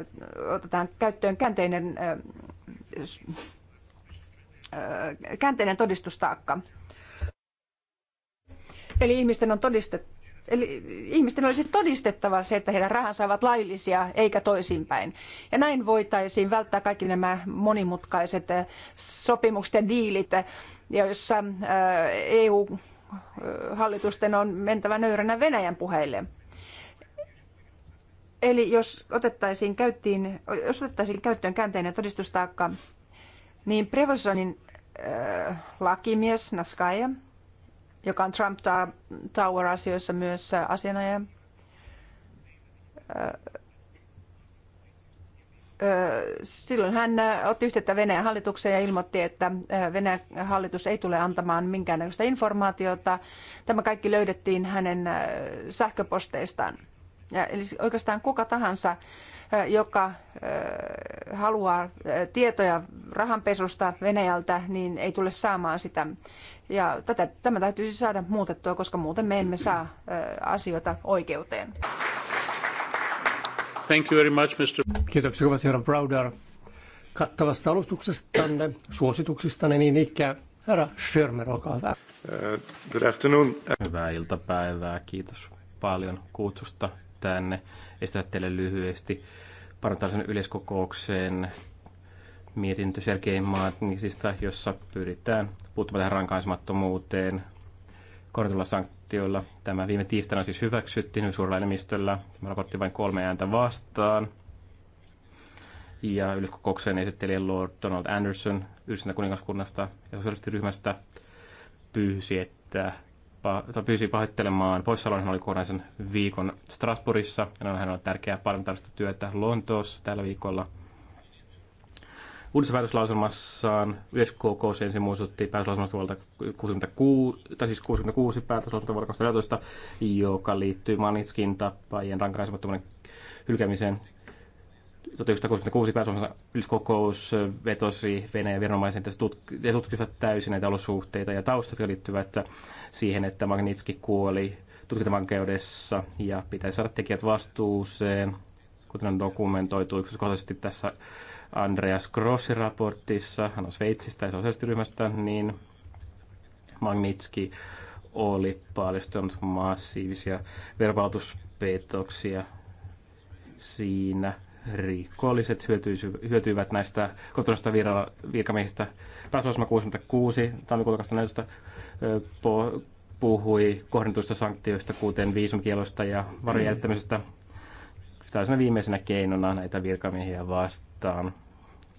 otetaan käyttöön käänteinen äh, käänteinen todistustaakka. Eli ihmisten on todistettava Eli ihmisten olisi todistettava se, että heidän rahansa ovat laillisia eikä toisinpäin. Ja näin voitaisiin välttää kaikki nämä monimutkaiset sopimukset ja diilit, joissa EU-hallitusten on mentävä nöyränä Venäjän puheille. Eli jos otettaisiin, käyttiin, jos otettaisiin käyttöön käänteinen todistustaakka, niin Prevosonin äh, lakimies Naskaya, joka on Trump Tower-asioissa myös äh, asianajaja, äh, äh, silloin hän otti yhteyttä Venäjän hallitukseen ja ilmoitti, että Venäjän hallitus ei tule antamaan minkäännäköistä informaatiota. Tämä kaikki löydettiin hänen sähköposteistaan. Ja, eli siis oikeastaan kuka tahansa joka haluaa tietoja rahanpesusta Venäjältä, niin ei tule saamaan sitä. Ja tätä, tämä täytyisi siis saada muutettua, koska muuten me emme saa asioita oikeuteen. Thank you very much, Mr. Kiitoksia kovasti, herra Browder, kattavasta alustuksestanne, suosituksistanne niin ikään. Herra Schirmer olkaa hyvä. Good afternoon. Hyvää iltapäivää, kiitos paljon kutsusta tänne, esittää teille lyhyesti parlamentaarisen yleiskokoukseen mietintö Sergei Maatnisista, niin jossa pyritään puuttumaan tähän rankaisemattomuuteen korotulla sanktioilla. Tämä viime tiistaina siis hyväksyttiin hyvin suurella enemmistöllä. Tämä raportti vain kolme ääntä vastaan. Ja yleiskokoukseen esitteli Lord Donald Anderson yhdessä kuningaskunnasta ja sosialistiryhmästä pyysi, että tai pyysi pahoittelemaan poissaoloon. Hän oli kokonaisen viikon Strasbourgissa. Hän on tärkeää parlamentaarista työtä Lontoossa tällä viikolla. Uudessa päätöslauselmassaan yleiskokous ensin muistutti päätöslauselmasta vuodelta 66, tai siis 66 päätöslauselmasta vuodelta 2014, joka liittyy Manitskin tappajien rankaisemattomuuden hylkäämiseen 1966 yliskokous vetosi Venäjän viranomaisen, että tutk- tutkivat täysin näitä olosuhteita ja taustat, jotka liittyvät siihen, että Magnitski kuoli tutkintavankeudessa ja pitäisi saada tekijät vastuuseen, kuten on dokumentoitu yksityiskohtaisesti tässä Andreas Grossin raportissa, hän on Sveitsistä ja sosiaalistiryhmästä, niin Magnitski oli paljastunut massiivisia verpautuspetoksia siinä rikolliset hyötyivät näistä kotoisista virkamiehistä. Päätösosma 66 tammikuuta 2014 puhui kohdentuista sanktioista, kuten viisumkielosta ja varojen jättämisestä tällaisena viimeisenä keinona näitä virkamiehiä vastaan.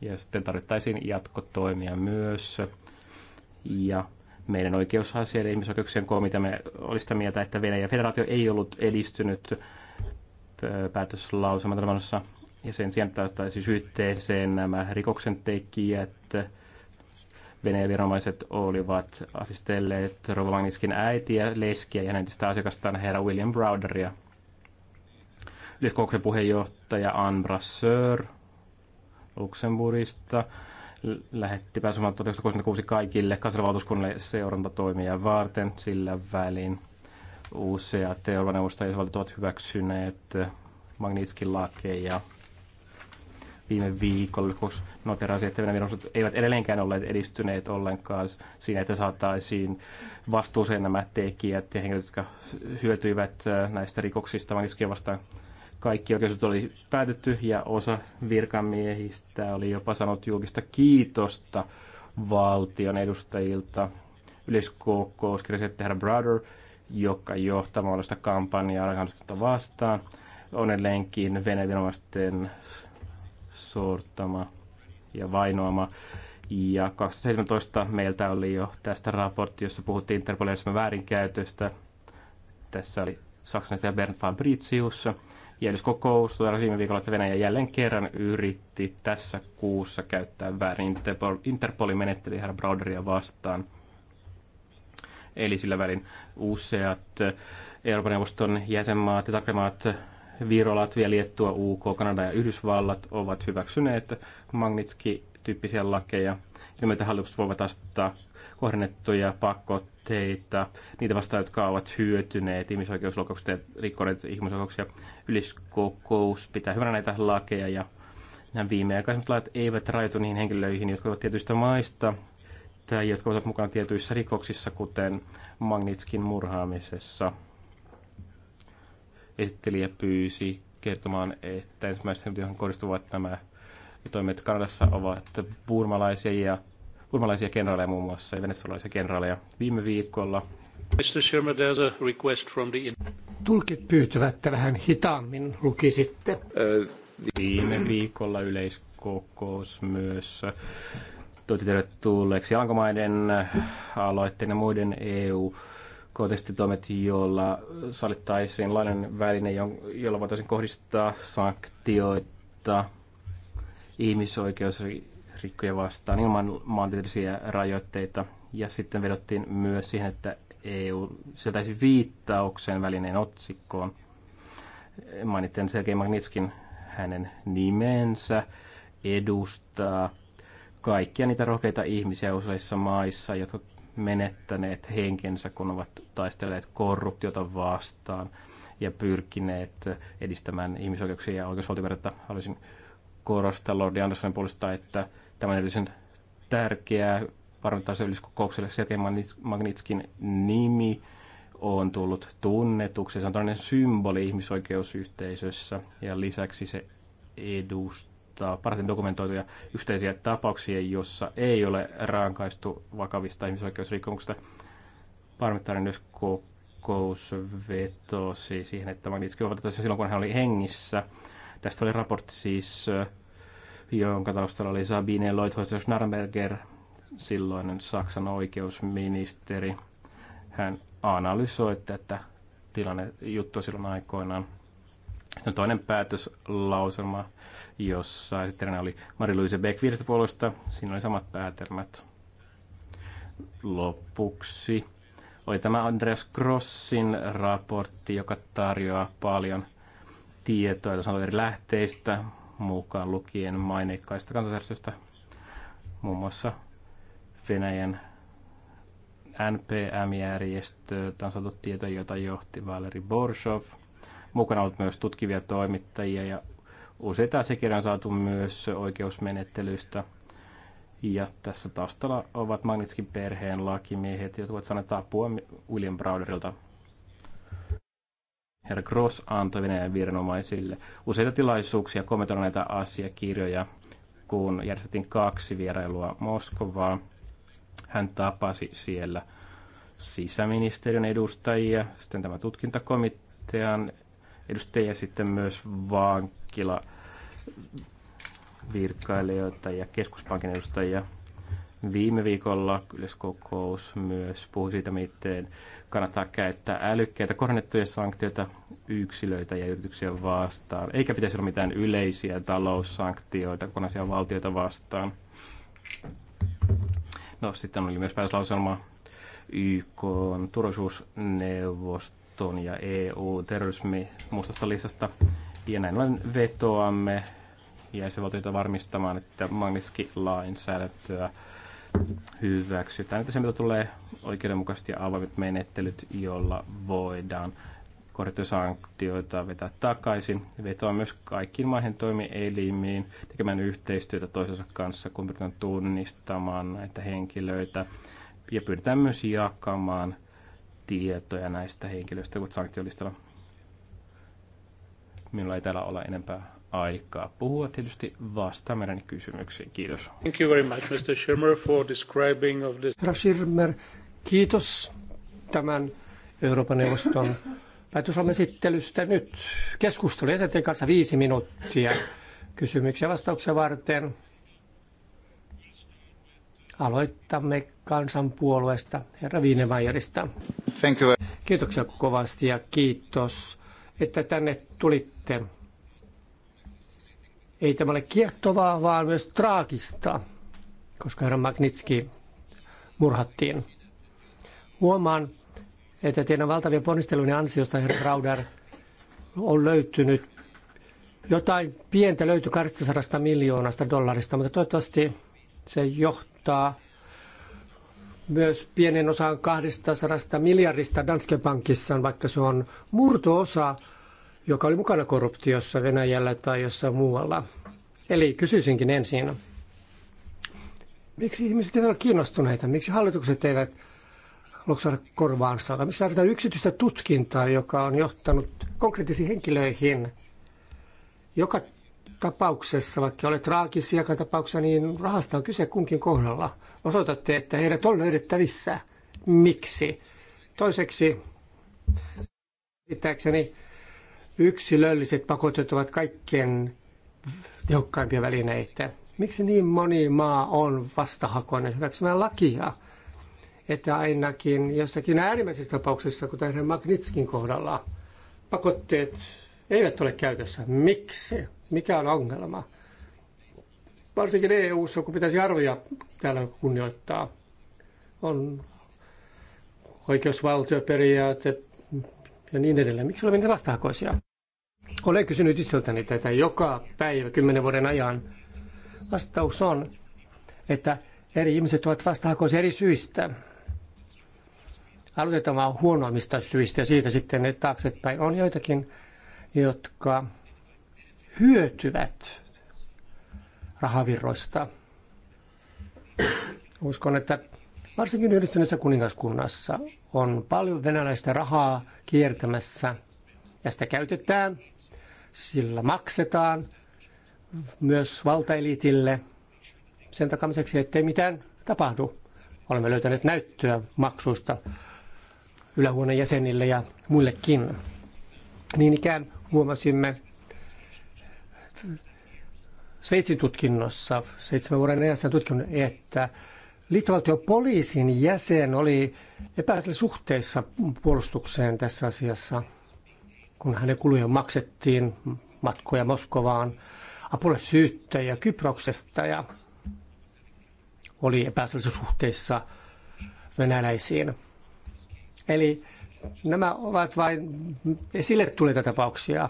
Ja sitten tarvittaisiin jatkotoimia myös. Ja meidän oikeusasian ja ihmisoikeuksien komitea me oli sitä mieltä, että Venäjä federaatio ei ollut edistynyt päätöslausumatelmanossa ja sen sijaan päästäisi syytteeseen nämä rikoksen tekijät. Venäjän viranomaiset olivat asistelleet Rova äitiä, leskiä ja hänen entistä asiakastaan herra William Browderia. Yleiskokouksen puheenjohtaja Anne Brasseur Luxemburgista lähetti pääsumaan 1966 kaikille kansanvaltuuskunnalle seurantatoimia varten sillä välin. Useat Euroopan neuvoston ovat hyväksyneet Magnitskin lakeja viime viikolla, kun noterasi, että Venäjän viranomaiset eivät edelleenkään olleet edistyneet ollenkaan siinä, että saataisiin vastuuseen nämä tekijät ja henkilöt, jotka hyötyivät äh, näistä rikoksista vankiskien vastaan. Kaikki oikeudet oli päätetty ja osa virkamiehistä oli jopa sanonut julkista kiitosta valtion edustajilta. Yleiskokous että herra Brother, joka johtaa mahdollista kampanjaa kansallisuutta vastaan on edelleenkin Venäjän sortama ja vainoama. Ja 2017 meiltä oli jo tästä raportti, jossa puhuttiin Interpolin väärinkäytöstä. Tässä oli ja Bernd Fabricius. Jäljyskokous viime viikolla, että Venäjä jälleen kerran yritti tässä kuussa käyttää väärin Interpol, Interpolin menettelyä herra Browderia vastaan. Eli sillä välin useat Euroopan neuvoston jäsenmaat ja tarkemmat Viro, Latvia, Liettua, UK, Kanada ja Yhdysvallat ovat hyväksyneet Magnitski-tyyppisiä lakeja. Ilmeitä hallitukset voivat astaa kohdennettuja pakotteita niitä vastaan, jotka ovat hyötyneet ihmisoikeusloukkauksista ja rikkoneet ihmisoikeuksia. Yliskokous pitää hyvänä näitä lakeja ja nämä viimeaikaiset lait eivät rajoitu niihin henkilöihin, jotka ovat tietyistä maista tai jotka ovat mukana tietyissä rikoksissa, kuten Magnitskin murhaamisessa esittelijä pyysi kertomaan, että ensimmäisenä johon kohdistuvat nämä toimet Kanadassa ovat burmalaisia ja burmalaisia kenraaleja muun muassa ja venezuelalaisia kenraaleja viime viikolla. Mr. Sherman, there's a request from the... Tulkit pyytävät, että vähän hitaammin lukisitte. Uh, viime viikolla yleiskokous myös toivotti tervetulleeksi Alankomaiden aloitteen ja muiden EU- kohtestituomet, joilla salittaisiin lainen väline, jolla voitaisiin kohdistaa sanktioita ihmisoikeusrikkoja vastaan ilman maantieteellisiä rajoitteita. Ja sitten vedottiin myös siihen, että EU sieltäisi viittauksen välineen otsikkoon. Mainittiin Sergei Magnitskin hänen nimensä edustaa kaikkia niitä rohkeita ihmisiä useissa maissa, jotka menettäneet henkensä, kun ovat taistelleet korruptiota vastaan ja pyrkineet edistämään ihmisoikeuksia ja oikeusvaltioperiaatetta. Haluaisin korostaa Lordi Anderssonin puolesta, että tämän erityisen tärkeää parlamentaarisen yleiskokoukselle Sergei Magnitskin nimi on tullut tunnetuksi. Se on tällainen symboli ihmisoikeusyhteisössä ja lisäksi se edustaa osoittaa parhaiten dokumentoituja yhteisiä tapauksia, jossa ei ole rankaistu vakavista ihmisoikeusrikkomuksista. Parlamentaarinen kokous vetosi siihen, että Magnitsky vapautetaan silloin, kun hän oli hengissä. Tästä oli raportti siis, jonka taustalla oli Sabine Leuthäuser-Schnarrenberger, silloinen Saksan oikeusministeri. Hän analysoi tätä tilanne juttu silloin aikoinaan sitten toinen päätöslauselma, jossa esittelijänä oli Mari-Louise Beck viidestä Siinä oli samat päätelmät. Lopuksi oli tämä Andreas Grossin raportti, joka tarjoaa paljon tietoa, ja eri lähteistä, mukaan lukien maineikkaista kansanjärjestöistä, muun muassa Venäjän NPM-järjestöltä on saatu tietoja, jota johti Valeri Borshov – mukana ollut myös tutkivia toimittajia ja useita asiakirjoja on saatu myös oikeusmenettelystä. Ja tässä taustalla ovat Magnitskin perheen lakimiehet, jotka ovat saaneet apua William Browderilta. Herra Gross antoi Venäjän viranomaisille useita tilaisuuksia kommentoida näitä asiakirjoja, kun järjestettiin kaksi vierailua Moskovaa. Hän tapasi siellä sisäministeriön edustajia, sitten tämä tutkintakomitean edustajia ja sitten myös vankila virkailijoita ja keskuspankin edustajia. Viime viikolla yleiskokous myös puhui siitä, miten kannattaa käyttää älykkäitä kohdennettuja sanktioita yksilöitä ja yrityksiä vastaan, eikä pitäisi olla mitään yleisiä taloussanktioita kokonaisia valtioita vastaan. No sitten oli myös päätöslauselma YK on turvallisuusneuvosto NATOn ja EU-terrorismi mustasta listasta. Ja näin ollen vetoamme jäsenvaltioita varmistamaan, että Magnitski-lainsäädäntöä hyväksytään. Että se, mitä tulee oikeudenmukaisesti ja avoimet menettelyt, joilla voidaan sanktioita vetää takaisin. Vetoa myös kaikkiin maihin toimielimiin tekemään yhteistyötä toisensa kanssa, kun pyritään tunnistamaan näitä henkilöitä. Ja pyritään myös jakamaan tietoja näistä henkilöistä, kun sanktiolistalla. Minulla ei täällä ole enempää aikaa puhua. Tietysti vastaa meidän kysymyksiin. Kiitos. Thank you very much, Mr. Schirmer, for describing of this. Herra Schirmer, kiitos tämän Euroopan neuvoston päätösvallan esittelystä. Nyt keskustelu jäsenten kanssa viisi minuuttia kysymyksiä vastauksia varten. Aloitamme kansanpuolueesta, herra Wienemeyerista. Kiitoksia kovasti ja kiitos, että tänne tulitte. Ei tämä ole kiehtovaa, vaan myös traagista, koska herra Magnitski murhattiin. Huomaan, että teidän valtavien ponnistelujen ansiosta, herra Raudar, on löytynyt jotain pientä löytyi 200 miljoonasta dollarista, mutta toivottavasti se johtaa ottaa myös pienen osan 200 miljardista Danske Bankissa, vaikka se on murtoosa, joka oli mukana korruptiossa Venäjällä tai jossain muualla. Eli kysyisinkin ensin, miksi ihmiset eivät ole kiinnostuneita, miksi hallitukset eivät loksahda korvaansa, miksi tarvitaan yksityistä tutkintaa, joka on johtanut konkreettisiin henkilöihin, joka tapauksessa, vaikka olet traagisia tapauksessa, niin rahasta on kyse kunkin kohdalla. Osoitatte, että heidät on löydettävissä. Miksi? Toiseksi, käsittääkseni yksilölliset pakotteet ovat kaikkien tehokkaimpia välineitä. Miksi niin moni maa on vastahakoinen hyväksymään lakia? Että ainakin jossakin äärimmäisessä tapauksessa, kuten Magnitskin kohdalla, pakotteet eivät ole käytössä. Miksi? Mikä on ongelma? Varsinkin EU-ssa, kun pitäisi arvoja täällä kunnioittaa. On oikeusvaltioperiaate ja niin edelleen. Miksi olemme niitä vastahakoisia? Olen kysynyt itseltäni tätä joka päivä kymmenen vuoden ajan. Vastaus on, että eri ihmiset ovat vastahakoisia eri syistä. Aloitetaan vaan huonoimmista syistä ja siitä sitten ne taaksepäin on joitakin, jotka hyötyvät rahavirroista. Uskon, että varsinkin yhdistyneessä kuningaskunnassa on paljon venäläistä rahaa kiertämässä ja sitä käytetään, sillä maksetaan myös valtaeliitille sen takamiseksi, ettei mitään tapahdu. Olemme löytäneet näyttöä maksuista ylähuoneen jäsenille ja muillekin. Niin ikään huomasimme Sveitsin tutkinnossa, seitsemän vuoden ajassa tutkinut, että liittovaltiopoliisin poliisin jäsen oli epäasiallisessa suhteessa puolustukseen tässä asiassa, kun hänen kulujen maksettiin matkoja Moskovaan. Apulaissyyttäjä Kyproksesta ja oli epäasiallisessa suhteessa venäläisiin. Eli nämä ovat vain esille tulleita tapauksia.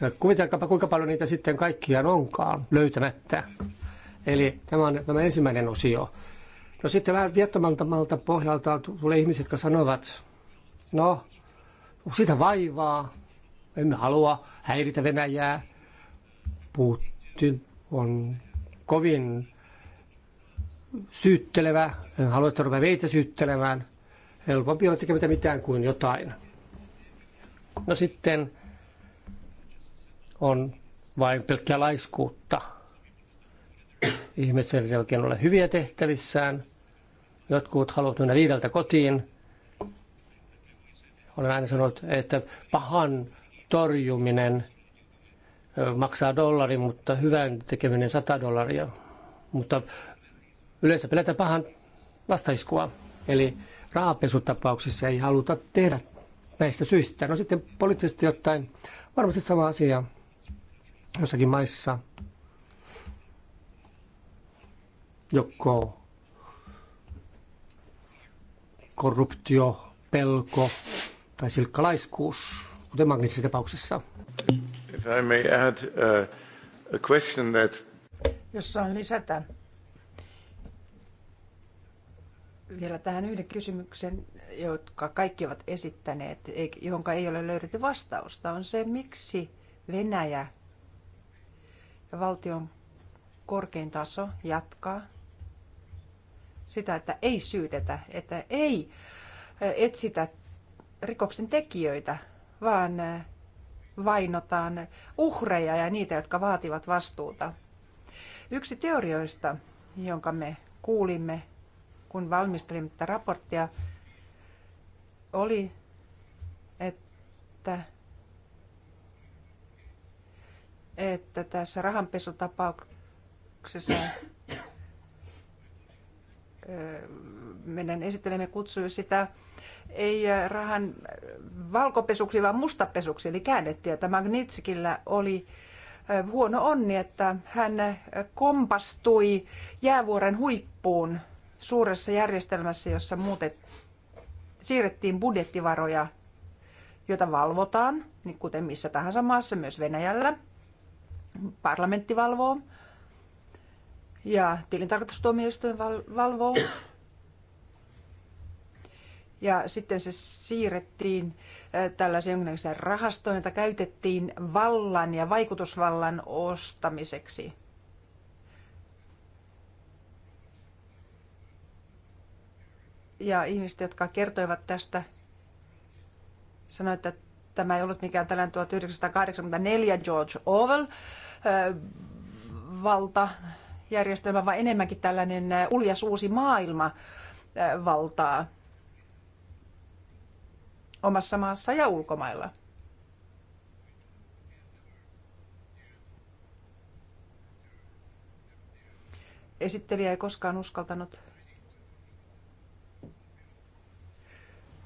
Ja no, kuvitelkaapa kuinka paljon niitä sitten kaikkiaan onkaan löytämättä. Eli tämä on tämä ensimmäinen osio. No sitten vähän viettomalta pohjalta tulee ihmiset, jotka sanovat, no sitä vaivaa, emme halua häiritä Venäjää. Putin on kovin syyttelevä, en halua, että rupeaa meitä syyttelemään. Helpompi olla tekemättä mitään kuin jotain. No sitten on vain pelkkää laiskuutta. Ihmiset eivät oikein ole hyviä tehtävissään. Jotkut haluavat mennä viideltä kotiin. Olen aina sanonut, että pahan torjuminen maksaa dollari, mutta hyvän tekeminen 100 dollaria. Mutta yleensä pelätään pahan vastaiskua. Eli rahapesutapauksissa ei haluta tehdä näistä syistä. No sitten poliittisesti ottaen varmasti sama asia jossakin maissa joko korruptio, pelko tai silkkalaiskuus, kuten Magnitsin tapauksessa. If I may add, uh, a question that... Jos saan lisätä vielä tähän yhden kysymyksen, jotka kaikki ovat esittäneet, johon ei ole löydetty vastausta, on se, miksi Venäjä ja valtion korkein taso jatkaa sitä, että ei syytetä, että ei etsitä rikoksen tekijöitä, vaan vainotaan uhreja ja niitä, jotka vaativat vastuuta. Yksi teorioista, jonka me kuulimme, kun valmistelimme tätä raporttia, oli, että että tässä rahanpesutapauksessa meidän esittelemme kutsui sitä ei rahan valkopesuksi, vaan mustapesuksi, eli käännettiin. Että Magnitskillä oli huono onni, että hän kompastui jäävuoren huippuun suuressa järjestelmässä, jossa muutet, siirrettiin budjettivaroja, joita valvotaan, niin kuten missä tahansa maassa, myös Venäjällä parlamentti valvoo ja tilintarkastustuomioistuin valvoo. Ja sitten se siirrettiin tällaisen jonkinlaiseen rahastoon, jota käytettiin vallan ja vaikutusvallan ostamiseksi. Ja ihmiset, jotka kertoivat tästä, sanoivat, että Tämä ei ollut mikään tällainen 1984 George Orwell valtajärjestelmä, vaan enemmänkin tällainen uljas uusi maailma valtaa omassa maassa ja ulkomailla. Esittelijä ei koskaan uskaltanut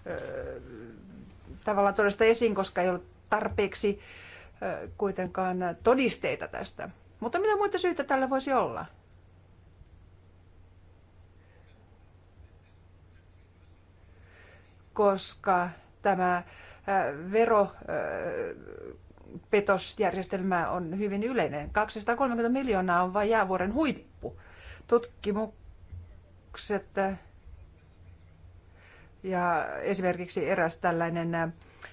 öö, tavallaan tuoda sitä esiin, koska ei ollut tarpeeksi kuitenkaan todisteita tästä. Mutta mitä muita syitä tällä voisi olla? Koska tämä veropetosjärjestelmä on hyvin yleinen. 230 miljoonaa on vain jäävuoren huippu. Tutkimukset ja esimerkiksi eräs tällainen äh,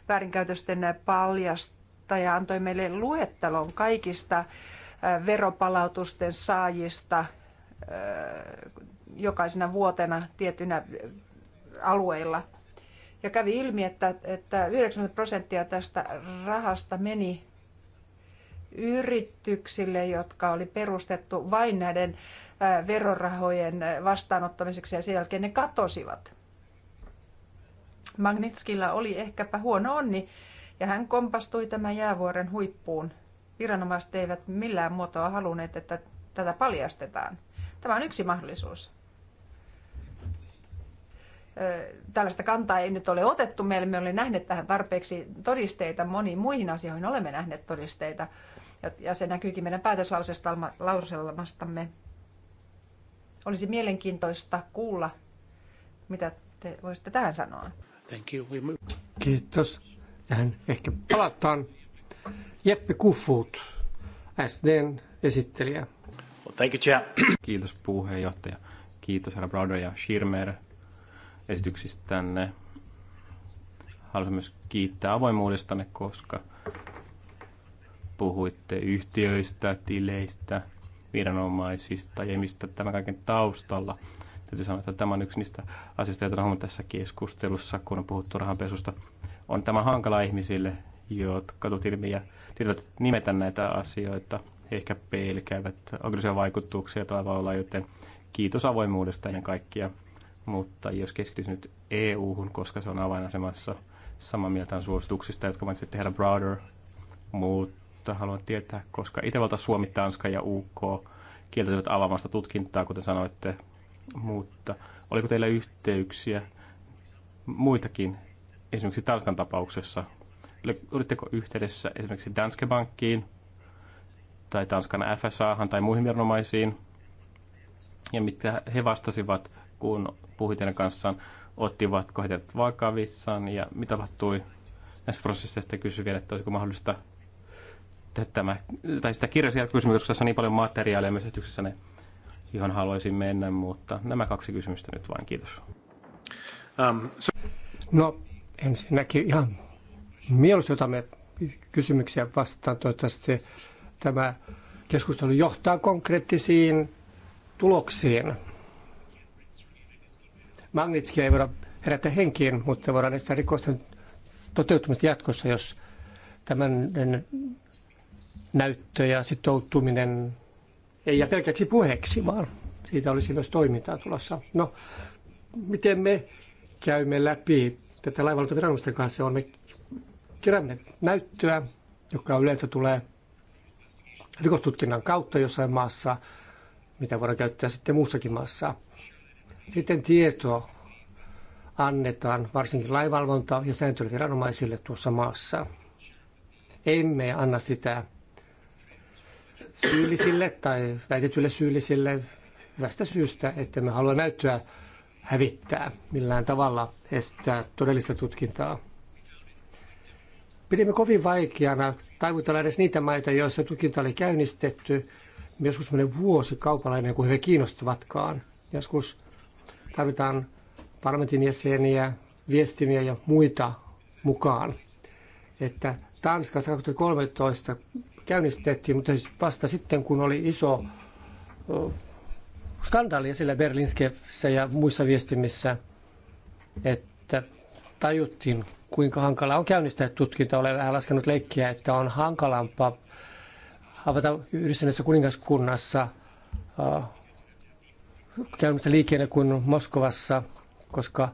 väärinkäytösten paljastaja antoi meille luettelon kaikista äh, veropalautusten saajista äh, jokaisena vuotena tietynä alueilla. Ja kävi ilmi, että, että 90 prosenttia tästä rahasta meni yrityksille, jotka oli perustettu vain näiden verorahojen vastaanottamiseksi ja sen jälkeen ne katosivat. Magnitskilla oli ehkäpä huono onni ja hän kompastui tämän jäävuoren huippuun. Viranomaiset eivät millään muotoa halunneet, että tätä paljastetaan. Tämä on yksi mahdollisuus. Tällaista kantaa ei nyt ole otettu. Me emme ole nähneet tähän tarpeeksi todisteita. Moniin muihin asioihin olemme nähneet todisteita. Ja se näkyykin meidän päätöslauselmastamme. Olisi mielenkiintoista kuulla, mitä te voisitte tähän sanoa. Thank you. We move. Kiitos. Tähän ehkä palataan. Jeppe Kufut, SDn esittelijä. Well, thank you, Chair. Kiitos puheenjohtaja. Kiitos herra Browder ja Schirmer tänne. Haluan myös kiittää avoimuudestanne, koska puhuitte yhtiöistä, tileistä, viranomaisista ja mistä tämän kaiken taustalla Täytyy sanoa, että tämä on yksi niistä asioista, joita on tässä keskustelussa, kun on puhuttu rahanpesusta. On tämä hankala ihmisille, jotka tulet ilmi ja tietävät nimetä näitä asioita. He ehkä pelkäävät aggressio vaikutuksia olla, joten kiitos avoimuudesta ennen kaikkea. Mutta jos keskityt nyt EU-hun, koska se on avainasemassa, samaa mieltä on suosituksista, jotka mainitsitte tehdä Browder, mutta haluan tietää, koska Itävalta, Suomi, Tanska ja UK kieltäytyvät avaamasta tutkintaa, kuten sanoitte, mutta oliko teillä yhteyksiä muitakin, esimerkiksi talkan tapauksessa? Olitteko yhteydessä esimerkiksi Danske Bankkiin tai Tanskan FSA tai muihin viranomaisiin? Ja mitä he vastasivat, kun puhuit heidän kanssaan? Ottivatko he teidät vakavissaan ja mitä tapahtui näistä prosesseista? Kysyi vielä, että olisiko mahdollista tehdä tämä, tai sitä kirjaisia kysymyksiä, on niin paljon materiaalia myös yhteyksessä ne johon haluaisin mennä, mutta nämä kaksi kysymystä nyt vain, kiitos. Um, so... No ensinnäkin ihan mieluusti otamme kysymyksiä vastaan. Toivottavasti tämä keskustelu johtaa konkreettisiin tuloksiin. Magnitski ei voida herättää henkiin, mutta voidaan estää rikosten toteutumista jatkossa, jos tämän näyttö ja sitoutuminen ei ja pelkäksi puheeksi, vaan siitä olisi myös toimintaa tulossa. No, miten me käymme läpi tätä laivavalvontaviranomaisten kanssa on, me keräämme näyttöä, joka yleensä tulee rikostutkinnan kautta jossain maassa, mitä voidaan käyttää sitten muussakin maassa. Sitten tieto annetaan varsinkin laivalvonta- ja sääntelyviranomaisille tuossa maassa. Emme anna sitä syyllisille tai väitetyille syyllisille hyvästä syystä, että me halua näyttöä hävittää millään tavalla estää todellista tutkintaa. Pidimme kovin vaikeana taivutella edes niitä maita, joissa tutkinta oli käynnistetty, joskus menee vuosi kaupalainen, kun he kiinnostuvatkaan. Joskus tarvitaan parlamentin jäseniä, viestimiä ja muita mukaan. Että Tanskassa 2013 käynnistettiin, mutta siis vasta sitten kun oli iso skandaali esillä Berlinskessä ja muissa viestimissä, että tajuttiin, kuinka hankala on käynnistää tutkinta. Olen vähän laskenut leikkiä, että on hankalampaa avata yhdistyneessä kuningaskunnassa käynnistä liikenne kuin Moskovassa, koska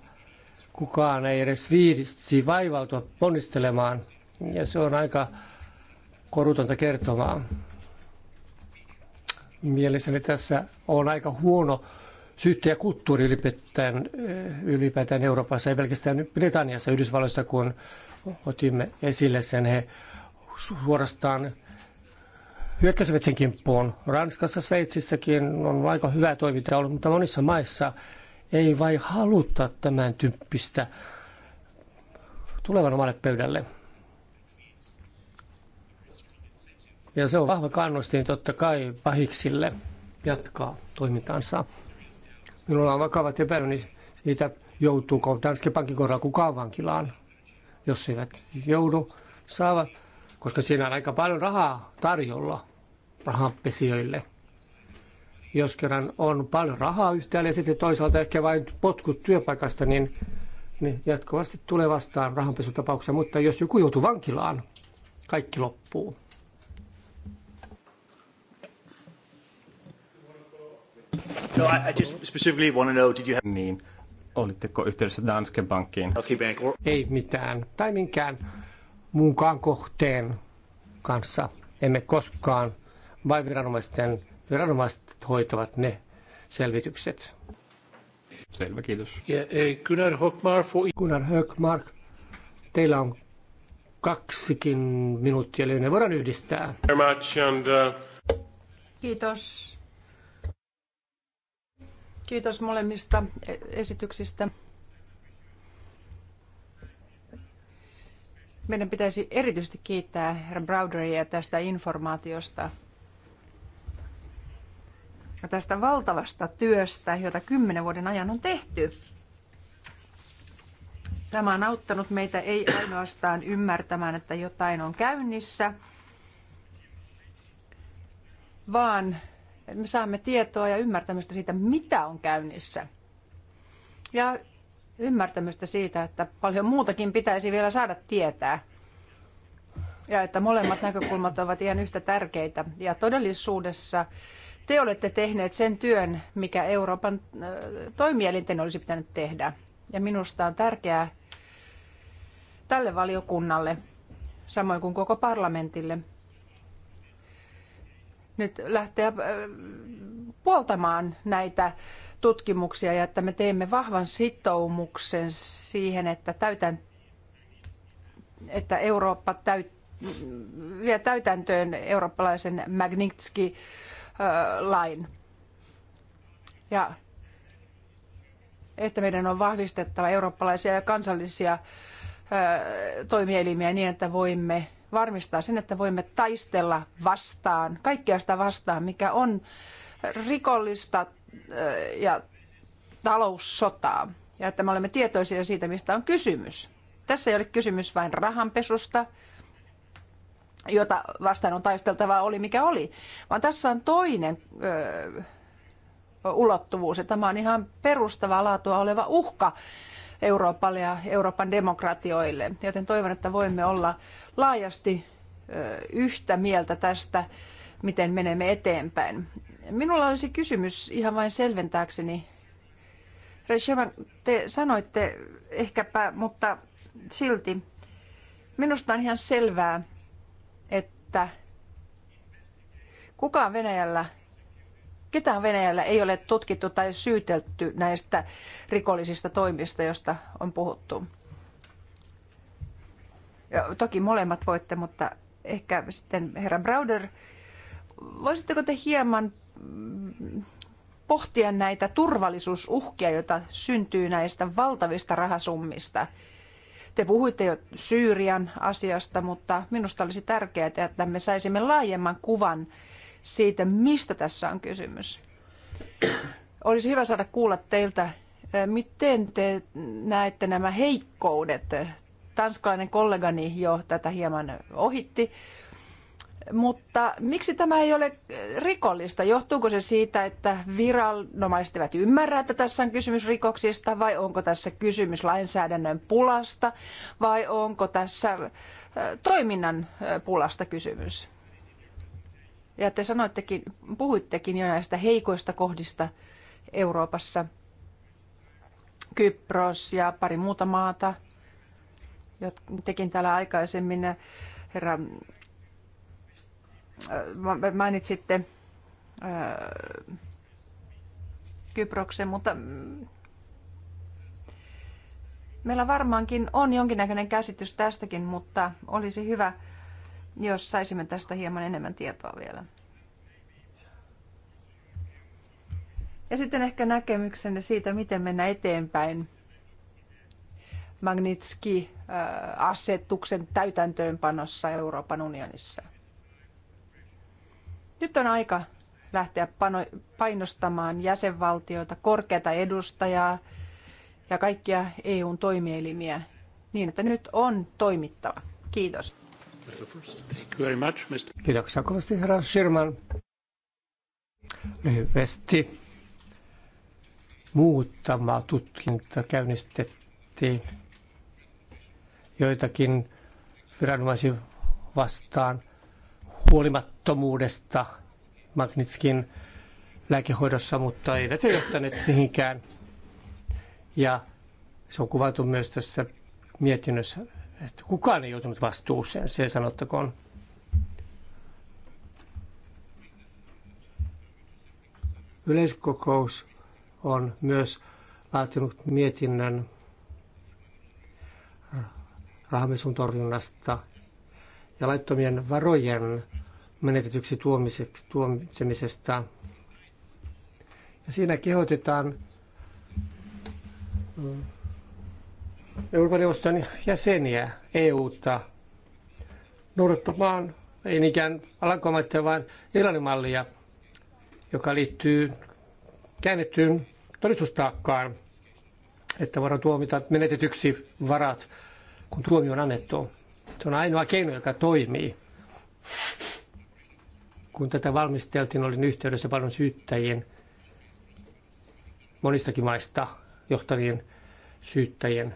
kukaan ei edes viidisi vaivautua ponnistelemaan. Ja se on aika korutonta kertomaa. Mielestäni tässä on aika huono syyttäjäkulttuuri ylipäätään, ylipäätään Euroopassa, ei pelkästään Britanniassa, Yhdysvalloissa, kun otimme esille sen, he suorastaan hyökkäsivät sen kimppuun. Ranskassa, Sveitsissäkin on aika hyvä toimintaa ollut, mutta monissa maissa ei vain haluta tämän tyyppistä tulevan omalle pöydälle. Ja se on vahva kannustin totta kai pahiksille jatkaa toimintaansa. Minulla on vakavat epäilyni siitä, joutuuko Danske Bankin kohdalla kukaan vankilaan. Jos eivät joudu, saavat, koska siinä on aika paljon rahaa tarjolla rahanpesijöille. Jos kerran on paljon rahaa yhtäällä ja sitten toisaalta ehkä vain potkut työpaikasta, niin, niin jatkuvasti tulee vastaan rahanpesutapauksia. Mutta jos joku joutuu vankilaan, kaikki loppuu. No, I, I just specifically want to know, did you have... Niin, olitteko yhteydessä Danske Bankiin? Danske Bank or... Ei mitään, tai minkään muunkaan kohteen kanssa. Emme koskaan, vain viranomaisten, viranomaiset hoitavat ne selvitykset. Selvä, kiitos. Ja, eh, Gunnar Hökmark, for... Gunnar Hökmark, teillä on kaksikin minuuttia, eli ne voidaan yhdistää. Very much and, uh... Kiitos Kiitos molemmista esityksistä. Meidän pitäisi erityisesti kiittää herra Browderia tästä informaatiosta ja tästä valtavasta työstä, jota kymmenen vuoden ajan on tehty. Tämä on auttanut meitä ei ainoastaan ymmärtämään, että jotain on käynnissä, vaan me saamme tietoa ja ymmärtämystä siitä, mitä on käynnissä. Ja ymmärtämystä siitä, että paljon muutakin pitäisi vielä saada tietää. Ja että molemmat näkökulmat ovat ihan yhtä tärkeitä. Ja todellisuudessa te olette tehneet sen työn, mikä Euroopan toimielinten olisi pitänyt tehdä. Ja minusta on tärkeää tälle valiokunnalle, samoin kuin koko parlamentille, nyt lähteä äh, puoltamaan näitä tutkimuksia ja että me teemme vahvan sitoumuksen siihen, että, täytän, että Eurooppa täyt, vie täytäntöön eurooppalaisen Magnitsky-lain. Ja että meidän on vahvistettava eurooppalaisia ja kansallisia äh, toimielimiä niin, että voimme varmistaa sen, että voimme taistella vastaan, kaikkea sitä vastaan, mikä on rikollista äh, ja taloussotaa. Ja että me olemme tietoisia siitä, mistä on kysymys. Tässä ei ole kysymys vain rahanpesusta, jota vastaan on taisteltavaa oli mikä oli, vaan tässä on toinen öö, ulottuvuus. Ja tämä on ihan perustavaa laatua oleva uhka Euroopalle ja Euroopan demokratioille. Joten toivon, että voimme olla laajasti yhtä mieltä tästä, miten menemme eteenpäin. Minulla olisi kysymys ihan vain selventääkseni. Reshevan, te sanoitte ehkäpä, mutta silti minusta on ihan selvää, että kukaan Venäjällä, ketään Venäjällä ei ole tutkittu tai syytelty näistä rikollisista toimista, joista on puhuttu. Toki molemmat voitte, mutta ehkä sitten herra Browder, voisitteko te hieman mm, pohtia näitä turvallisuusuhkia, joita syntyy näistä valtavista rahasummista? Te puhuitte jo Syyrian asiasta, mutta minusta olisi tärkeää, että me saisimme laajemman kuvan siitä, mistä tässä on kysymys. Olisi hyvä saada kuulla teiltä, eh, miten te näette nämä heikkoudet tanskalainen kollegani jo tätä hieman ohitti. Mutta miksi tämä ei ole rikollista? Johtuuko se siitä, että viranomaiset eivät ymmärrä, että tässä on kysymys rikoksista, vai onko tässä kysymys lainsäädännön pulasta, vai onko tässä toiminnan pulasta kysymys? Ja te sanoittekin, puhuittekin jo näistä heikoista kohdista Euroopassa. Kypros ja pari muuta maata – tekin täällä aikaisemmin, eh, herra, eh, mainitsitte eh, Kyproksen, mutta meillä varmaankin on jonkinnäköinen käsitys tästäkin, mutta olisi hyvä, jos saisimme tästä hieman enemmän tietoa vielä. Ja sitten ehkä näkemyksenne siitä, miten mennä eteenpäin Magnitski-asetuksen äh, täytäntöönpanossa Euroopan unionissa. Nyt on aika lähteä painostamaan jäsenvaltioita, korkeata edustajaa ja kaikkia EUn toimielimiä niin, että nyt on toimittava. Kiitos. Kiitoksia kovasti herra Schirman. Lyhyesti muuttama tutkinta käynnistettiin joitakin viranomaisia vastaan huolimattomuudesta Magnitskin lääkehoidossa, mutta eivät se johtaneet mihinkään. Ja se on kuvattu myös tässä mietinnössä, että kukaan ei joutunut vastuuseen, se sanottakoon. Yleiskokous on myös laatinut mietinnön rahamisun torjunnasta ja laittomien varojen menetetyksi tuomitsemisesta. Ja siinä kehotetaan mm, Euroopan neuvoston jäseniä EUta noudattamaan ei niinkään alankomaiden, vaan Irlannin mallia, joka liittyy käännettyyn todistustaakkaan, että varo tuomita menetetyksi varat kun tuomio on annettu. Se on ainoa keino, joka toimii. Kun tätä valmisteltiin, olin yhteydessä paljon syyttäjien monistakin maista johtavien syyttäjien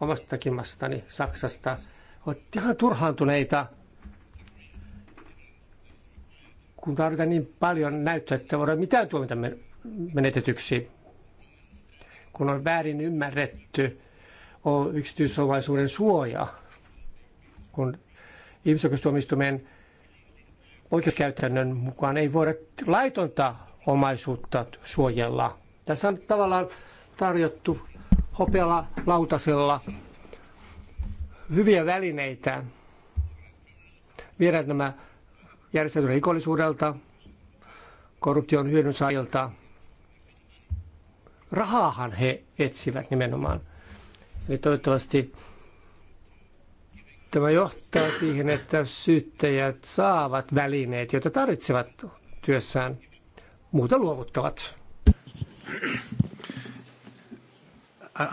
omastakin maastani Saksasta. Ovat ihan turhaantuneita, kun tarvitaan niin paljon näyttöä, että voidaan mitään tuomita menetetyksi, kun on väärin ymmärretty on yksityisomaisuuden suoja, kun ihmisoikeustuomioistuimen oikeuskäytännön mukaan ei voida laitonta omaisuutta suojella. Tässä on tavallaan tarjottu hopealla lautasella hyviä välineitä viedä nämä järjestetyn rikollisuudelta, korruption hyödyn saajilta. Rahaahan he etsivät nimenomaan – Eli niin toivottavasti tämä johtaa siihen, että syyttäjät saavat välineet, joita tarvitsevat työssään, muuta luovuttavat.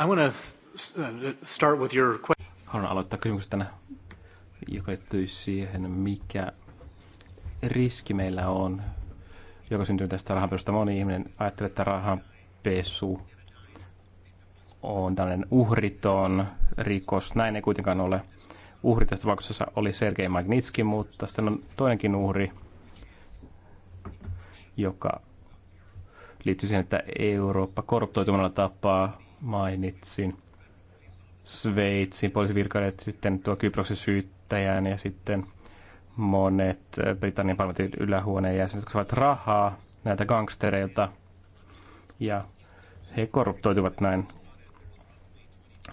I want to start with your question. Haluan aloittaa kysymyksestä, joka liittyy siihen, mikä riski meillä on, joka syntyy tästä rahanpesusta. Moni ihminen ajattelee, että rahanpesu on tällainen uhriton rikos. Näin ei kuitenkaan ole. Uhri tästä tapauksessa oli Sergei Magnitski, mutta sitten on toinenkin uhri, joka liittyy siihen, että Eurooppa korruptoitumalla tapaa mainitsin. Sveitsin poliisivirkailijat, sitten tuo Kyproksen syyttäjän ja sitten monet Britannian parlamentin ylähuoneen jäsenet, jotka saivat rahaa näiltä gangstereilta. Ja he korruptoituvat näin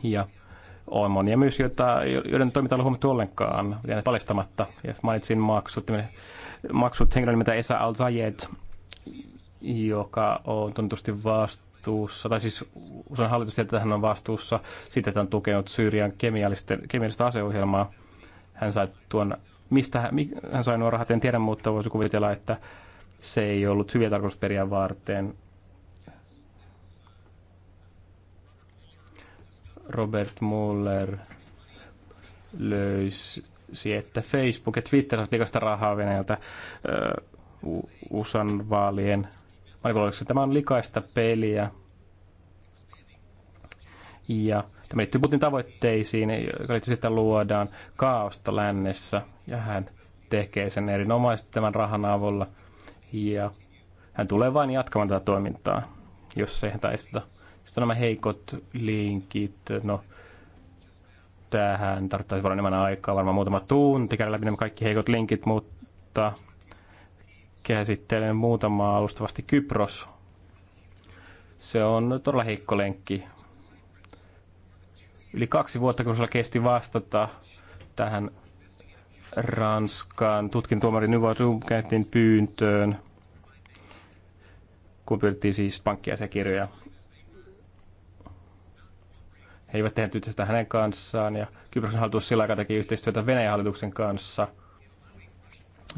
ja on monia myös, joita, joiden toiminta on huomattu ollenkaan, jäänyt paljastamatta. Ja mainitsin maksut, maksut henkilön nimeltä Esa al joka on tunnetusti vastuussa, tai siis usein hallitus että hän on vastuussa siitä, että on tukenut Syyrian kemiallista, aseohjelmaa. Hän sai tuon, mistä hän, hän sai nuo rahat, en tiedä, mutta voisi kuvitella, että se ei ollut hyviä tarkoitusperiaan varten, Robert Muller löysi, että Facebook ja Twitter saivat liikasta rahaa Venäjältä USAn vaalien Oliko Tämä on likaista peliä. Ja tämä liittyy Putin tavoitteisiin, joka liittyy sitä luodaan kaaosta lännessä. Ja hän tekee sen erinomaisesti tämän rahan avulla. Ja hän tulee vain jatkamaan tätä toimintaa, jos se ei taisteta. Sitten nämä heikot linkit, no tähän tarvittaisi paljon enemmän aikaa, varmaan muutama tunti käydä läpi nämä kaikki heikot linkit, mutta käsittelen muutamaa alustavasti Kypros. Se on todella heikko lenkki. Yli kaksi vuotta, kun sulla kesti vastata tähän Ranskan tutkintuomari Nyva Zumkätin pyyntöön, kun pyydettiin siis pankkiasiakirjoja he eivät tehneet yhteistyötä hänen kanssaan ja Kyproksen hallitus sillä aikaa teki yhteistyötä Venäjän hallituksen kanssa.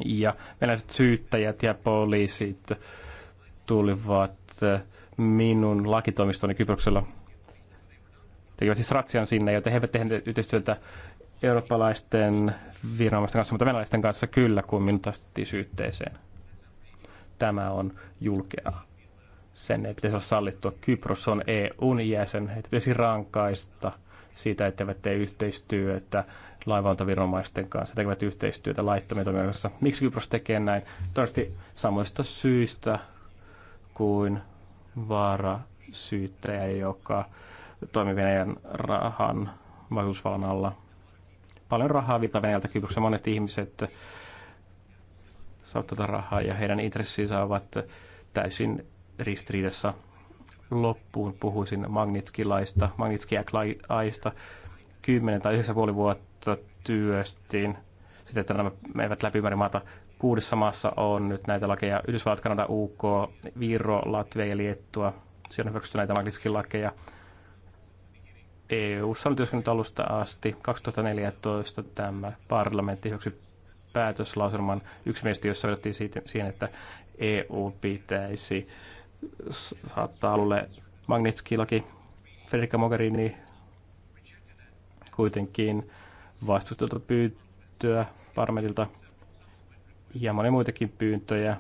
Ja venäläiset syyttäjät ja poliisit tulivat eh, minun lakitoimistoni Kyproksella. Tekivät siis ratsian sinne, joten he eivät tehneet yhteistyötä eurooppalaisten viranomaisten kanssa, mutta venäläisten kanssa kyllä, kun minut astettiin syytteeseen. Tämä on julkeaa sen ei pitäisi olla sallittua. Kypros on EUn jäsen, heitä pitäisi rankaista siitä, eivät tee yhteistyötä laivantaviranomaisten kanssa, tekevät yhteistyötä laittomien toimijoiden kanssa. Miksi Kypros tekee näin? Toivottavasti samoista syistä kuin syyttäjä, joka toimii Venäjän rahan vaikutusvallan alla. Paljon rahaa viittaa Venäjältä Kyproksen. Monet ihmiset saavat tätä tuota rahaa ja heidän intressinsä ovat täysin ristiriidassa. Loppuun puhuisin Magnitskilaista, Magnitskiaklaista. 10 tai 9,5 vuotta työstin. Sitten, että nämä menevät läpi ympäri maata. Kuudessa maassa on nyt näitä lakeja. Yhdysvallat, Kanada, UK, Viro, Latvia ja Liettua. Siellä on hyväksytty näitä Magnitskin lakeja. EU-ssa on työskennyt alusta asti. 2014 tämä parlamentti hyväksyi päätöslauselman yksimielisesti, jossa vedettiin siihen, että EU pitäisi saattaa olla Magnitskilaki. Federica Mogherini kuitenkin vastustelta pyyntöä Parmetilta ja monia muitakin pyyntöjä.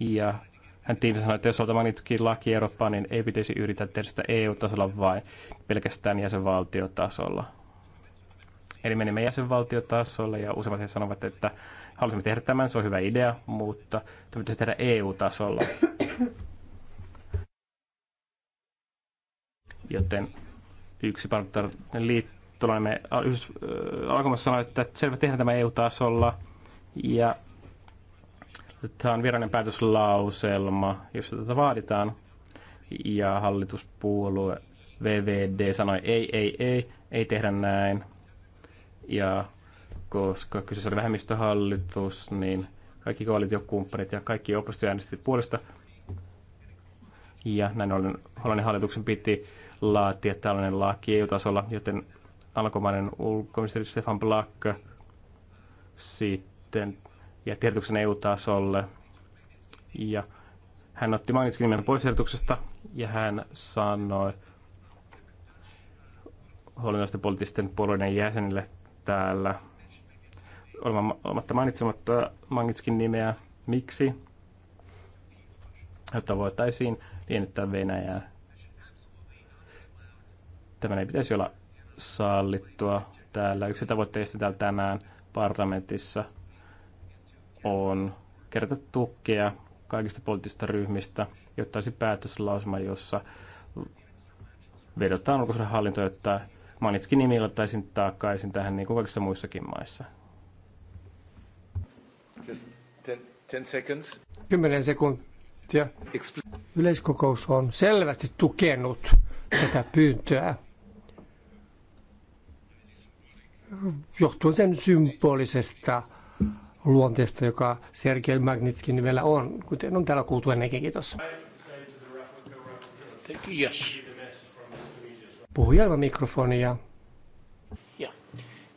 Ja hän tiivisti sanoi, että jos olta Magnitskin laki Eurooppaan, niin ei pitäisi yrittää tehdä sitä EU-tasolla, vai pelkästään jäsenvaltiotasolla. Eli menimme jäsenvaltiotasolle ja useimmat he sanovat, että Halusimme tehdä tämän, se on hyvä idea, mutta tämä pitäisi tehdä EU-tasolla. Joten yksi parlamentaarinen liittolainen me alkamassa sanoi, että selvä tehdään tämä EU-tasolla. Ja tämä on virallinen päätöslauselma, jossa tätä vaaditaan. Ja hallituspuolue VVD sanoi ei, ei, ei, ei tehdä näin. Ja koska kyseessä oli vähemmistöhallitus, niin kaikki koalitiokumppanit ja kaikki oppositio äänesti puolesta. Ja näin ollen Hollannin hallituksen piti laatia tällainen laki EU-tasolla, joten alkomainen ulkoministeri Stefan Black sitten ja tiedotuksen EU-tasolle. Ja hän otti Magnitskin nimen pois tiedotuksesta ja hän sanoi hollannilaisten poliittisten puolueiden jäsenille täällä – olematta mainitsematta Magnitskin nimeä. Miksi? Jotta voitaisiin liennyttää Venäjää. tämä ei pitäisi olla sallittua täällä. Yksi tavoitteista täällä tänään parlamentissa on kerätä tukea kaikista poliittisista ryhmistä, jotta olisi päätöslausuma, jossa vedotaan ulkoisen hallintoon, että Manitskin nimi ottaisin takaisin tähän niin kuin kaikissa muissakin maissa. Just ten, ten seconds. Kymmenen sekuntia. Yleiskokous on selvästi tukenut tätä pyyntöä. Johtuen sen symbolisesta luonteesta, joka Sergei Magnitskin nimellä on, kuten on täällä kuultu ennenkin. Kiitos. Yes. Puhu mikrofonia. Yeah.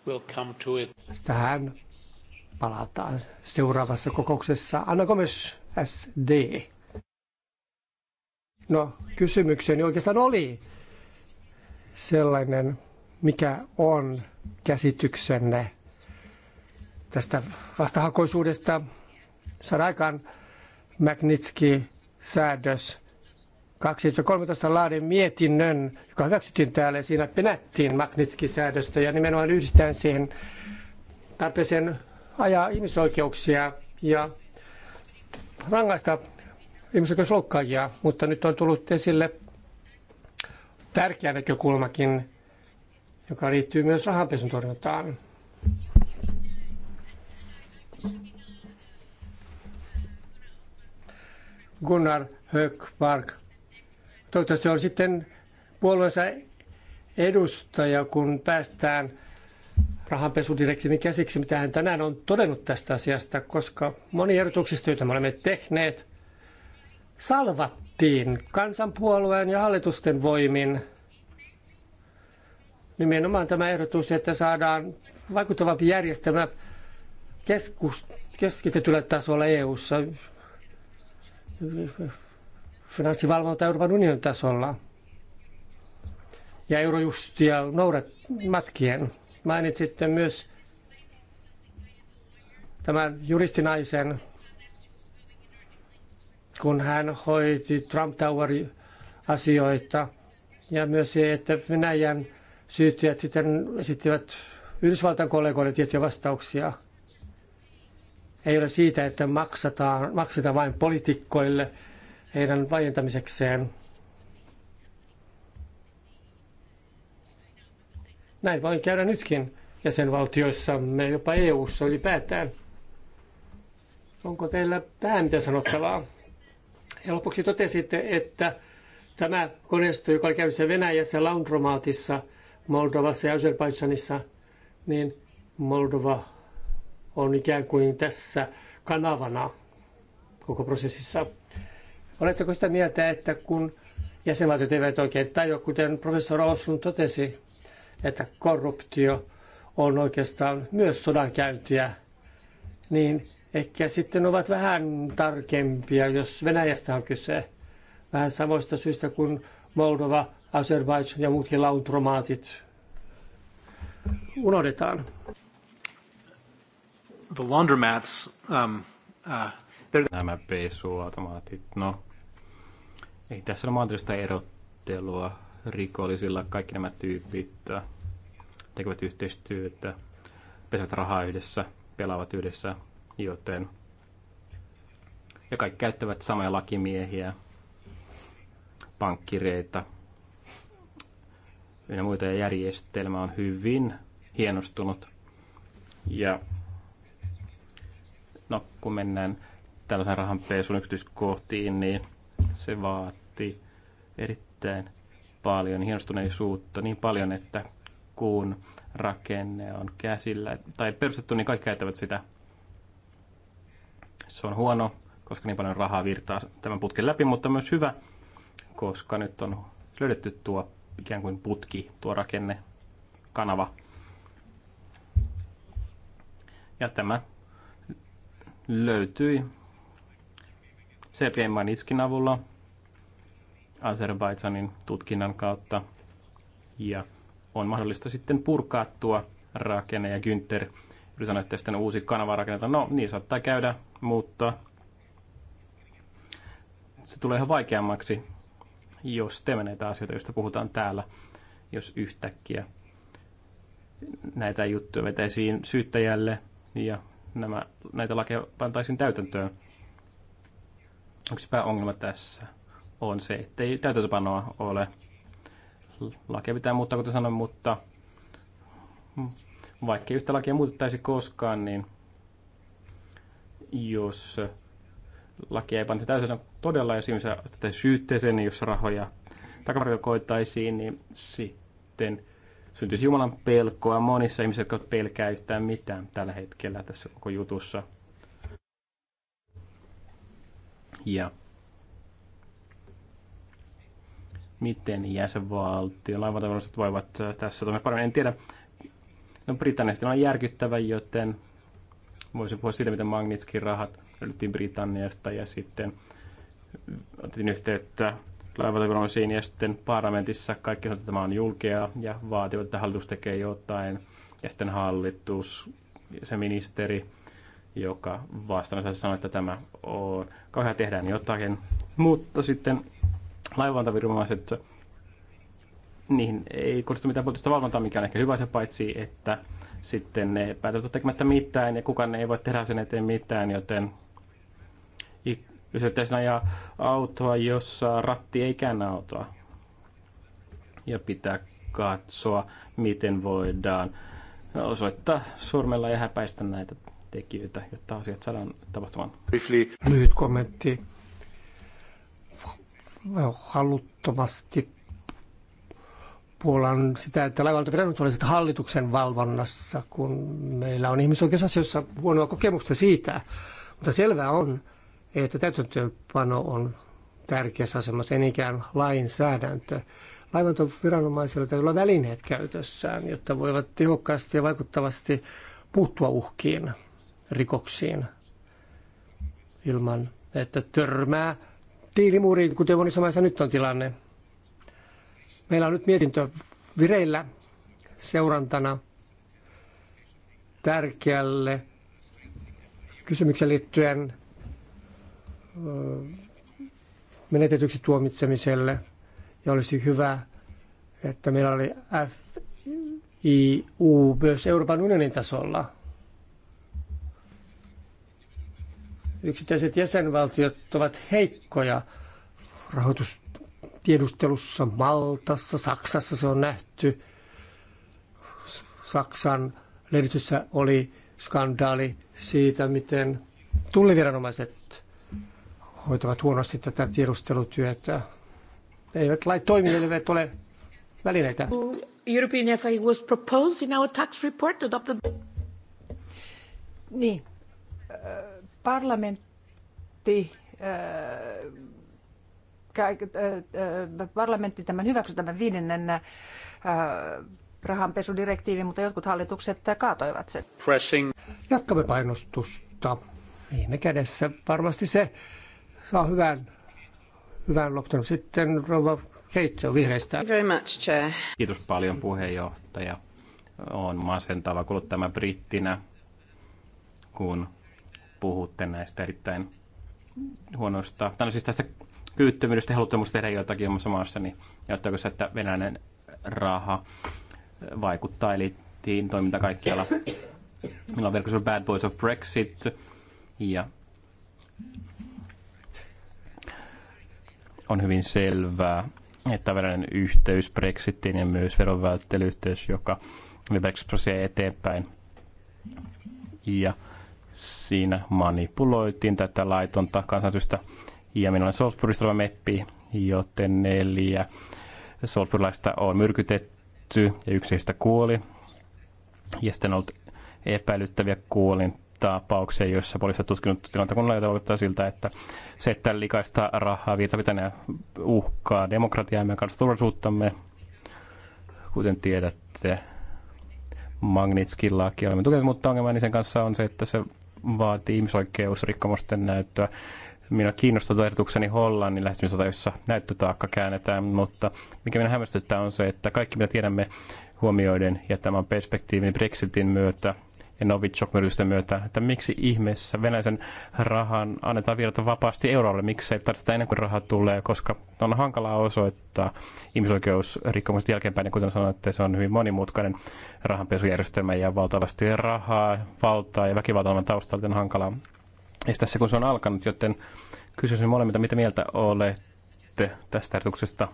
We'll come to it. Tähän palataan seuraavassa kokouksessa. Anna Gomes, SD. No, kysymykseni oikeastaan oli sellainen, mikä on käsityksenne tästä vastahakoisuudesta saada aikaan Magnitski-säädös 2013 laadin mietinnön, joka hyväksyttiin täällä siinä penättiin Magnitski-säädöstä ja nimenomaan yhdistään siihen tarpeeseen ajaa ihmisoikeuksia ja rangaista ihmisoikeusloukkaajia, mutta nyt on tullut esille tärkeä näkökulmakin, joka liittyy myös rahanpesun torjuntaan. Gunnar Högmark. Toivottavasti on sitten puolueensa edustaja, kun päästään rahanpesudirektiivin käsiksi, mitä hän tänään on todennut tästä asiasta, koska moni ehdotuksista, joita me olemme tehneet, salvattiin kansanpuolueen ja hallitusten voimin. Nimenomaan tämä ehdotus, että saadaan vaikuttavampi järjestelmä keskus, keskitetyllä tasolla EU-ssa, finanssivalvonta Euroopan unionin tasolla ja eurojustia noudat matkien. Mainitsitte myös tämän juristinaisen, kun hän hoiti Trump Tower-asioita ja myös se, että Venäjän syyttäjät sitten esittivät Yhdysvaltain kollegoille tiettyjä vastauksia. Ei ole siitä, että maksataan, maksetaan vain poliitikkoille heidän vaientamisekseen – Näin voi käydä nytkin jäsenvaltioissamme, jopa EU-ssa ylipäätään. Onko teillä tähän mitä sanottavaa? Ja lopuksi totesitte, että tämä koneisto, joka oli käynyt Venäjässä, Laundromaatissa, Moldovassa ja Azerbaidžanissa, niin Moldova on ikään kuin tässä kanavana koko prosessissa. Oletteko sitä mieltä, että kun jäsenvaltiot eivät oikein tajua, kuten professori Oslund totesi, että korruptio on oikeastaan myös sodankäyntiä, niin ehkä sitten ovat vähän tarkempia, jos Venäjästä on kyse. Vähän samoista syistä kuin Moldova, Azerbaidžan ja muutkin launtromaatit unohdetaan. The laundromats, um, uh, they're... Nämä pesuautomaatit, no ei tässä ole mahdollista erottelua rikollisilla. Kaikki nämä tyypit äh, tekevät yhteistyötä, pesevät rahaa yhdessä, pelaavat yhdessä, joten ja kaikki käyttävät samoja lakimiehiä, pankkireita ja muita. Ja järjestelmä on hyvin hienostunut. Ja no, kun mennään tällaisen rahanpesun yksityiskohtiin, niin se vaatii erittäin paljon hienostuneisuutta, niin paljon, että kuun rakenne on käsillä tai perustettu, niin kaikki käyttävät sitä. Se on huono, koska niin paljon rahaa virtaa tämän putken läpi, mutta myös hyvä, koska nyt on löydetty tuo ikään kuin putki, tuo rakenne, kanava. Ja tämä löytyi Sergei Maniskin avulla Azerbaidsanin tutkinnan kautta. Ja on mahdollista sitten purkaa tuo rakenne. Ja Günther yritin että sitten uusi kanava rakennetaan. No niin, saattaa käydä, mutta se tulee ihan vaikeammaksi, jos te näitä asioita, joista puhutaan täällä, jos yhtäkkiä näitä juttuja vetäisiin syyttäjälle ja nämä, näitä lakeja pantaisiin täytäntöön. Onko se pääongelma tässä? on se, että ei täytäntöpanoa ole. Lakia pitää muuttaa, kuten sanoin, mutta vaikka yhtä lakia muutettaisi koskaan, niin jos lakia ei pantaisi täysin todella, jos ihmisiä asettaisiin syytteeseen, niin jos rahoja takavarikoitaisiin, niin sitten syntyisi Jumalan pelkoa monissa ihmisissä, jotka pelkää yhtään mitään tällä hetkellä tässä koko jutussa. Ja miten jäsenvaltio, laivantavarallisuudet voivat tässä toimia paremmin. En tiedä, no Britanniasta on järkyttävä, joten voisin puhua siitä, miten Magnitskin rahat löydettiin Britanniasta ja sitten otettiin yhteyttä laivateviranomaisiin ja sitten parlamentissa kaikki sanovat, että tämä on julkea ja vaativat, että hallitus tekee jotain ja sitten hallitus ja se ministeri, joka vastaan sanoi, että tämä on kauhean tehdään jotakin, mutta sitten laivantaviranomaiset, niihin ei kohdistu mitään poliittista valvontaa, mikä on ehkä hyvä se paitsi, että sitten ne päätävät tekemättä mitään ja kukaan ei voi tehdä sen eteen mitään, joten jos pitäisi ajaa autoa, jossa ratti ei käännä autoa. Ja pitää katsoa, miten voidaan osoittaa sormella ja häpäistä näitä tekijöitä, jotta asiat saadaan tapahtumaan. Lyhyt kommentti haluttomasti Puolan sitä, että laivaltaviranomaiset olisivat hallituksen valvonnassa, kun meillä on ihmisoikeusasioissa huonoa kokemusta siitä. Mutta selvää on, että täytäntöönpano on tärkeässä asemassa, enikään lainsäädäntö. Laivantoviranomaisilla täytyy olla välineet käytössään, jotta voivat tehokkaasti ja vaikuttavasti puuttua uhkiin, rikoksiin, ilman että törmää tiilimuuriin, kuten monissa maissa nyt on tilanne. Meillä on nyt mietintö vireillä seurantana tärkeälle kysymyksen liittyen menetetyksi tuomitsemiselle. Ja olisi hyvä, että meillä oli FIU myös Euroopan unionin tasolla. yksittäiset jäsenvaltiot ovat heikkoja rahoitustiedustelussa Maltassa, Saksassa se on nähty. Saksan lehdistössä oli skandaali siitä, miten tulliviranomaiset hoitavat huonosti tätä tiedustelutyötä. Eivät lait toimineet, eivät ole välineitä. European FA was proposed in our tax report adopted. Niin. Parlamentti äh, äh, äh, parlamentti tämän hyväksyi tämän viidennen rahanpesudirektiivin, mutta jotkut hallitukset kaatoivat sen. Pressing. Jatkamme painostusta. Viime kädessä varmasti se saa hyvän, hyvän loppuun. Sitten rouva Keitto vihreistä. Very much, chair. Kiitos paljon puheenjohtaja. On masentava kuluttama brittinä, kun puhutte näistä erittäin huonoista, tai no siis tästä kyyttömyydestä ja haluttomuus tehdä jotakin omassa maassa, niin näyttääkö se, että venäläinen raha vaikuttaa eliittiin toiminta kaikkialla. Meillä on verkossa Bad Boys of Brexit ja on hyvin selvää, että venäläinen yhteys Brexitiin ja myös veronvälttelyyhteys, joka oli Brexit-prosessia eteenpäin. Ja siinä manipuloitiin tätä laitonta kansanedusta. Ja minä olen oleva meppi, joten neljä solfurilaista on myrkytetty ja yksi heistä kuoli. Ja sitten on ollut epäilyttäviä kuolintapauksia, joissa poliisi on tutkinut tilannetta kunnolla, jota vaikuttaa siltä, että se, että likaista rahaa virtapitäneen uhkaa demokratiaa ja turvallisuuttamme, kuten tiedätte, laki olemme tukeneet, mutta ongelma niin sen kanssa on se, että se vaatii ihmisoikeusrikkomusten näyttöä. Minä kiinnostaa ehdotukseni Hollannin lähestymisota, jossa näyttötaakka käännetään, mutta mikä minä hämmästyttää on se, että kaikki mitä tiedämme huomioiden ja tämän perspektiivin Brexitin myötä ja novichok myötä, että miksi ihmeessä venäisen rahan annetaan virta vapaasti eurolle, miksi ei tarvitse sitä ennen kuin rahaa tulee, koska on hankalaa osoittaa ihmisoikeusrikkomukset jälkeenpäin, kuten sanoitte, se on hyvin monimutkainen rahanpesujärjestelmä ja valtavasti rahaa, valtaa ja väkivaltaa on taustalla, on hankalaa estää se, kun se on alkanut, joten kysyisin molemmilta, mitä mieltä olette tästä tarkoituksesta.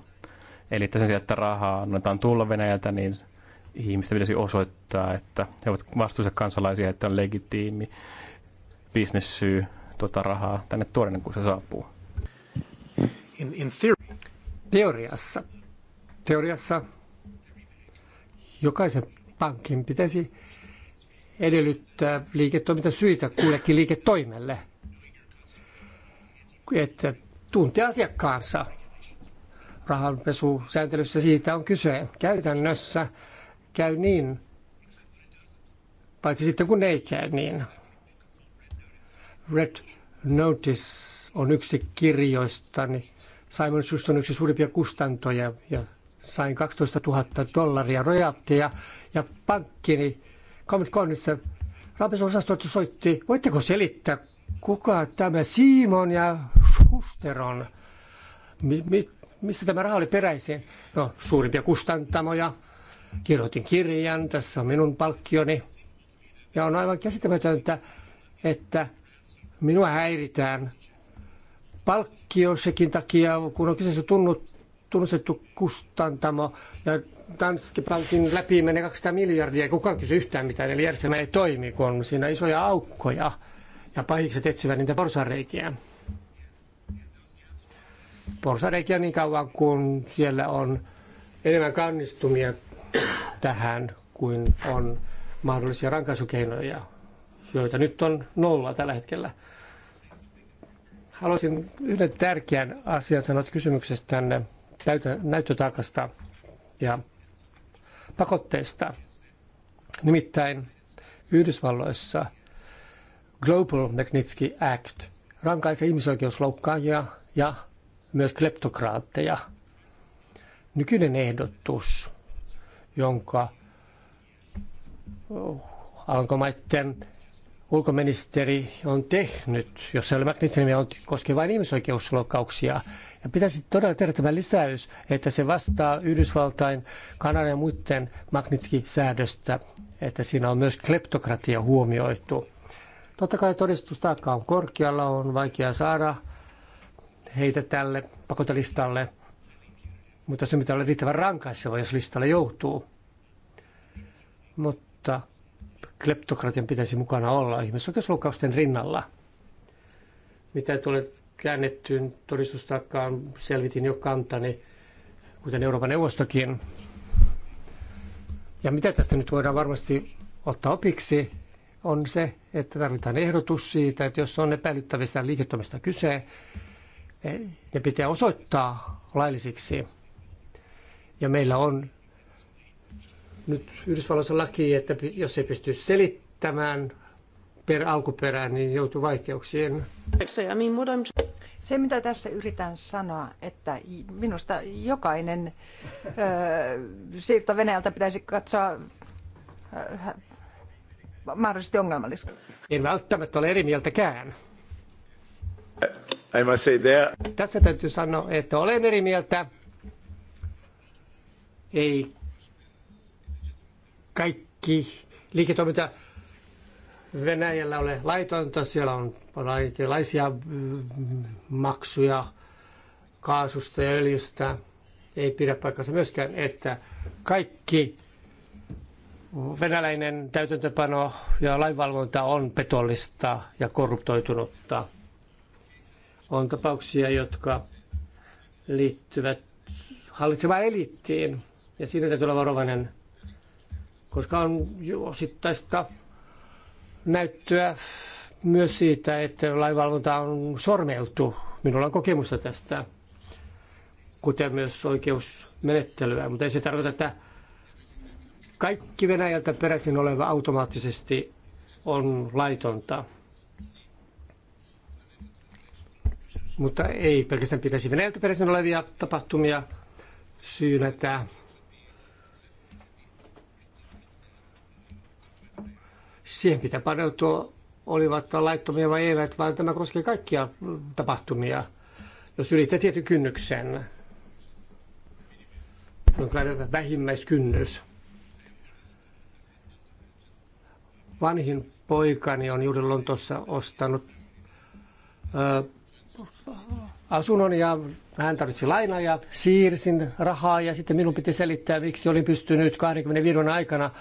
Eli sen sijaan, että rahaa annetaan tulla Venäjältä, niin ihmistä pitäisi osoittaa, että he ovat vastuussa kansalaisia, että on legitiimi bisnessyy tuota rahaa tänne tuoda, kun se saapuu. In, in theory. Teoriassa. Teoriassa jokaisen pankin pitäisi edellyttää liiketoimintasyitä kullekin liiketoimelle, että tuntee asiakkaansa. Rahanpesusääntelyssä siitä on kyse. Käytännössä käy niin, paitsi sitten kun ei käy niin. Red Notice on yksi kirjoistani. Niin Simon Schuster on yksi suurimpia kustantoja ja sain 12 000 dollaria rojaltia ja pankkini Comic Conissa rahoitusosasto soitti, voitteko selittää, kuka tämä Simon ja Schuster on? Mi- mi- mistä tämä raha oli peräisin? No, suurimpia kustantamoja, kirjoitin kirjan, tässä on minun palkkioni. Ja on aivan käsittämätöntä, että minua häiritään palkkiosekin takia, kun on kyseessä tunnut, tunnustettu kustantamo ja Danske Bankin läpi menee 200 miljardia, ei kukaan kysy yhtään mitään, eli järjestelmä ei toimi, kun on siinä isoja aukkoja ja pahikset etsivät niitä porsareikiä. Porsareikiä niin kauan, kun siellä on enemmän kannistumia tähän kuin on mahdollisia rankaisukeinoja, joita nyt on nolla tällä hetkellä. Haluaisin yhden tärkeän asian sanoa kysymyksestänne näyttötaakasta ja pakotteista. Nimittäin Yhdysvalloissa Global Magnitsky Act rankaisee ihmisoikeusloukkaajia ja myös kleptokraatteja. Nykyinen ehdotus jonka oh, alankomaiden ulkoministeri on tehnyt, jos ei ole McNichenia, on koskee vain ihmisoikeusloukkauksia. Ja pitäisi todella tehdä tämä lisäys, että se vastaa Yhdysvaltain, Kanadan ja muiden Magnitski-säädöstä, että siinä on myös kleptokratia huomioitu. Totta kai todistustaakka on korkealla, on vaikea saada heitä tälle pakotelistalle – mutta se pitää olla riittävän rankaiseva, jos listalle joutuu. Mutta kleptokratian pitäisi mukana olla ihmisoikeusloukkausten rinnalla. Mitä tulee käännettyyn todistustaakkaan, selvitin jo kantani, kuten Euroopan neuvostokin. Ja mitä tästä nyt voidaan varmasti ottaa opiksi, on se, että tarvitaan ehdotus siitä, että jos on epäilyttävistä liiketoimista kyse, ne pitää osoittaa laillisiksi ja meillä on nyt Yhdysvalloissa laki, että jos ei pysty selittämään per alkuperää, niin joutuu vaikeuksiin. Se, mitä tässä yritän sanoa, että minusta jokainen siirto Venäjältä pitäisi katsoa mahdollisesti ongelmallista. En välttämättä ole eri mieltäkään. I must say there. Tässä täytyy sanoa, että olen eri mieltä ei kaikki liiketoiminta Venäjällä ole laitonta, siellä on kaikenlaisia maksuja kaasusta ja öljystä. Ei pidä paikkansa myöskään, että kaikki venäläinen täytäntöpano ja lainvalvonta on petollista ja korruptoitunutta. On tapauksia, jotka liittyvät hallitsevaan eliittiin, ja siinä täytyy olla varovainen, koska on osittaista näyttöä myös siitä, että lainvalvonta on sormeltu. Minulla on kokemusta tästä, kuten myös oikeusmenettelyä, mutta ei se tarkoita, että kaikki Venäjältä peräisin oleva automaattisesti on laitonta. Mutta ei pelkästään pitäisi Venäjältä peräisin olevia tapahtumia syynätä siihen pitää paneutua, olivat laittomia vai eivät, vaan tämä koskee kaikkia tapahtumia, jos ylittää tietyn kynnyksen, jonkinlainen vähimmäiskynnys. Vanhin poikani on juuri Lontossa ostanut ö, asunnon ja hän tarvitsi lainaa ja siirsin rahaa ja sitten minun piti selittää, miksi olin pystynyt 25 aikana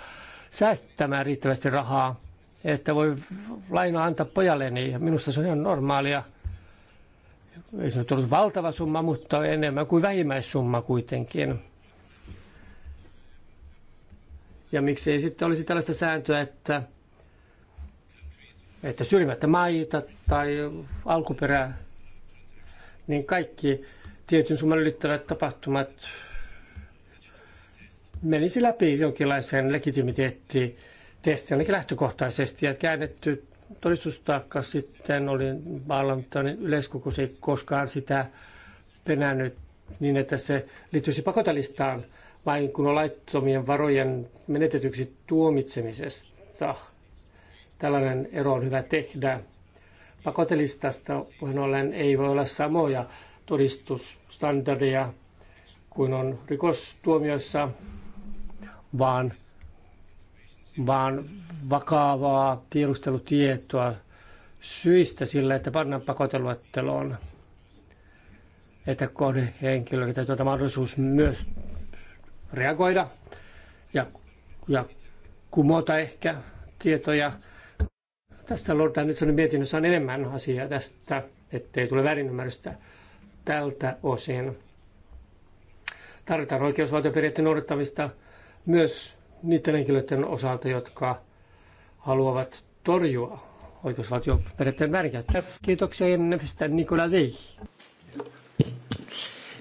säästämään riittävästi rahaa, että voi lainaa antaa pojalleni. Minusta se on ihan normaalia. Ei se nyt ollut valtava summa, mutta enemmän kuin vähimmäissumma kuitenkin. Ja miksi ei sitten olisi tällaista sääntöä, että, että syrjimättä maita tai alkuperää, niin kaikki tietyn summan ylittävät tapahtumat menisi läpi jonkinlaisen legitimiteettitestin ainakin lähtökohtaisesti ja käännetty todistustaakka sitten oli Vallantainen yleiskokous ei koskaan sitä penännyt niin, että se liittyisi pakotelistaan vain kun on laittomien varojen menetetyksi tuomitsemisesta. Tällainen ero on hyvä tehdä. Pakotelistasta puheen ollen ei voi olla samoja todistusstandardeja kuin on rikostuomioissa vaan, vaan vakavaa tiedustelutietoa syistä sillä, että pannaan pakoteluetteloon, että kohdehenkilölle täytyy olla mahdollisuus myös reagoida ja, ja kumota ehkä tietoja. Tässä Lord Andersonin mietinnössä on enemmän asiaa tästä, ettei tule väärinymmärrystä tältä osin. Tarvitaan oikeusvaltioperiaatteen noudattamista myös niiden henkilöiden osalta, jotka haluavat torjua periaatteen väärinkäyttöä. Kiitoksia Jennefistä Nikola Vih.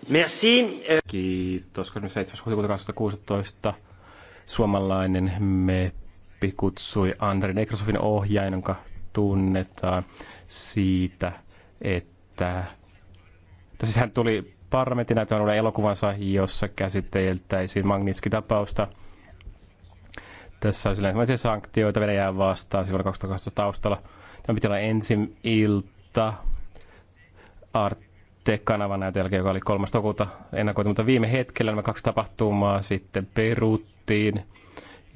Merci. Kiitos. 27. suomalainen meppi kutsui Andre Nekrosofin ohjaajan, jonka tunnetaan siitä, että... siis hän tuli parlamentti näyttämään uuden elokuvansa, jossa käsiteltäisiin Magnitski-tapausta. Tässä on ensimmäisiä sanktioita Venäjää vastaan silloin siis 2012 taustalla. Tämä piti olla ensin ilta Arte-kanavan jälkeen, joka oli 3. toukokuuta ennakoitu, mutta viime hetkellä nämä kaksi tapahtumaa sitten peruttiin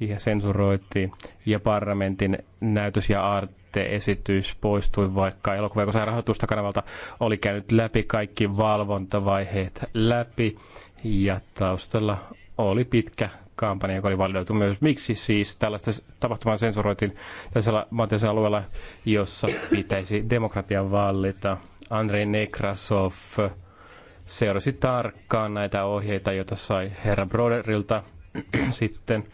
ja sensuroitiin. Ja parlamentin näytös ja Arte sitten esitys poistui, vaikka elokuvien rahoitusta kanavalta oli käynyt läpi kaikki valvontavaiheet läpi ja taustalla oli pitkä kampanja, joka oli validoitu myös. Miksi siis tällaista tapahtumaa sensuroitiin tällaisella maantieteellisellä alueella, jossa pitäisi demokratia vallita? Andrei Nekrasov seurasi tarkkaan näitä ohjeita, joita sai herra Broderilta sitten –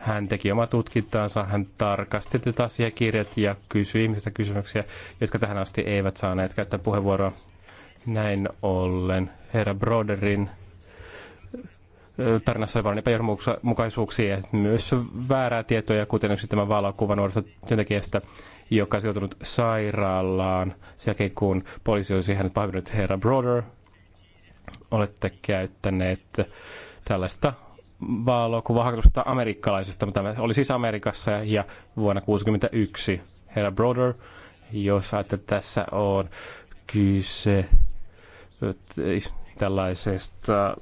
hän teki oma tutkintaansa, hän tarkasti tätä asiakirjat ja kysyi ihmisistä kysymyksiä, jotka tähän asti eivät saaneet käyttää puheenvuoroa. Näin ollen herra Broderin tarinassa oli vain epäjohdonmukaisuuksia ja myös väärää tietoja, kuten yksi tämä valokuva nuorista työntekijästä, joka on joutunut sairaalaan sen jälkeen, kun poliisi olisi hänet pahvinnut herra Broder. Olette käyttäneet tällaista valokuvaharjoitusta amerikkalaisesta, mutta tämä oli siis Amerikassa ja vuonna 1961. Herra Broder, jos ajattelee, että tässä on kyse tällaisesta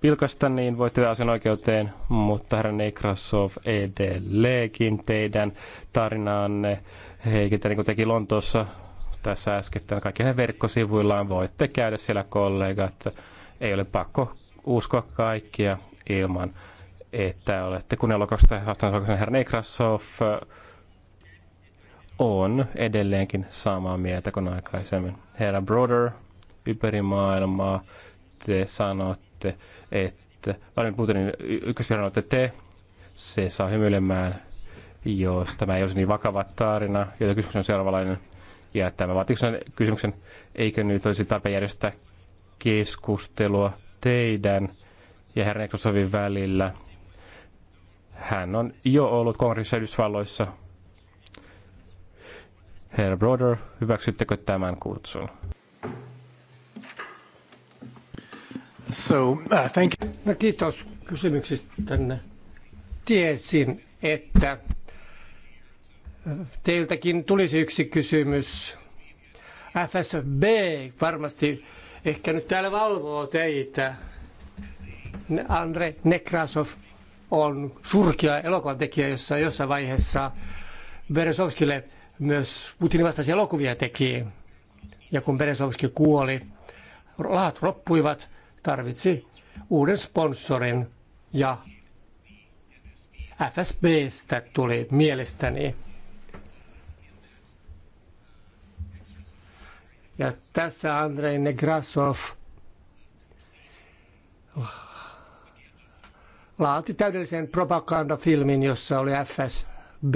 pilkasta, niin voitte asian oikeuteen, mutta herra Nekrasov edelleenkin teidän tarinaanne heikentää, niin kuin teki Lontoossa tässä äskettäin kaikki heidän verkkosivuillaan. Voitte käydä siellä kollegat. Ei ole pakko uskoa kaikkia ilman, että olette kunnianluokkauksesta haastanut herra Nekrasov on edelleenkin samaa mieltä kuin aikaisemmin. Herra Broder, maailmaa, te sanotte, että Vladimir Putinin ykkösviran olette te, se saa hymyilemään, jos tämä ei olisi niin vakava tarina, jota kysymys on seuraavalainen. Ja tämä vaatii kysymyksen, eikö nyt olisi tarpeen järjestää keskustelua teidän ja herra Nekrosovin välillä. Hän on jo ollut kongressissa Yhdysvalloissa. Herra Broder, hyväksyttekö tämän kutsun? So, uh, thank you. No, kiitos kysymyksistä tänne. Tiesin, että eh, teiltäkin tulisi yksi kysymys. FSB varmasti ehkä nyt täällä valvoo teitä Andre Nekrasov on surkea elokuvantekijä, tekijä, jossa jossain vaiheessa Beresovskille myös Putinin vastaisia elokuvia teki. Ja kun Beresovski kuoli, rahat loppuivat, tarvitsi uuden sponsorin ja FSBstä tuli mielestäni. Ja tässä Andrei Negrasov laati täydellisen propagandafilmin, jossa oli FSB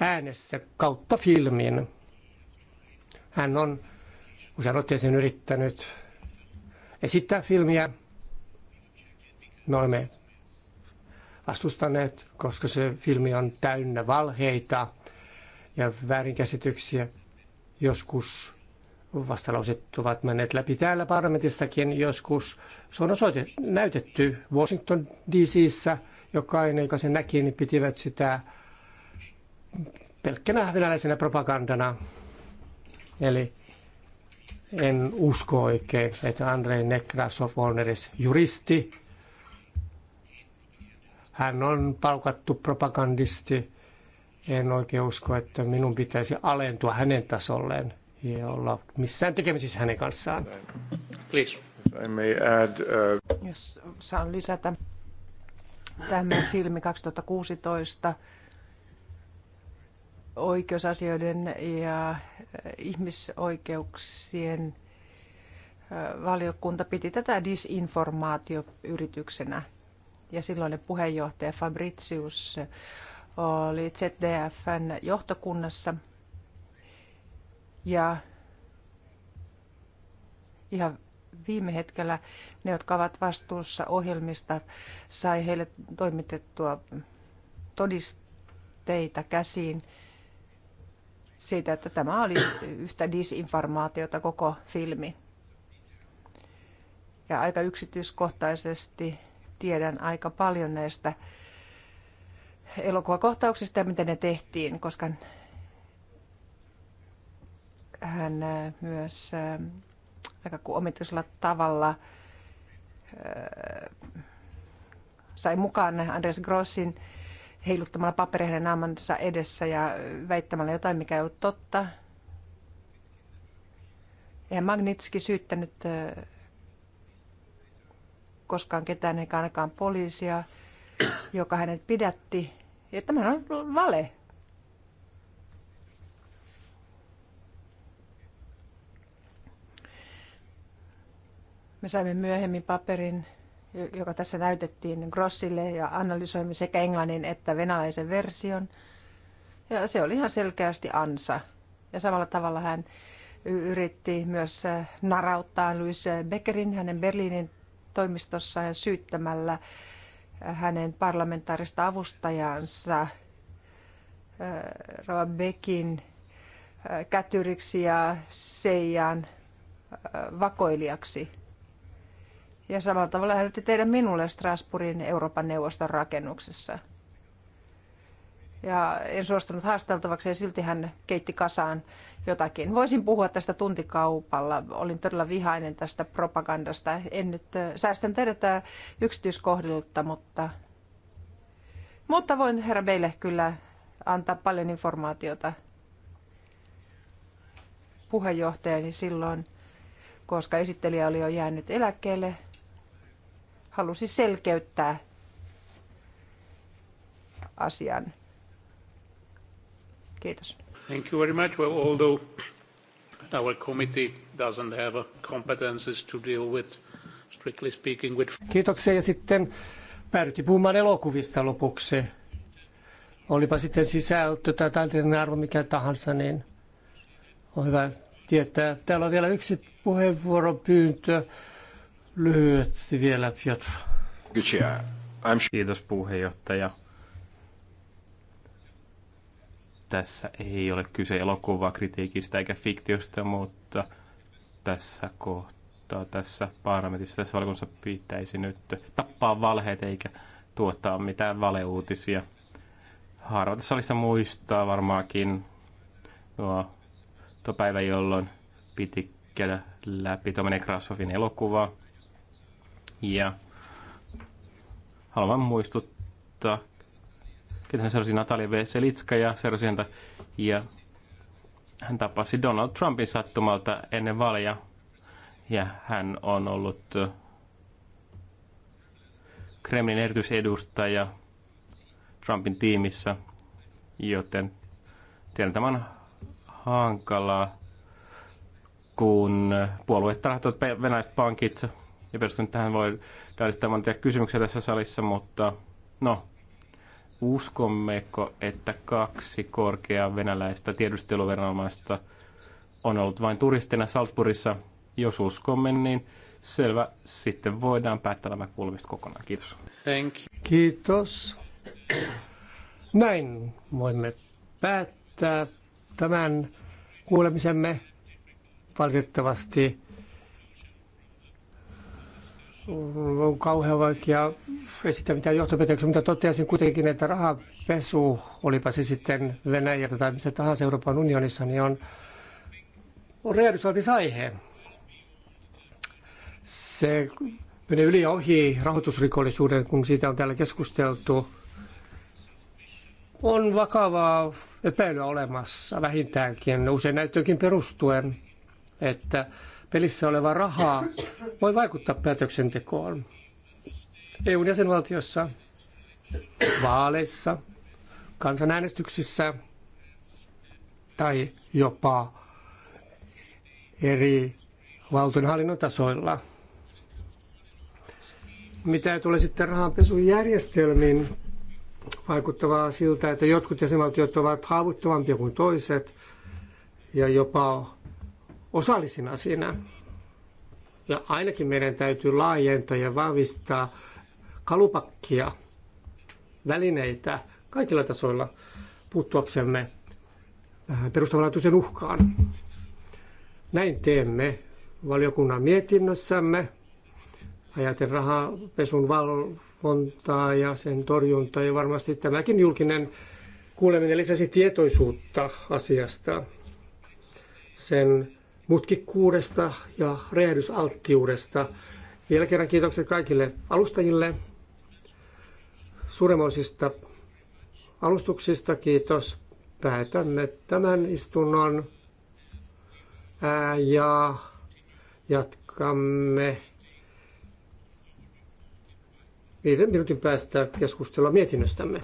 äänessä kautta filmin. Hän on usein otteeseen yrittänyt esittää filmiä. Me olemme vastustaneet, koska se filmi on täynnä valheita ja väärinkäsityksiä. Joskus vastalauset ovat menneet läpi täällä parlamentissakin joskus. Se on osoite, näytetty Washington DCissä. Jokainen, joka sen näki, niin pitivät sitä pelkkänä venäläisenä propagandana. Eli en usko oikein, että Andrei Nekrasov on edes juristi. Hän on palkattu propagandisti. En oikein usko, että minun pitäisi alentua hänen tasolleen ja olla missään tekemisissä hänen kanssaan. Please. I may add, uh... Jos saan lisätä tämä filmi 2016 oikeusasioiden ja äh, ihmisoikeuksien äh, valiokunta piti tätä disinformaatioyrityksenä. Ja silloinen puheenjohtaja Fabricius oli ZDFn johtokunnassa – ja ihan viime hetkellä ne, jotka ovat vastuussa ohjelmista, sai heille toimitettua todisteita käsiin siitä, että tämä oli yhtä disinformaatiota koko filmi. Ja aika yksityiskohtaisesti tiedän aika paljon näistä elokuvakohtauksista ja miten ne tehtiin, koska hän äh, myös äh, aika omituisella tavalla äh, sai mukaan Andres Grossin heiluttamalla paperi hänen naamansa edessä ja väittämällä jotain, mikä ei ollut totta. Eihän Magnitski syyttänyt koskaan ketään, eikä ainakaan poliisia, joka hänet pidätti. Ja tämä on vale. Me saimme myöhemmin paperin, joka tässä näytettiin Grossille ja analysoimme sekä englannin että venäläisen version. Ja se oli ihan selkeästi ansa. Ja samalla tavalla hän yritti myös äh, narauttaa Louis Beckerin hänen Berliinin toimistossaan syyttämällä äh, hänen parlamentaarista avustajansa äh, Rova Beckin kätyriksi ja Seijan vakoilijaksi. Ja samalla tavalla hän yritti tehdä minulle Strasbourgin Euroopan neuvoston rakennuksessa. Ja en suostunut haasteltavaksi ja silti hän keitti kasaan jotakin. Voisin puhua tästä tuntikaupalla. Olin todella vihainen tästä propagandasta. En nyt äh, säästän teidät äh, yksityiskohdilta, mutta, mutta voin herra meille kyllä antaa paljon informaatiota puheenjohtajani silloin, koska esittelijä oli jo jäänyt eläkkeelle – halusi selkeyttää asian. Kiitos. Thank you very much. Well, although our committee doesn't have competences to deal with, strictly speaking with... Kiitoksia ja sitten päädyttiin puhumaan elokuvista lopuksi. Olipa sitten sisältö tai taiteellinen arvo mikä tahansa, niin on hyvä tietää. Täällä on vielä yksi puheenvuoropyyntö. pyyntö Lyhyesti vielä, Piotr. Kiitos puheenjohtaja. Tässä ei ole kyse elokuvaa kritiikistä eikä fiktiosta, mutta tässä kohtaa, tässä parlamentissa, tässä valkunsa pitäisi nyt tappaa valheet eikä tuottaa mitään valeuutisia. Harva tässä salissa muistaa varmaankin nuo, tuo päivä, jolloin piti käydä läpi tuommoinen Krasovin elokuva – ja haluan muistuttaa, ketä hän seurasi Natalia Veselitska ja seurasi häntä. Ja hän tapasi Donald Trumpin sattumalta ennen vaaleja. Ja hän on ollut Kremlin erityisedustaja Trumpin tiimissä, joten tiedän tämän hankalaa, kun puolueet rahoittavat venäiset pankit ja perustan tähän voi esittää monia kysymyksiä tässä salissa, mutta no, uskommeko, että kaksi korkeaa venäläistä tiedusteluveranomaista on ollut vain turistina Salzburgissa? Jos uskomme, niin selvä. Sitten voidaan päättää nämä kuulemiset kokonaan. Kiitos. Thank you. Kiitos. Näin voimme päättää tämän kuulemisemme. Valitettavasti on kauhean vaikea esittää mitään johtopäätöksiä, mutta toteaisin kuitenkin, että rahapesu, olipa se sitten Venäjältä tai mitä tahansa Euroopan unionissa, niin on, on realisoitis Se menee yli ja ohi rahoitusrikollisuuden, kun siitä on täällä keskusteltu. On vakavaa epäilyä olemassa vähintäänkin, usein näyttöönkin perustuen, että pelissä oleva rahaa voi vaikuttaa päätöksentekoon. EUn jäsenvaltiossa, vaaleissa, kansanäänestyksissä tai jopa eri valtionhallinnon tasoilla. Mitä tulee sitten rahanpesun järjestelmiin, vaikuttavaa siltä, että jotkut jäsenvaltiot ovat haavoittuvampia kuin toiset ja jopa osallisina siinä. Ja ainakin meidän täytyy laajentaa ja vahvistaa kalupakkia, välineitä kaikilla tasoilla puuttuaksemme äh, perustavanlaatuisen uhkaan. Näin teemme valiokunnan mietinnössämme. Ajaten rahapesun valvontaa ja sen torjuntaa ja varmasti tämäkin julkinen kuuleminen lisäsi tietoisuutta asiasta. Sen mutkikkuudesta ja räjähdysalttiudesta. Vielä kerran kiitokset kaikille alustajille, suuremmoisista alustuksista kiitos. Päätämme tämän istunnon ja jatkamme viiden minuutin päästä keskustelua mietinnöstämme.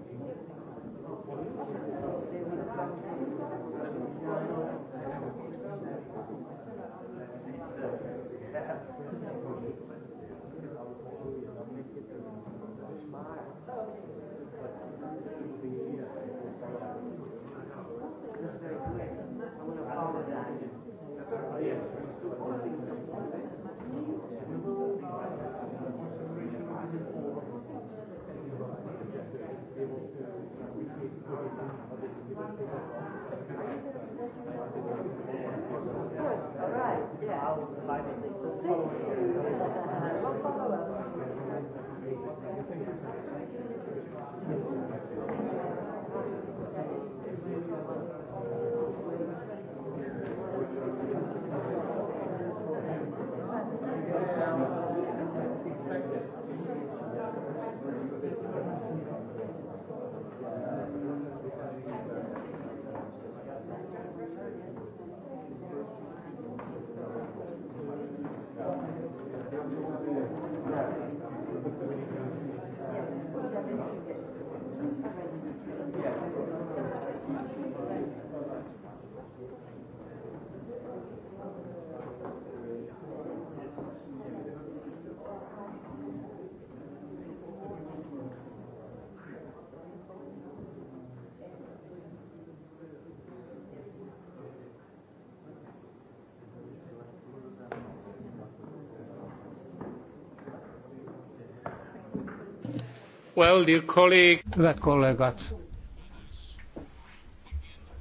Thank you. Well, dear colleague. Hyvät kollegat,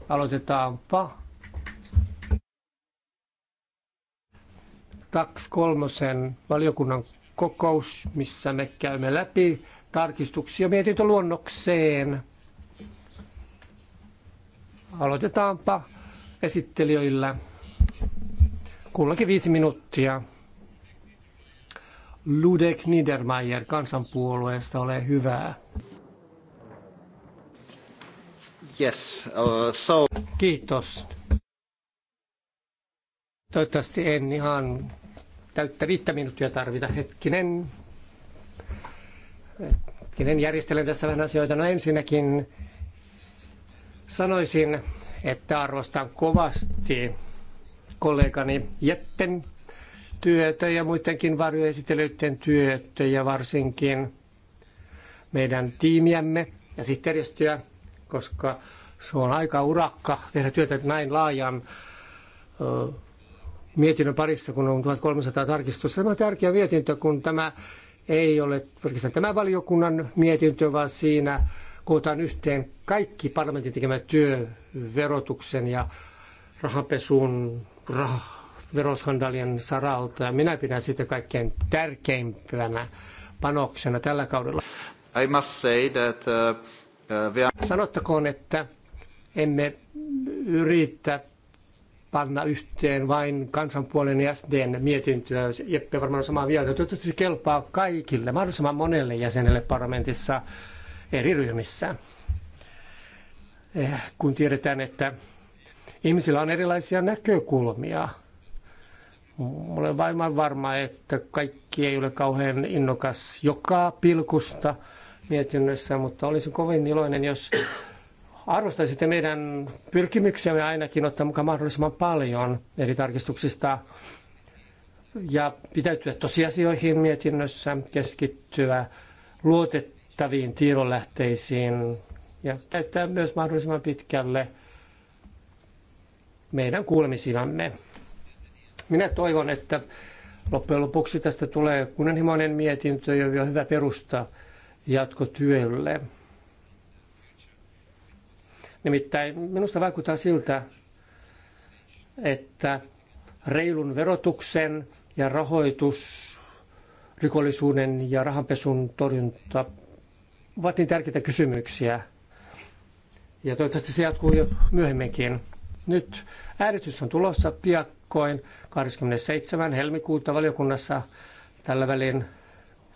aloitetaanpa. TAX kolmosen valiokunnan kokous, missä me käymme läpi tarkistuksia mietintöluonnokseen. Aloitetaanpa esittelijöillä. Kullakin viisi minuuttia. Ludek Niedermayer kansanpuolueesta, ole hyvää. Yes, uh, so... Kiitos. Toivottavasti en ihan täyttä viittä minuuttia tarvita. Hetkinen. Hetkinen, järjestelen tässä vähän asioita. No ensinnäkin sanoisin, että arvostan kovasti kollegani Jetten työtä ja muidenkin varjoesitelyiden työtä ja varsinkin meidän tiimiämme ja sihteeristöä, koska se on aika urakka tehdä työtä näin laajan ö, mietinnön parissa, kun on 1300 tarkistusta. Tämä on tärkeä mietintö, kun tämä ei ole pelkästään tämä valiokunnan mietintö, vaan siinä kootaan yhteen kaikki parlamentin tekemä työ verotuksen ja rahanpesun rah- veroskandaalien saralta. Ja minä pidän sitä kaikkein tärkeimpänä panoksena tällä kaudella. I must say that, uh, uh are... Sanottakoon, että emme yritä panna yhteen vain kansanpuolen ja SDn mietintöä. Jeppe varmaan on samaa vielä. Toivottavasti se kelpaa kaikille, mahdollisimman monelle jäsenelle parlamentissa eri ryhmissä. Eh, kun tiedetään, että ihmisillä on erilaisia näkökulmia olen vain varma, että kaikki ei ole kauhean innokas joka pilkusta mietinnössä, mutta olisin kovin iloinen, jos arvostaisitte meidän pyrkimyksiämme ainakin ottaa mukaan mahdollisimman paljon eri tarkistuksista ja pitäytyä tosiasioihin mietinnössä, keskittyä luotettaviin tiedonlähteisiin ja käyttää myös mahdollisimman pitkälle meidän kuulemisiamme. Minä toivon, että loppujen lopuksi tästä tulee kunnianhimoinen mietintö ja hyvä perusta jatkotyölle. Nimittäin minusta vaikuttaa siltä, että reilun verotuksen ja rahoitus, rikollisuuden ja rahanpesun torjunta ovat niin tärkeitä kysymyksiä. Ja toivottavasti se jatkuu jo myöhemminkin. Nyt Äänestys on tulossa piakkoin 27. helmikuuta valiokunnassa tällä välin.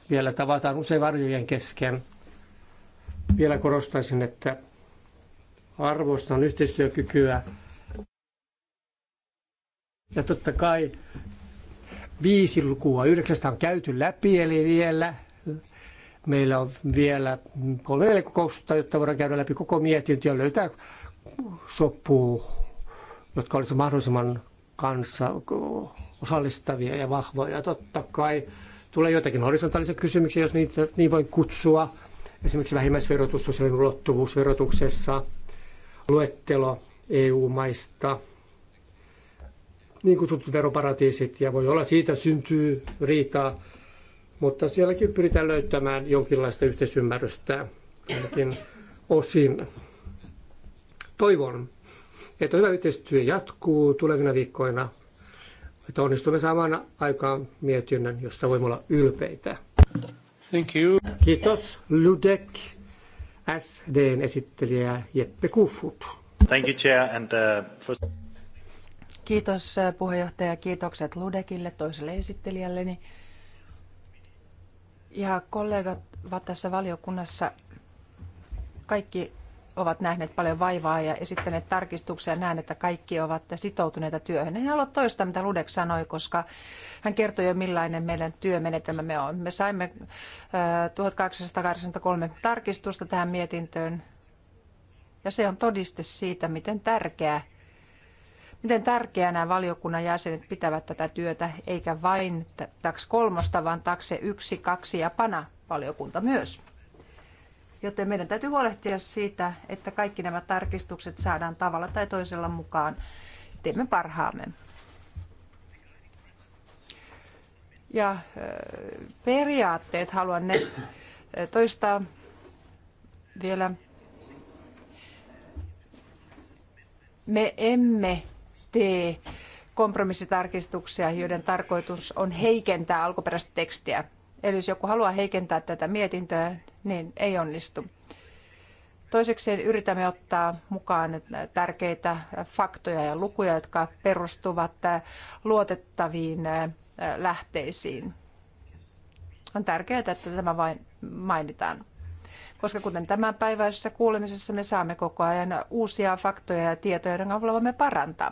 Vielä tavataan usein varjojen kesken. Vielä korostaisin, että arvostan yhteistyökykyä. Ja totta kai viisi lukua yhdeksästä on käyty läpi, eli vielä meillä on vielä kolme kokousta, jotta voidaan käydä läpi koko mietintö ja löytää sopuu jotka olisivat mahdollisimman kanssa osallistavia ja vahvoja. Totta kai tulee joitakin horisontaalisia kysymyksiä, jos niitä niin voi kutsua. Esimerkiksi vähimmäisverotus, sosiaalinen ulottuvuus verotuksessa, luettelo EU-maista, niin kutsutut veroparatiisit, ja voi olla siitä syntyy riitaa, mutta sielläkin pyritään löytämään jonkinlaista yhteisymmärrystä ainakin osin. Toivon, että hyvä yhteistyö jatkuu tulevina viikkoina, että onnistumme saamaan aikaan mietinnän, josta voimme olla ylpeitä. Thank you. Kiitos Ludek, SDn esittelijä Jeppe Kufut. Thank you, Chair, and, uh, for... Kiitos uh, puheenjohtaja, kiitokset Ludekille, toiselle esittelijälleni. Ja kollegat ovat tässä valiokunnassa kaikki ovat nähneet paljon vaivaa ja esittäneet tarkistuksia. Näen, että kaikki ovat sitoutuneita työhön. En halua toista mitä Ludek sanoi, koska hän kertoi jo, millainen meidän työmenetelmämme on. Me saimme 1883 tarkistusta tähän mietintöön, ja se on todiste siitä, miten tärkeää miten tärkeänä valiokunnan jäsenet pitävät tätä työtä, eikä vain taks kolmosta, vaan takse yksi, kaksi ja pana valiokunta myös. Joten meidän täytyy huolehtia siitä, että kaikki nämä tarkistukset saadaan tavalla tai toisella mukaan. Teemme parhaamme. Ja periaatteet haluan ne toistaa vielä. Me emme tee kompromissitarkistuksia, joiden tarkoitus on heikentää alkuperäistä tekstiä. Eli jos joku haluaa heikentää tätä mietintöä, niin ei onnistu. Toisekseen yritämme ottaa mukaan tärkeitä faktoja ja lukuja, jotka perustuvat luotettaviin lähteisiin. On tärkeää, että tämä vain mainitaan. Koska kuten tämänpäiväisessä kuulemisessa me saamme koko ajan uusia faktoja ja tietoja, joiden avulla voimme parantaa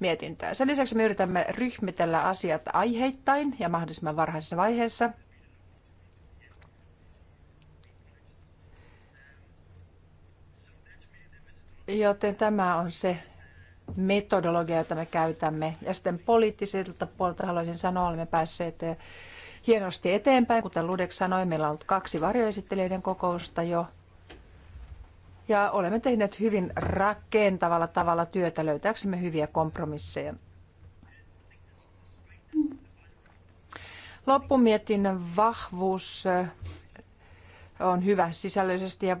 mietintöä. Sen lisäksi me yritämme ryhmitellä asiat aiheittain ja mahdollisimman varhaisessa vaiheessa – Joten tämä on se metodologia, jota me käytämme. Ja sitten poliittiselta puolta haluaisin sanoa, olemme päässeet eh, hienosti eteenpäin. Kuten Ludek sanoi, meillä on ollut kaksi varjoesittelijöiden kokousta jo. Ja olemme tehneet hyvin rakentavalla tavalla työtä löytääksemme hyviä kompromisseja. Loppumietinnön vahvuus eh, on hyvä sisällöllisesti ja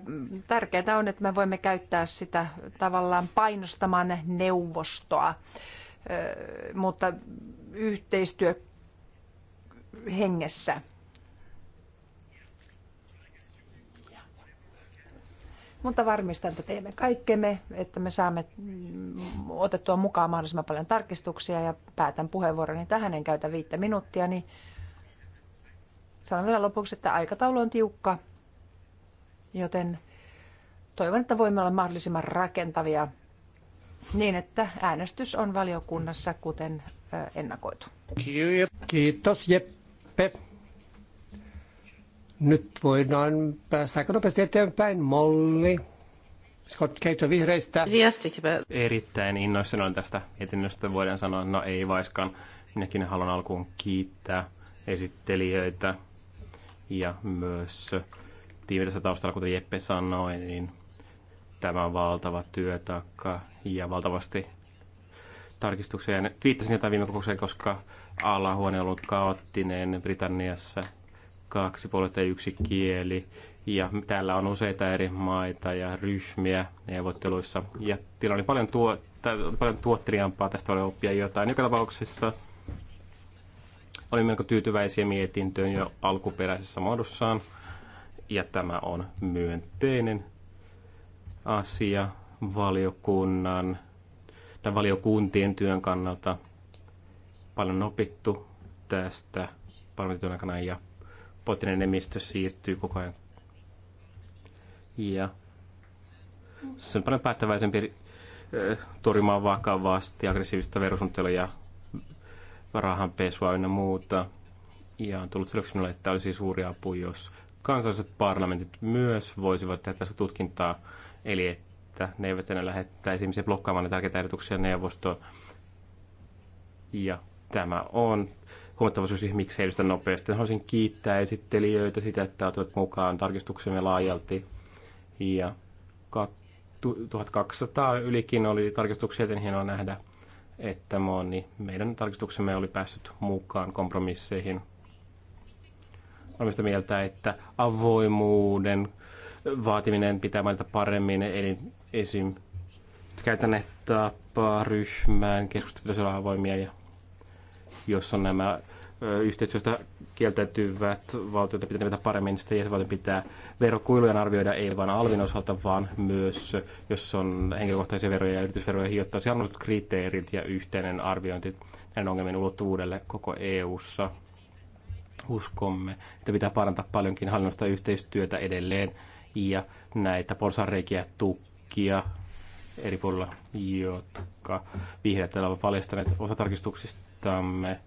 tärkeää on, että me voimme käyttää sitä tavallaan painostamaan neuvostoa, mutta yhteistyö hengessä. Mutta varmistan, että teemme kaikkemme, että me saamme otettua mukaan mahdollisimman paljon tarkistuksia ja päätän puheenvuoroni tähän, en käytä viittä minuuttia, niin sanon vielä lopuksi, että aikataulu on tiukka joten toivon, että voimme olla mahdollisimman rakentavia niin, että äänestys on valiokunnassa kuten ennakoitu. Kiitos Jeppe. Nyt voidaan päästä aika nopeasti eteenpäin. Molli. Scott Keito vihreistä. Erittäin innoissani olen tästä mietinnöstä. Voidaan sanoa, no ei vaiskaan. Minäkin haluan alkuun kiittää esittelijöitä ja myös tiiviissä taustalla, kuten Jeppe sanoi, niin tämä on valtava työtaakka ja valtavasti tarkistuksia. Twiittasin jotain viime kokoukseen, koska alahuone on ollut kaoottinen Britanniassa kaksi puolta ja yksi kieli. Ja täällä on useita eri maita ja ryhmiä neuvotteluissa. Ja tilanne oli paljon, tuo, paljon tuottelijampaa, tästä oli oppia jotain. Joka tapauksessa olimme melko tyytyväisiä mietintöön jo alkuperäisessä muodossaan ja tämä on myönteinen asia valiokunnan tai valiokuntien työn kannalta. Paljon opittu tästä parlamentin aikana ja poliittinen enemmistö siirtyy koko ajan. Ja se on paljon päättäväisempi eh, torjumaan vakavasti aggressiivista verosuunnittelua ja rahanpesua ynnä muuta. Ja on tullut selväksi minulle, että olisi suuri apu, jos kansalliset parlamentit myös voisivat tehdä tästä tutkintaa, eli että ne eivät enää lähettäisi ihmisiä blokkaamaan tärkeitä ehdotuksia neuvostoon. Ja tämä on huomattava syy siihen, miksi edistän nopeasti. Haluaisin kiittää esittelijöitä sitä, että otivat mukaan tarkistuksemme laajalti. Ja 1200 ylikin oli tarkistuksia, joten hienoa nähdä, että moni meidän tarkistuksemme oli päässyt mukaan kompromisseihin – olen sitä mieltä, että avoimuuden vaatiminen pitää mainita paremmin, eli esim. käytän tapaa ryhmään, keskustelut pitäisi olla avoimia, ja jos on nämä yhteistyöstä kieltäytyvät valtiot pitää nimetä paremmin, sitten jäsenvaltio pitää verokuilujen arvioida ei vain alvin osalta, vaan myös, jos on henkilökohtaisia veroja ja yritysveroja, hiottaisi annostut kriteerit ja yhteinen arviointi näiden ongelmien ulottuvuudelle koko EU-ssa. Uskomme, että pitää parantaa paljonkin hallinnosta yhteistyötä edelleen ja näitä porsanreikiä tukkia eri puolilla, jotka vihreät ovat paljastaneet osatarkistuksistamme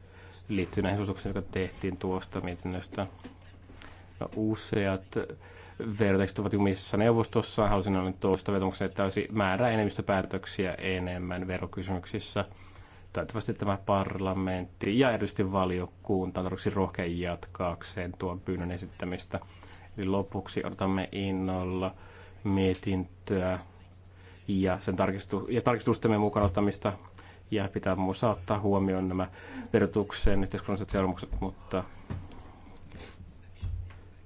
liittyy näihin suosituksiin, jotka tehtiin tuosta mietinnöstä. No, useat verotekstit ovat jumissa neuvostossa. Halusin olla toista vetomuksen, että olisi määrä enemmistöpäätöksiä enemmän verokysymyksissä – Toivottavasti tämä parlamentti ja erityisesti valiokunta tarvitsisi rohkein jatkaakseen tuon pyynnön esittämistä. Eli lopuksi odotamme innolla mietintöä ja, sen tarkistu- ja tarkistustemme mukaan ottamista. Ja pitää muun ottaa huomioon nämä verotuksen yhteiskunnalliset seuraamukset, mutta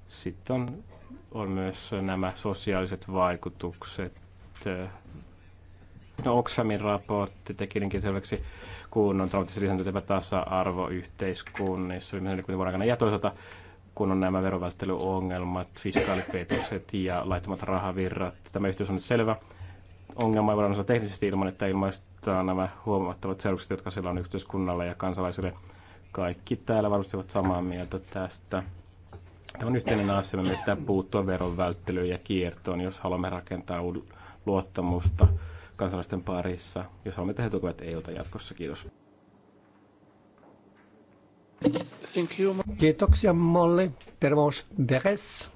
sitten on, on myös nämä sosiaaliset vaikutukset No Oxfamin raportti teki niinkin selväksi kun on taloudellisesti lisääntynyt epätasa-arvo yhteiskunnissa viimeisen vuoden aikana. Ja toisaalta kun on nämä verovälttelyongelmat, fiskaalipetokset ja laittomat rahavirrat. Tämä yhteys on nyt selvä. Ongelma ei voidaan osata teknisesti ilman, että ilmaistaan nämä huomattavat seuraukset, jotka siellä on yhteiskunnalle ja kansalaisille. Kaikki täällä varmasti ovat samaa mieltä tästä. Tämä on yhteinen asia, me pitää puuttua veron välttelyyn ja kiertoon, jos haluamme rakentaa luottamusta kansalaisten parissa, jos haluamme, tehdä he eu EUta jatkossa. Kiitos. Thank you. Kiitoksia Molle. Terveys Beres.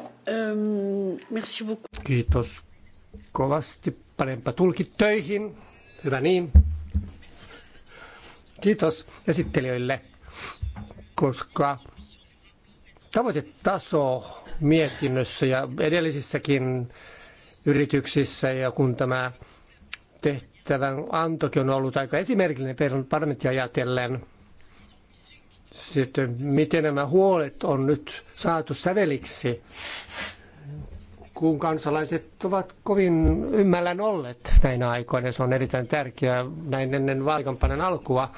Um, merci beaucoup. Kiitos kovasti. Parempa tulki töihin. Hyvä niin. Kiitos esittelijöille, koska tavoitetaso mietinnössä ja edellisissäkin yrityksissä ja kun tämä tehtävän antokin on ollut aika esimerkillinen parlamentti ajatellen, sitten miten nämä huolet on nyt saatu säveliksi, kun kansalaiset ovat kovin ymmällään olleet näinä aikoina. Se on erittäin tärkeää näin ennen vaalikampanjan alkua,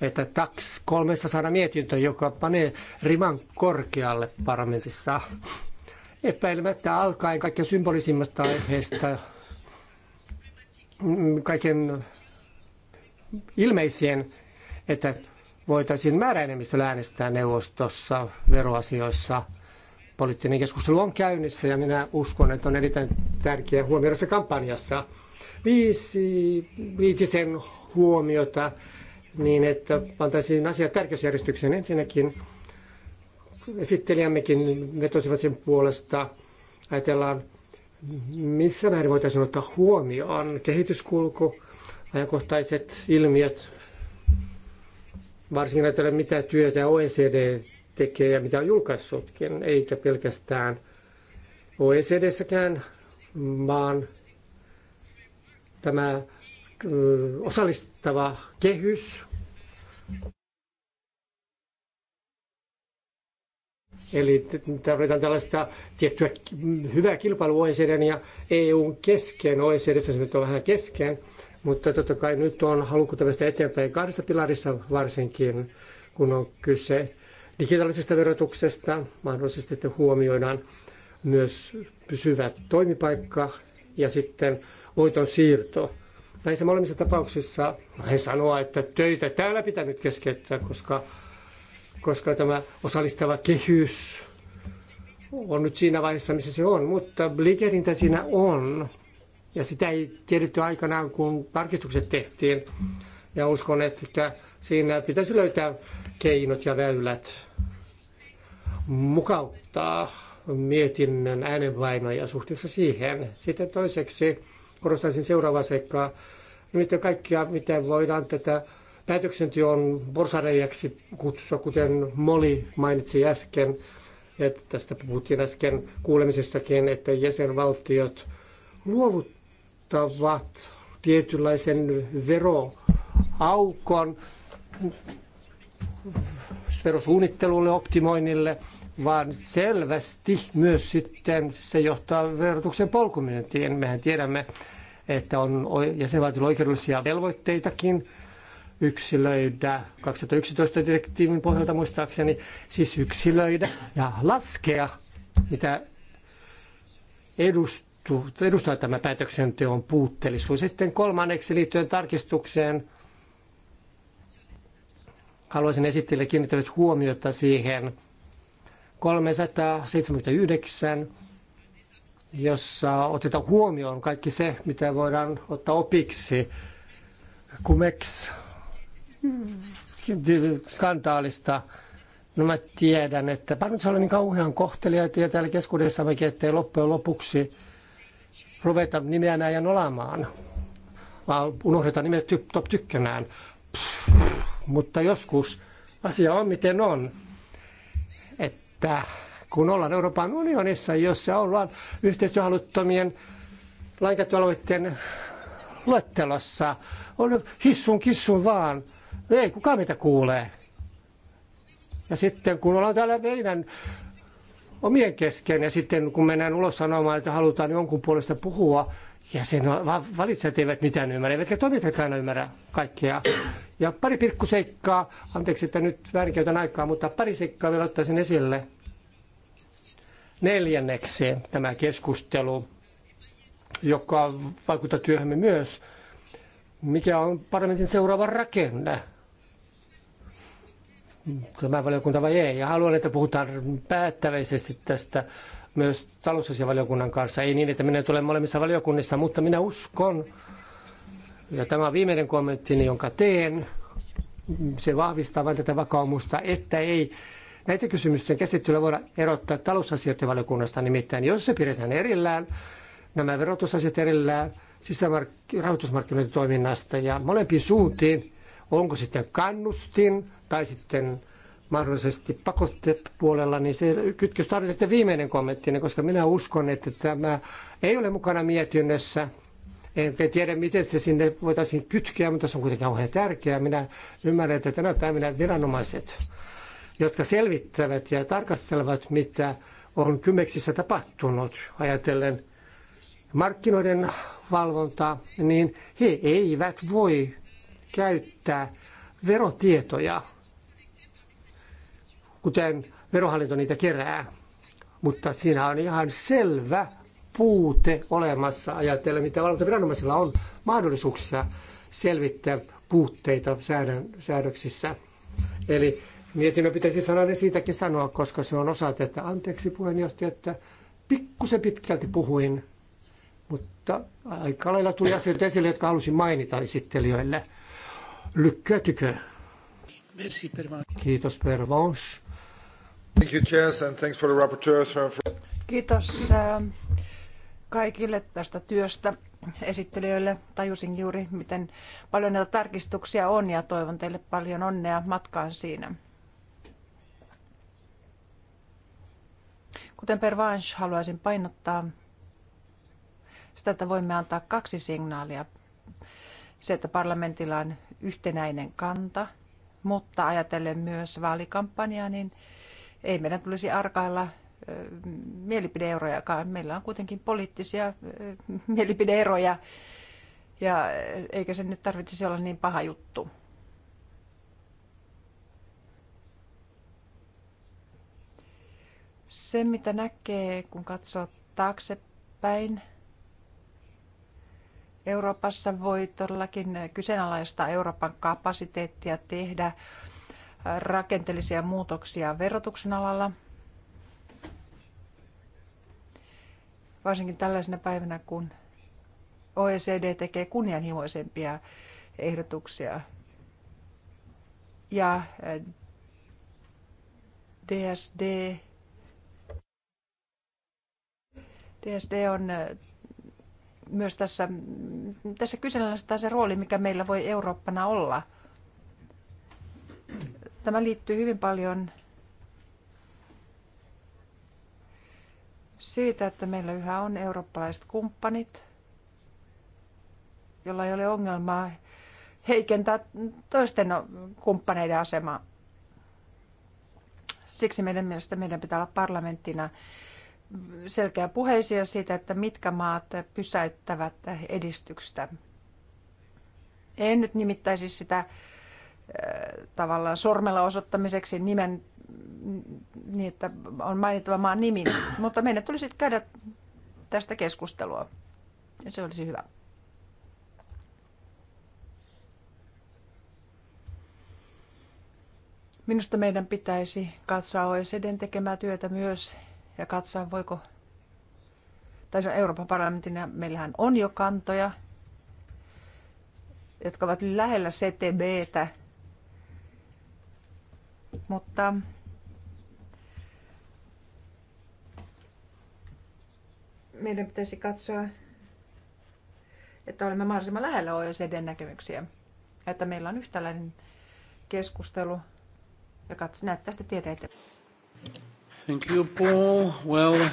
että TAX 300 mietintö, joka panee riman korkealle parlamentissa, epäilemättä alkaen kaikkein symbolisimmasta aiheesta, mm, kaiken ilmeisien, että voitaisiin määräenemmistöllä äänestää neuvostossa veroasioissa. Poliittinen keskustelu on käynnissä ja minä uskon, että on erittäin tärkeä huomioida se kampanjassa. Viisi, viitisen huomiota niin, että pantaisiin asiat tärkeysjärjestykseen ensinnäkin esittelijämmekin vetosivat sen puolesta. Ajatellaan, missä määrin voitaisiin ottaa huomioon kehityskulku, ajankohtaiset ilmiöt, varsinkin ajatellen mitä työtä OECD tekee ja mitä on julkaissutkin, eikä pelkästään OECDssäkään, vaan tämä osallistava kehys Eli tarvitaan tällaista tiettyä hyvää kilpailua OECD ja EUn kesken. OECD se nyt on vähän kesken, mutta totta kai nyt on halukkuutta tästä eteenpäin kahdessa pilarissa varsinkin, kun on kyse digitaalisesta verotuksesta, mahdollisesti, että huomioidaan myös pysyvä toimipaikka ja sitten voiton siirto. Näissä molemmissa tapauksissa hän sanoa, että töitä täällä pitää nyt keskeyttää, koska koska tämä osallistava kehys on nyt siinä vaiheessa, missä se on, mutta Blikerintä siinä on. Ja sitä ei tiedetty aikanaan, kun tarkistukset tehtiin. Ja uskon, että siinä pitäisi löytää keinot ja väylät mukauttaa mietinnön äänenvainoja suhteessa siihen. Sitten toiseksi korostaisin seuraavaa seikkaa. Nimittäin kaikkia, miten voidaan tätä päätöksenteon porsareijaksi kutsua, kuten Moli mainitsi äsken, että tästä puhuttiin äsken kuulemisessakin, että jäsenvaltiot luovuttavat tietynlaisen veroaukon verosuunnittelulle, optimoinnille, vaan selvästi myös sitten se johtaa verotuksen polkumyyntiin. Mehän tiedämme, että on jäsenvaltioilla oikeudellisia velvoitteitakin yksilöidä 2011 direktiivin pohjalta muistaakseni, siis yksilöidä ja laskea, mitä edustu, edustaa tämä päätöksenteon puutteellisuus. Sitten kolmanneksi liittyen tarkistukseen haluaisin esittelijä kiinnittävät huomiota siihen 379, jossa otetaan huomioon kaikki se, mitä voidaan ottaa opiksi. Kumeks skandaalista. No mä tiedän, että Parmitsa oli niin kauhean kohteliaita ja täällä keskuudessakin, ettei loppujen lopuksi ruveta nimeämään ja nolamaan, vaan unohdetaan nimet ty- top tykkänään. mutta joskus asia on miten on, että kun ollaan Euroopan unionissa, jossa ollaan yhteistyöhaluttomien lainkäyttöalueiden luettelossa, on hissun kissun vaan – ei kuka meitä kuule. Ja sitten kun ollaan täällä meidän omien kesken ja sitten kun mennään ulos sanomaan, että halutaan jonkun puolesta puhua, ja sen valitsijat eivät mitään ymmärrä, eivätkä toimittajatkaan ymmärrä kaikkea. Ja pari pirkkuseikkaa, anteeksi, että nyt väärinkäytän aikaa, mutta pari seikkaa vielä ottaisin esille. Neljänneksi tämä keskustelu, joka vaikuttaa työhömme myös. Mikä on parlamentin seuraava rakenne? tämä valiokunta vai ei. Ja haluan, että puhutaan päättäväisesti tästä myös talousasiavaliokunnan kanssa. Ei niin, että minä tulen molemmissa valiokunnissa, mutta minä uskon, ja tämä on viimeinen kommentti, jonka teen, se vahvistaa vain tätä vakaumusta, että ei näitä kysymysten käsittelyä voida erottaa talousasioiden valiokunnasta. Nimittäin jos se pidetään erillään, nämä verotusasiat erillään sisämark- rahoitusmarkkinoiden toiminnasta ja molempiin suuntiin, onko sitten kannustin tai sitten mahdollisesti pakottepuolella, niin se kytkös tarvitsee viimeinen kommentti, niin koska minä uskon, että tämä ei ole mukana mietinnössä. En tiedä, miten se sinne voitaisiin kytkeä, mutta se on kuitenkin kauhean tärkeää. Minä ymmärrän, että tänä päivänä viranomaiset, jotka selvittävät ja tarkastelevat, mitä on kymeksissä tapahtunut, ajatellen markkinoiden valvontaa, niin he eivät voi käyttää verotietoja kuten verohallinto niitä kerää. Mutta siinä on ihan selvä puute olemassa ajatellen, mitä valvontaviranomaisilla on mahdollisuuksia selvittää puutteita säädön, säädöksissä. Eli mietinnön pitäisi ne siitäkin sanoa, koska se on osa tätä. Anteeksi puheenjohtaja, että pikkusen pitkälti puhuin, mutta aika lailla tuli asioita esille, jotka halusin mainita esittelijöille. Lykkätykö? Kiitos Pervanche. Kiitos ähm, kaikille tästä työstä esittelijöille. Tajusin juuri, miten paljon näitä tarkistuksia on ja toivon teille paljon onnea matkaan siinä. Kuten per Vange, haluaisin painottaa sitä, että voimme antaa kaksi signaalia. Se, että parlamentilla on yhtenäinen kanta, mutta ajatellen myös vaalikampanjaa, niin ei meidän tulisi arkailla mielipideerojakaan. Meillä on kuitenkin poliittisia mielipideeroja ja eikä se nyt tarvitsisi olla niin paha juttu. Se, mitä näkee, kun katsoo taaksepäin, Euroopassa voi todellakin kyseenalaistaa Euroopan kapasiteettia tehdä rakenteellisia muutoksia verotuksen alalla, varsinkin tällaisena päivänä, kun OECD tekee kunnianhimoisempia ehdotuksia. Ja eh, DSD, DSD on eh, myös tässä, tässä kyseenalaistaa se rooli, mikä meillä voi Eurooppana olla – Tämä liittyy hyvin paljon siitä, että meillä yhä on eurooppalaiset kumppanit, jolla ei ole ongelmaa heikentää toisten kumppaneiden asemaa. Siksi meidän mielestä meidän pitää olla parlamenttina selkeä puheisia siitä, että mitkä maat pysäyttävät edistyksestä. En nyt nimittäisi sitä tavallaan sormella osoittamiseksi nimen niin, että on mainittava maan nimi. Mutta meidän tulisi käydä tästä keskustelua. Ja se olisi hyvä. Minusta meidän pitäisi katsoa OECDn tekemää työtä myös ja katsoa, voiko, tai se on Euroopan parlamentin, meillähän on jo kantoja, jotka ovat lähellä CTBtä, mutta meidän pitäisi katsoa, että olemme mahdollisimman lähellä OECDn näkemyksiä. Että meillä on yhtäläinen keskustelu ja katso, näyttää sitä tietä eteenpäin. Thank you, Paul. Well,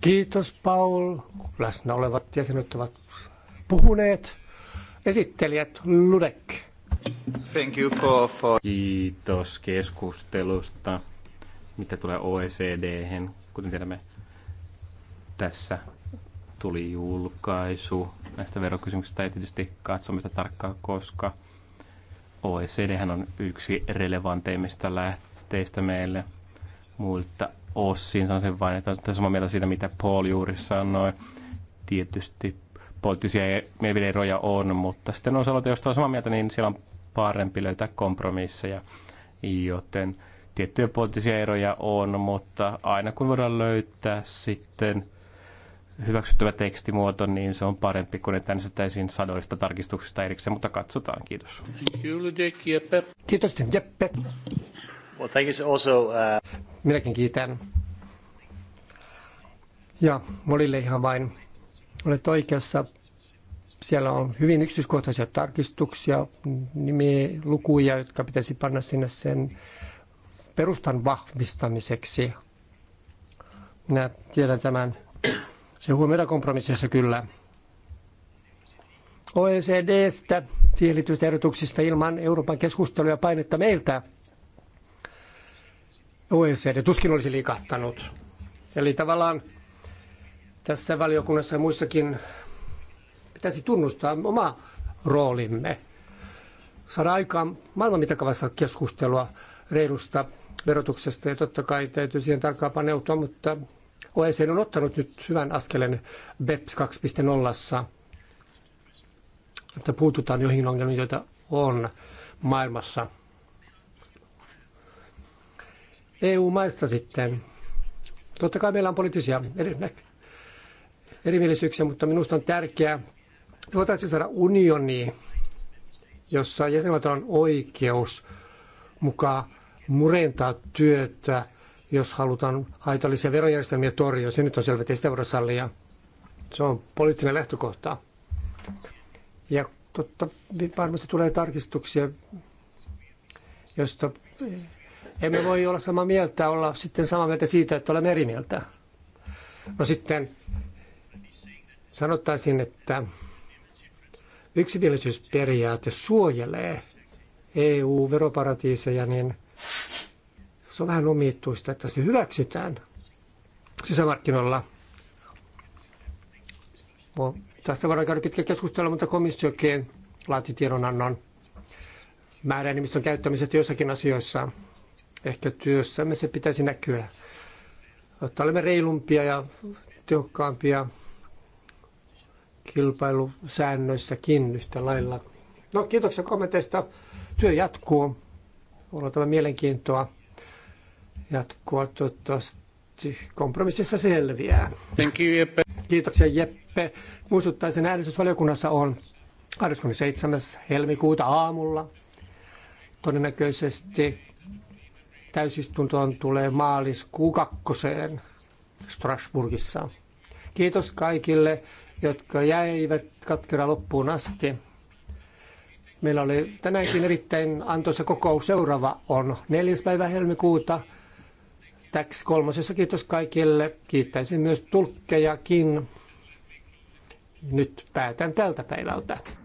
Kiitos, Paul. Läsnä olevat jäsenet ovat puhuneet. Esittelijät Ludek. Thank you for, for... Kiitos keskustelusta, mitä tulee oecd Kuten tiedämme, tässä tuli julkaisu näistä verokysymyksistä ja tietysti katsomista tarkkaan, koska OECD on yksi relevanteimmista lähteistä meille muilta osin. Sanon sen vain, että olen samaa mieltä siitä, mitä Paul juuri sanoi. Tietysti poliittisia mielipideeroja on, mutta sitten osalta, jos on samaa mieltä, niin siellä on parempi löytää kompromisseja, joten tiettyjä poliittisia eroja on, mutta aina kun voidaan löytää sitten hyväksyttävä tekstimuoto, niin se on parempi kuin että äänestettäisiin sadoista tarkistuksista erikseen, mutta katsotaan. Kiitos. Kiitos, Jeppe. Well, thank you also, uh... Minäkin kiitän. Ja molille ihan vain. Olet oikeassa siellä on hyvin yksityiskohtaisia tarkistuksia, nimi lukuja, jotka pitäisi panna sinne sen perustan vahvistamiseksi. Minä tiedän tämän. Se huomioidaan kompromississa kyllä. OECDstä, siihen liittyvistä ehdotuksista ilman Euroopan keskustelua ja painetta meiltä. OECD tuskin olisi liikahtanut. Eli tavallaan tässä valiokunnassa ja muissakin pitäisi tunnustaa oma roolimme. Saada aikaan maailman mittakaavassa keskustelua reilusta verotuksesta ja totta kai täytyy siihen tarkkaan paneutua, mutta OECD on ottanut nyt hyvän askeleen BEPS 2.0, että puututaan joihin ongelmiin, joita on maailmassa. EU-maista sitten. Totta kai meillä on poliittisia erimielisyyksiä, mutta minusta on tärkeää voitaisiin saada unioni, jossa jäsenvaltiolla on oikeus mukaan murentaa työtä, jos halutaan haitallisia verojärjestelmiä torjua. Se nyt on selvä, että sitä voida sallia. Se on poliittinen lähtökohta. Ja totta, varmasti tulee tarkistuksia, joista emme voi olla samaa mieltä, olla sitten samaa mieltä siitä, että olemme eri mieltä. No sitten sanottaisin, että yksimielisyysperiaate suojelee EU-veroparatiiseja, niin se on vähän omituista, että se hyväksytään sisämarkkinoilla. No, tästä voidaan käydä pitkä keskustelu, mutta komissiokin laati tiedonannon määräenemmistön käyttämisestä joissakin asioissa. Ehkä työssämme se pitäisi näkyä. Jotta olemme reilumpia ja tehokkaampia kilpailusäännöissäkin yhtä lailla. No kiitoksia kommenteista. Työ jatkuu. Odotamme mielenkiintoa jatkua. Toivottavasti kompromississa selviää. Thank you, Jeppe. Kiitoksia Jeppe. Muistuttaisin äänestysvaliokunnassa on 27. helmikuuta aamulla. Todennäköisesti täysistuntoon tulee maaliskuun kakkoseen Strasburgissa. Kiitos kaikille jotka jäivät katkera loppuun asti. Meillä oli tänäänkin erittäin antoisa kokous. Seuraava on 4. päivä helmikuuta. Täksi kolmosessa kiitos kaikille. Kiittäisin myös tulkkejakin. Nyt päätän tältä päivältä.